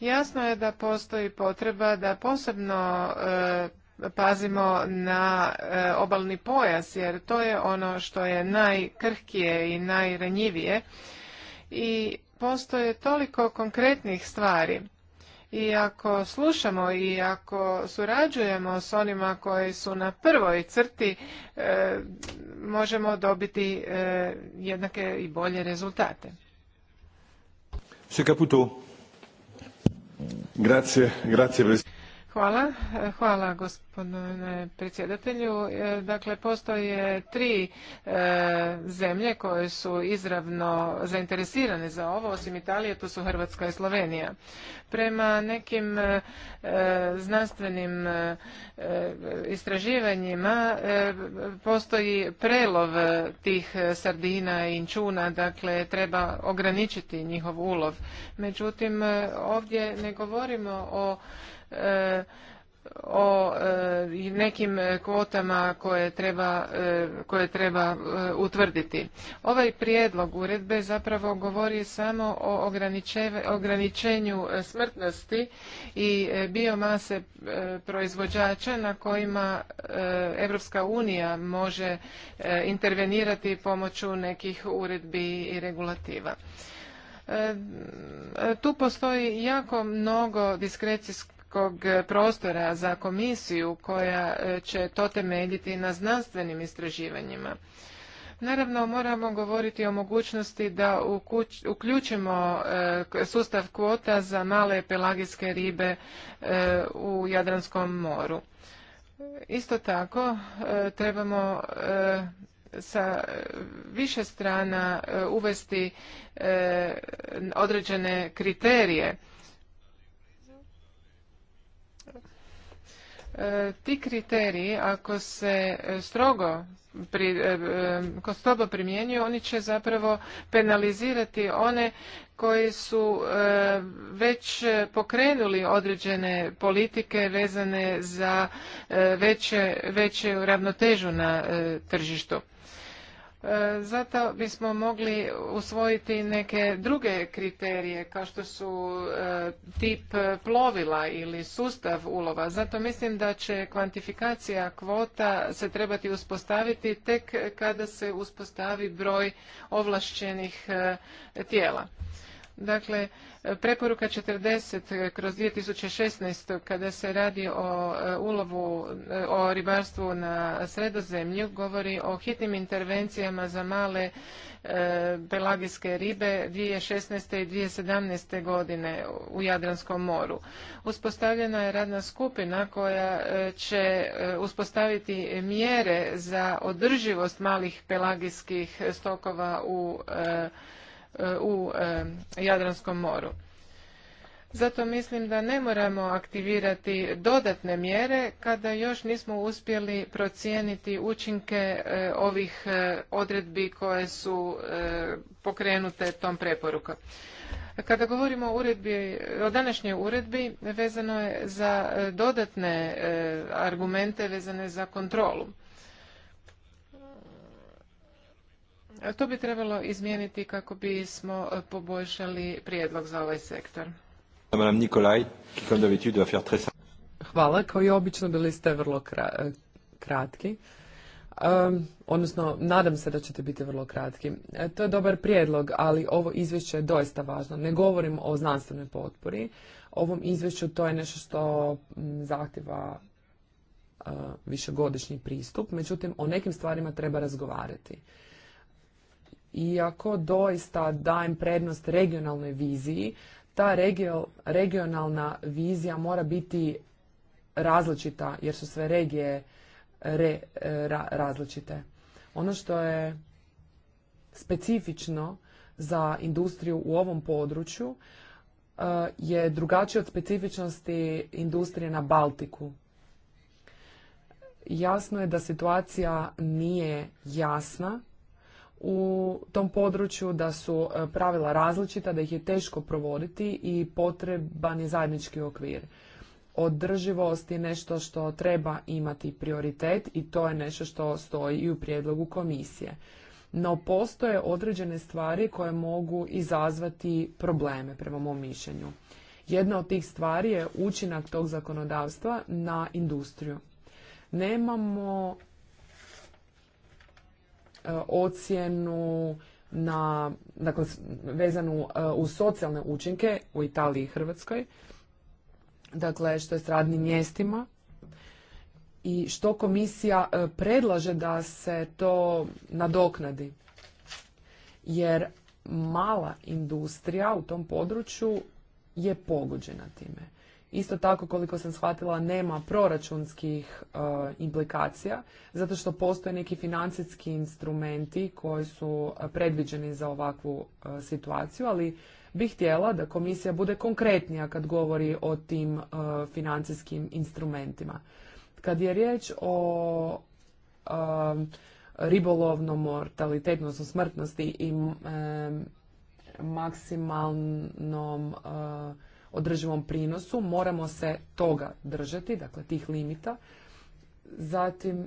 Speaker 4: Jasno je da postoji potreba da posebno e, pazimo na obalni pojas jer to je ono što je najkrhkije i najranjivije i postoje toliko konkretnih stvari i ako slušamo i ako surađujemo s onima koji su na prvoj crti, e, možemo dobiti e, jednake i bolje rezultate.
Speaker 1: Grazie, grazie.
Speaker 4: Hvala. Hvala gospodine predsjedatelju. E, dakle, postoje tri e, zemlje koje su izravno zainteresirane za ovo, osim Italije, to su Hrvatska i Slovenija. Prema nekim e, znanstvenim istraživanjima postoji prelov tih sardina i inčuna, dakle treba ograničiti njihov ulov. Međutim, ovdje ne govorimo o o e, nekim kvotama koje treba, e, koje treba e, utvrditi. Ovaj prijedlog uredbe zapravo govori samo o ograničenju smrtnosti i biomase proizvođača na kojima Europska unija može intervenirati pomoću nekih uredbi i regulativa tu postoji jako mnogo diskrecijskog prostora za komisiju koja e, će to temeljiti na znanstvenim istraživanjima. Naravno, moramo govoriti o mogućnosti da uključimo e, sustav kvota za male pelagijske ribe e, u Jadranskom moru. Isto tako, trebamo sa više strana uvesti određene kriterije E, ti kriteriji ako se e, strogo pri, e, ko strogo primjenjuju oni će zapravo penalizirati one koji su već pokrenuli određene politike vezane za veće, veću ravnotežu na tržištu zato bismo mogli usvojiti neke druge kriterije kao što su e, tip plovila ili sustav ulova. Zato mislim da će kvantifikacija kvota se trebati uspostaviti tek kada se uspostavi broj ovlašćenih e, tijela. Dakle, preporuka 40 kroz 2016 kada se radi o e, ulovu, e, o ribarstvu na sredozemlju govori o hitnim intervencijama za male e, pelagijske ribe 2016. i 2017. godine u Jadranskom moru. Uspostavljena je radna skupina koja će uspostaviti mjere za održivost malih pelagijskih stokova u E, u e, Jadranskom moru. Zato mislim da ne moramo aktivirati dodatne mjere kada još nismo uspjeli procijeniti učinke e, ovih odredbi koje su pokrenute tom preporukom. Kada govorimo o, uredbi, o današnjoj uredbi, vezano je za dodatne argumente vezane za kontrolu. To bi trebalo izmijeniti kako bismo poboljšali prijedlog za ovaj sektor.
Speaker 3: Hvala, kao i obično bili ste vrlo kratki. odnosno, nadam se da ćete biti vrlo kratki. E, to je dobar prijedlog, ali ovo izvješće je doista važno. Ne govorim o znanstvenoj potpori. Ovom izvješću to je nešto što zahtjeva e, višegodišnji pristup, međutim, o nekim stvarima treba razgovarati iako doista dajem prednost regionalnoj viziji, ta regionalna vizija mora biti različita jer su sve regije re, različite. Ono što je specifično za industriju u ovom području e, je drugačije od specifičnosti industrije na Baltiku. Jasno je da situacija nije jasna u tom području, da su e, pravila različita, da ih je teško provoditi i potreban je zajednički okvir. Održivost je nešto što treba imati prioritet i to je nešto što stoji i u prijedlogu komisije. No postoje određene stvari koje mogu izazvati probleme prema mom mišljenju. Jedna od tih stvari je učinak tog zakonodavstva na industriju. Nemamo E, ocjenu na, dakle, vezanu e, uz socijalne učinke u Italiji i Hrvatskoj, dakle što je s radnim mjestima i što komisija e, predlaže da se to nadoknadi. Jer mala industrija u tom području je pogođena time. Isto tako, koliko sam shvatila, nema proračunskih e, implikacija, zato što postoje neki financijski instrumenti koji su e, predviđeni za ovakvu e, situaciju, ali bih htjela da komisija bude konkretnija kad govori o tim financijskim instrumentima. Kad je riječ o ribolovnom mortalitetu, odnosno smrtnosti i maksimalnom održivom prinosu, moramo se toga držati, dakle tih limita. Zatim e,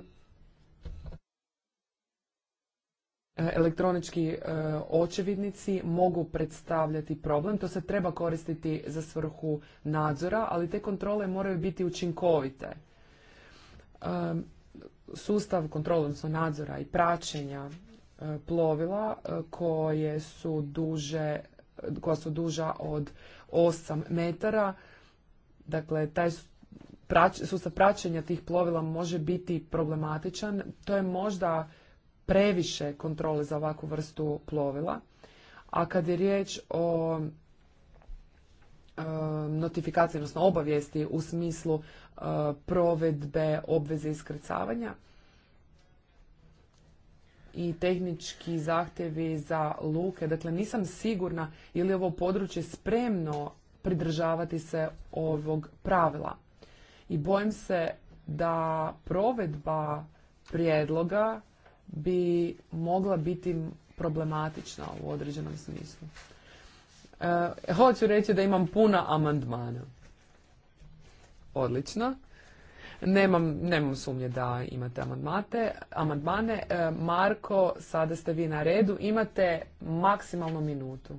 Speaker 3: elektronički e, očevidnici mogu predstavljati problem. To se treba koristiti za svrhu nadzora, ali te kontrole moraju biti učinkovite. E, sustav kontrole, odnosno nadzora i praćenja plovila koje su duže, koja su duža od 8 metara. Dakle, taj sustav praćenja tih plovila može biti problematičan. To je možda previše kontrole za ovakvu vrstu plovila. A kad je riječ o e, notifikaciji, odnosno obavijesti u smislu e, provedbe obveze iskrcavanja, i tehnički zahtjevi za luke. Dakle, nisam sigurna ili ovo područje spremno pridržavati se ovog pravila. I bojim se da provedba prijedloga bi mogla biti problematična u određenom smislu. E, hoću reći da imam puna amandmana. Odlično. Nemam, nemam sumnje da imate amandmate, amandmane. E, Marko, sada ste vi na redu. Imate maksimalnu minutu.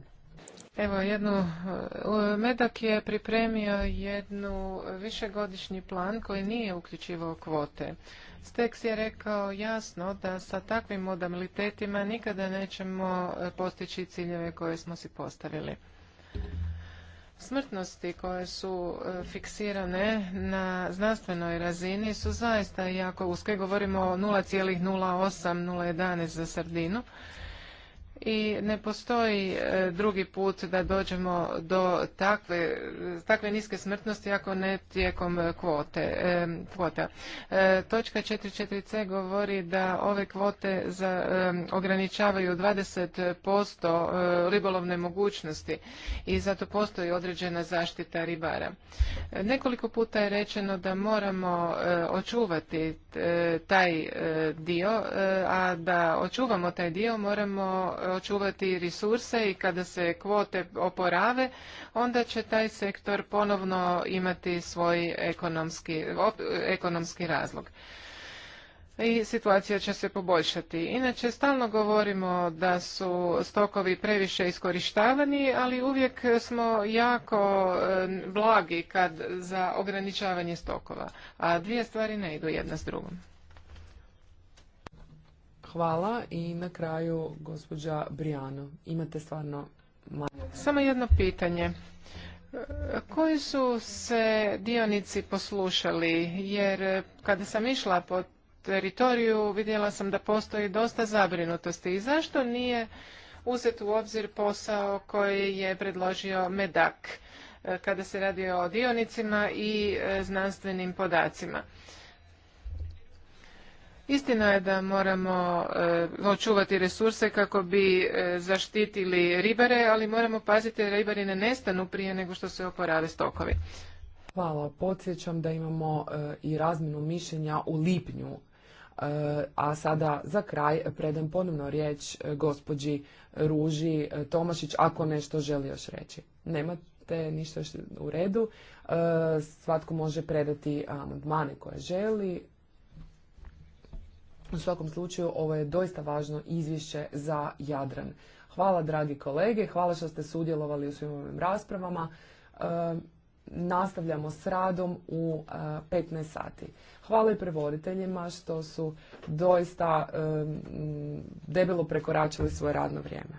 Speaker 3: Evo jednu, e, Medak je
Speaker 4: pripremio jednu višegodišnji plan koji nije uključivao kvote. Steks je rekao jasno da sa takvim modalitetima nikada nećemo e, postići ciljeve koje smo si postavili smrtnosti koje su e, fiksirane na znanstvenoj razini su zaista jako uske. Govorimo o 0,08, 0,11 za sardinu i ne postoji e, drugi put da dođemo do takve, takve niske smrtnosti ako ne tijekom e, kvote, e, kvota. Točka 4.4c govori da ove kvote za, ograničavaju 20% ribolovne mogućnosti i zato postoji određena zaštita ribara. Nekoliko puta je rečeno da moramo očuvati taj dio, a da očuvamo taj dio moramo očuvati resurse i kada se kvote oporave, onda će taj sektor ponovno imati svoj ekonomski, ekonomski razlog i situacija će se poboljšati. Inače, stalno govorimo da su stokovi previše iskorištavani, ali uvijek smo jako e, blagi kad za ograničavanje stokova. A dvije stvari ne idu jedna s drugom.
Speaker 3: Hvala i na kraju gospođa Brijano. Imate stvarno malo. Samo jedno pitanje. Koji
Speaker 4: su se dionici poslušali? Jer kada sam išla po teritoriju vidjela sam da postoji dosta zabrinutosti. I zašto nije uzet u obzir posao koji je predložio Medak e, kada se radi o dionicima i e, znanstvenim podacima? Istina je da moramo e, očuvati resurse kako bi e, zaštitili ribare, ali moramo paziti da ribari ne nestanu prije nego što se oporave
Speaker 3: stokovi. Hvala. Podsjećam da imamo e, i razminu mišljenja u lipnju. A sada za kraj predam ponovno riječ gospođi Ruži Tomašić ako nešto želi još reći. Nemate ništa u redu. Svatko može predati amandmane koje želi u svakom slučaju ovo je doista važno izvješće za Jadran. Hvala dragi kolege, hvala što ste sudjelovali u svim ovim raspravama. E, nastavljamo s radom u e, 15 sati. Hvala i prevoditeljima što su doista e, debelo prekoračili svoje radno vrijeme.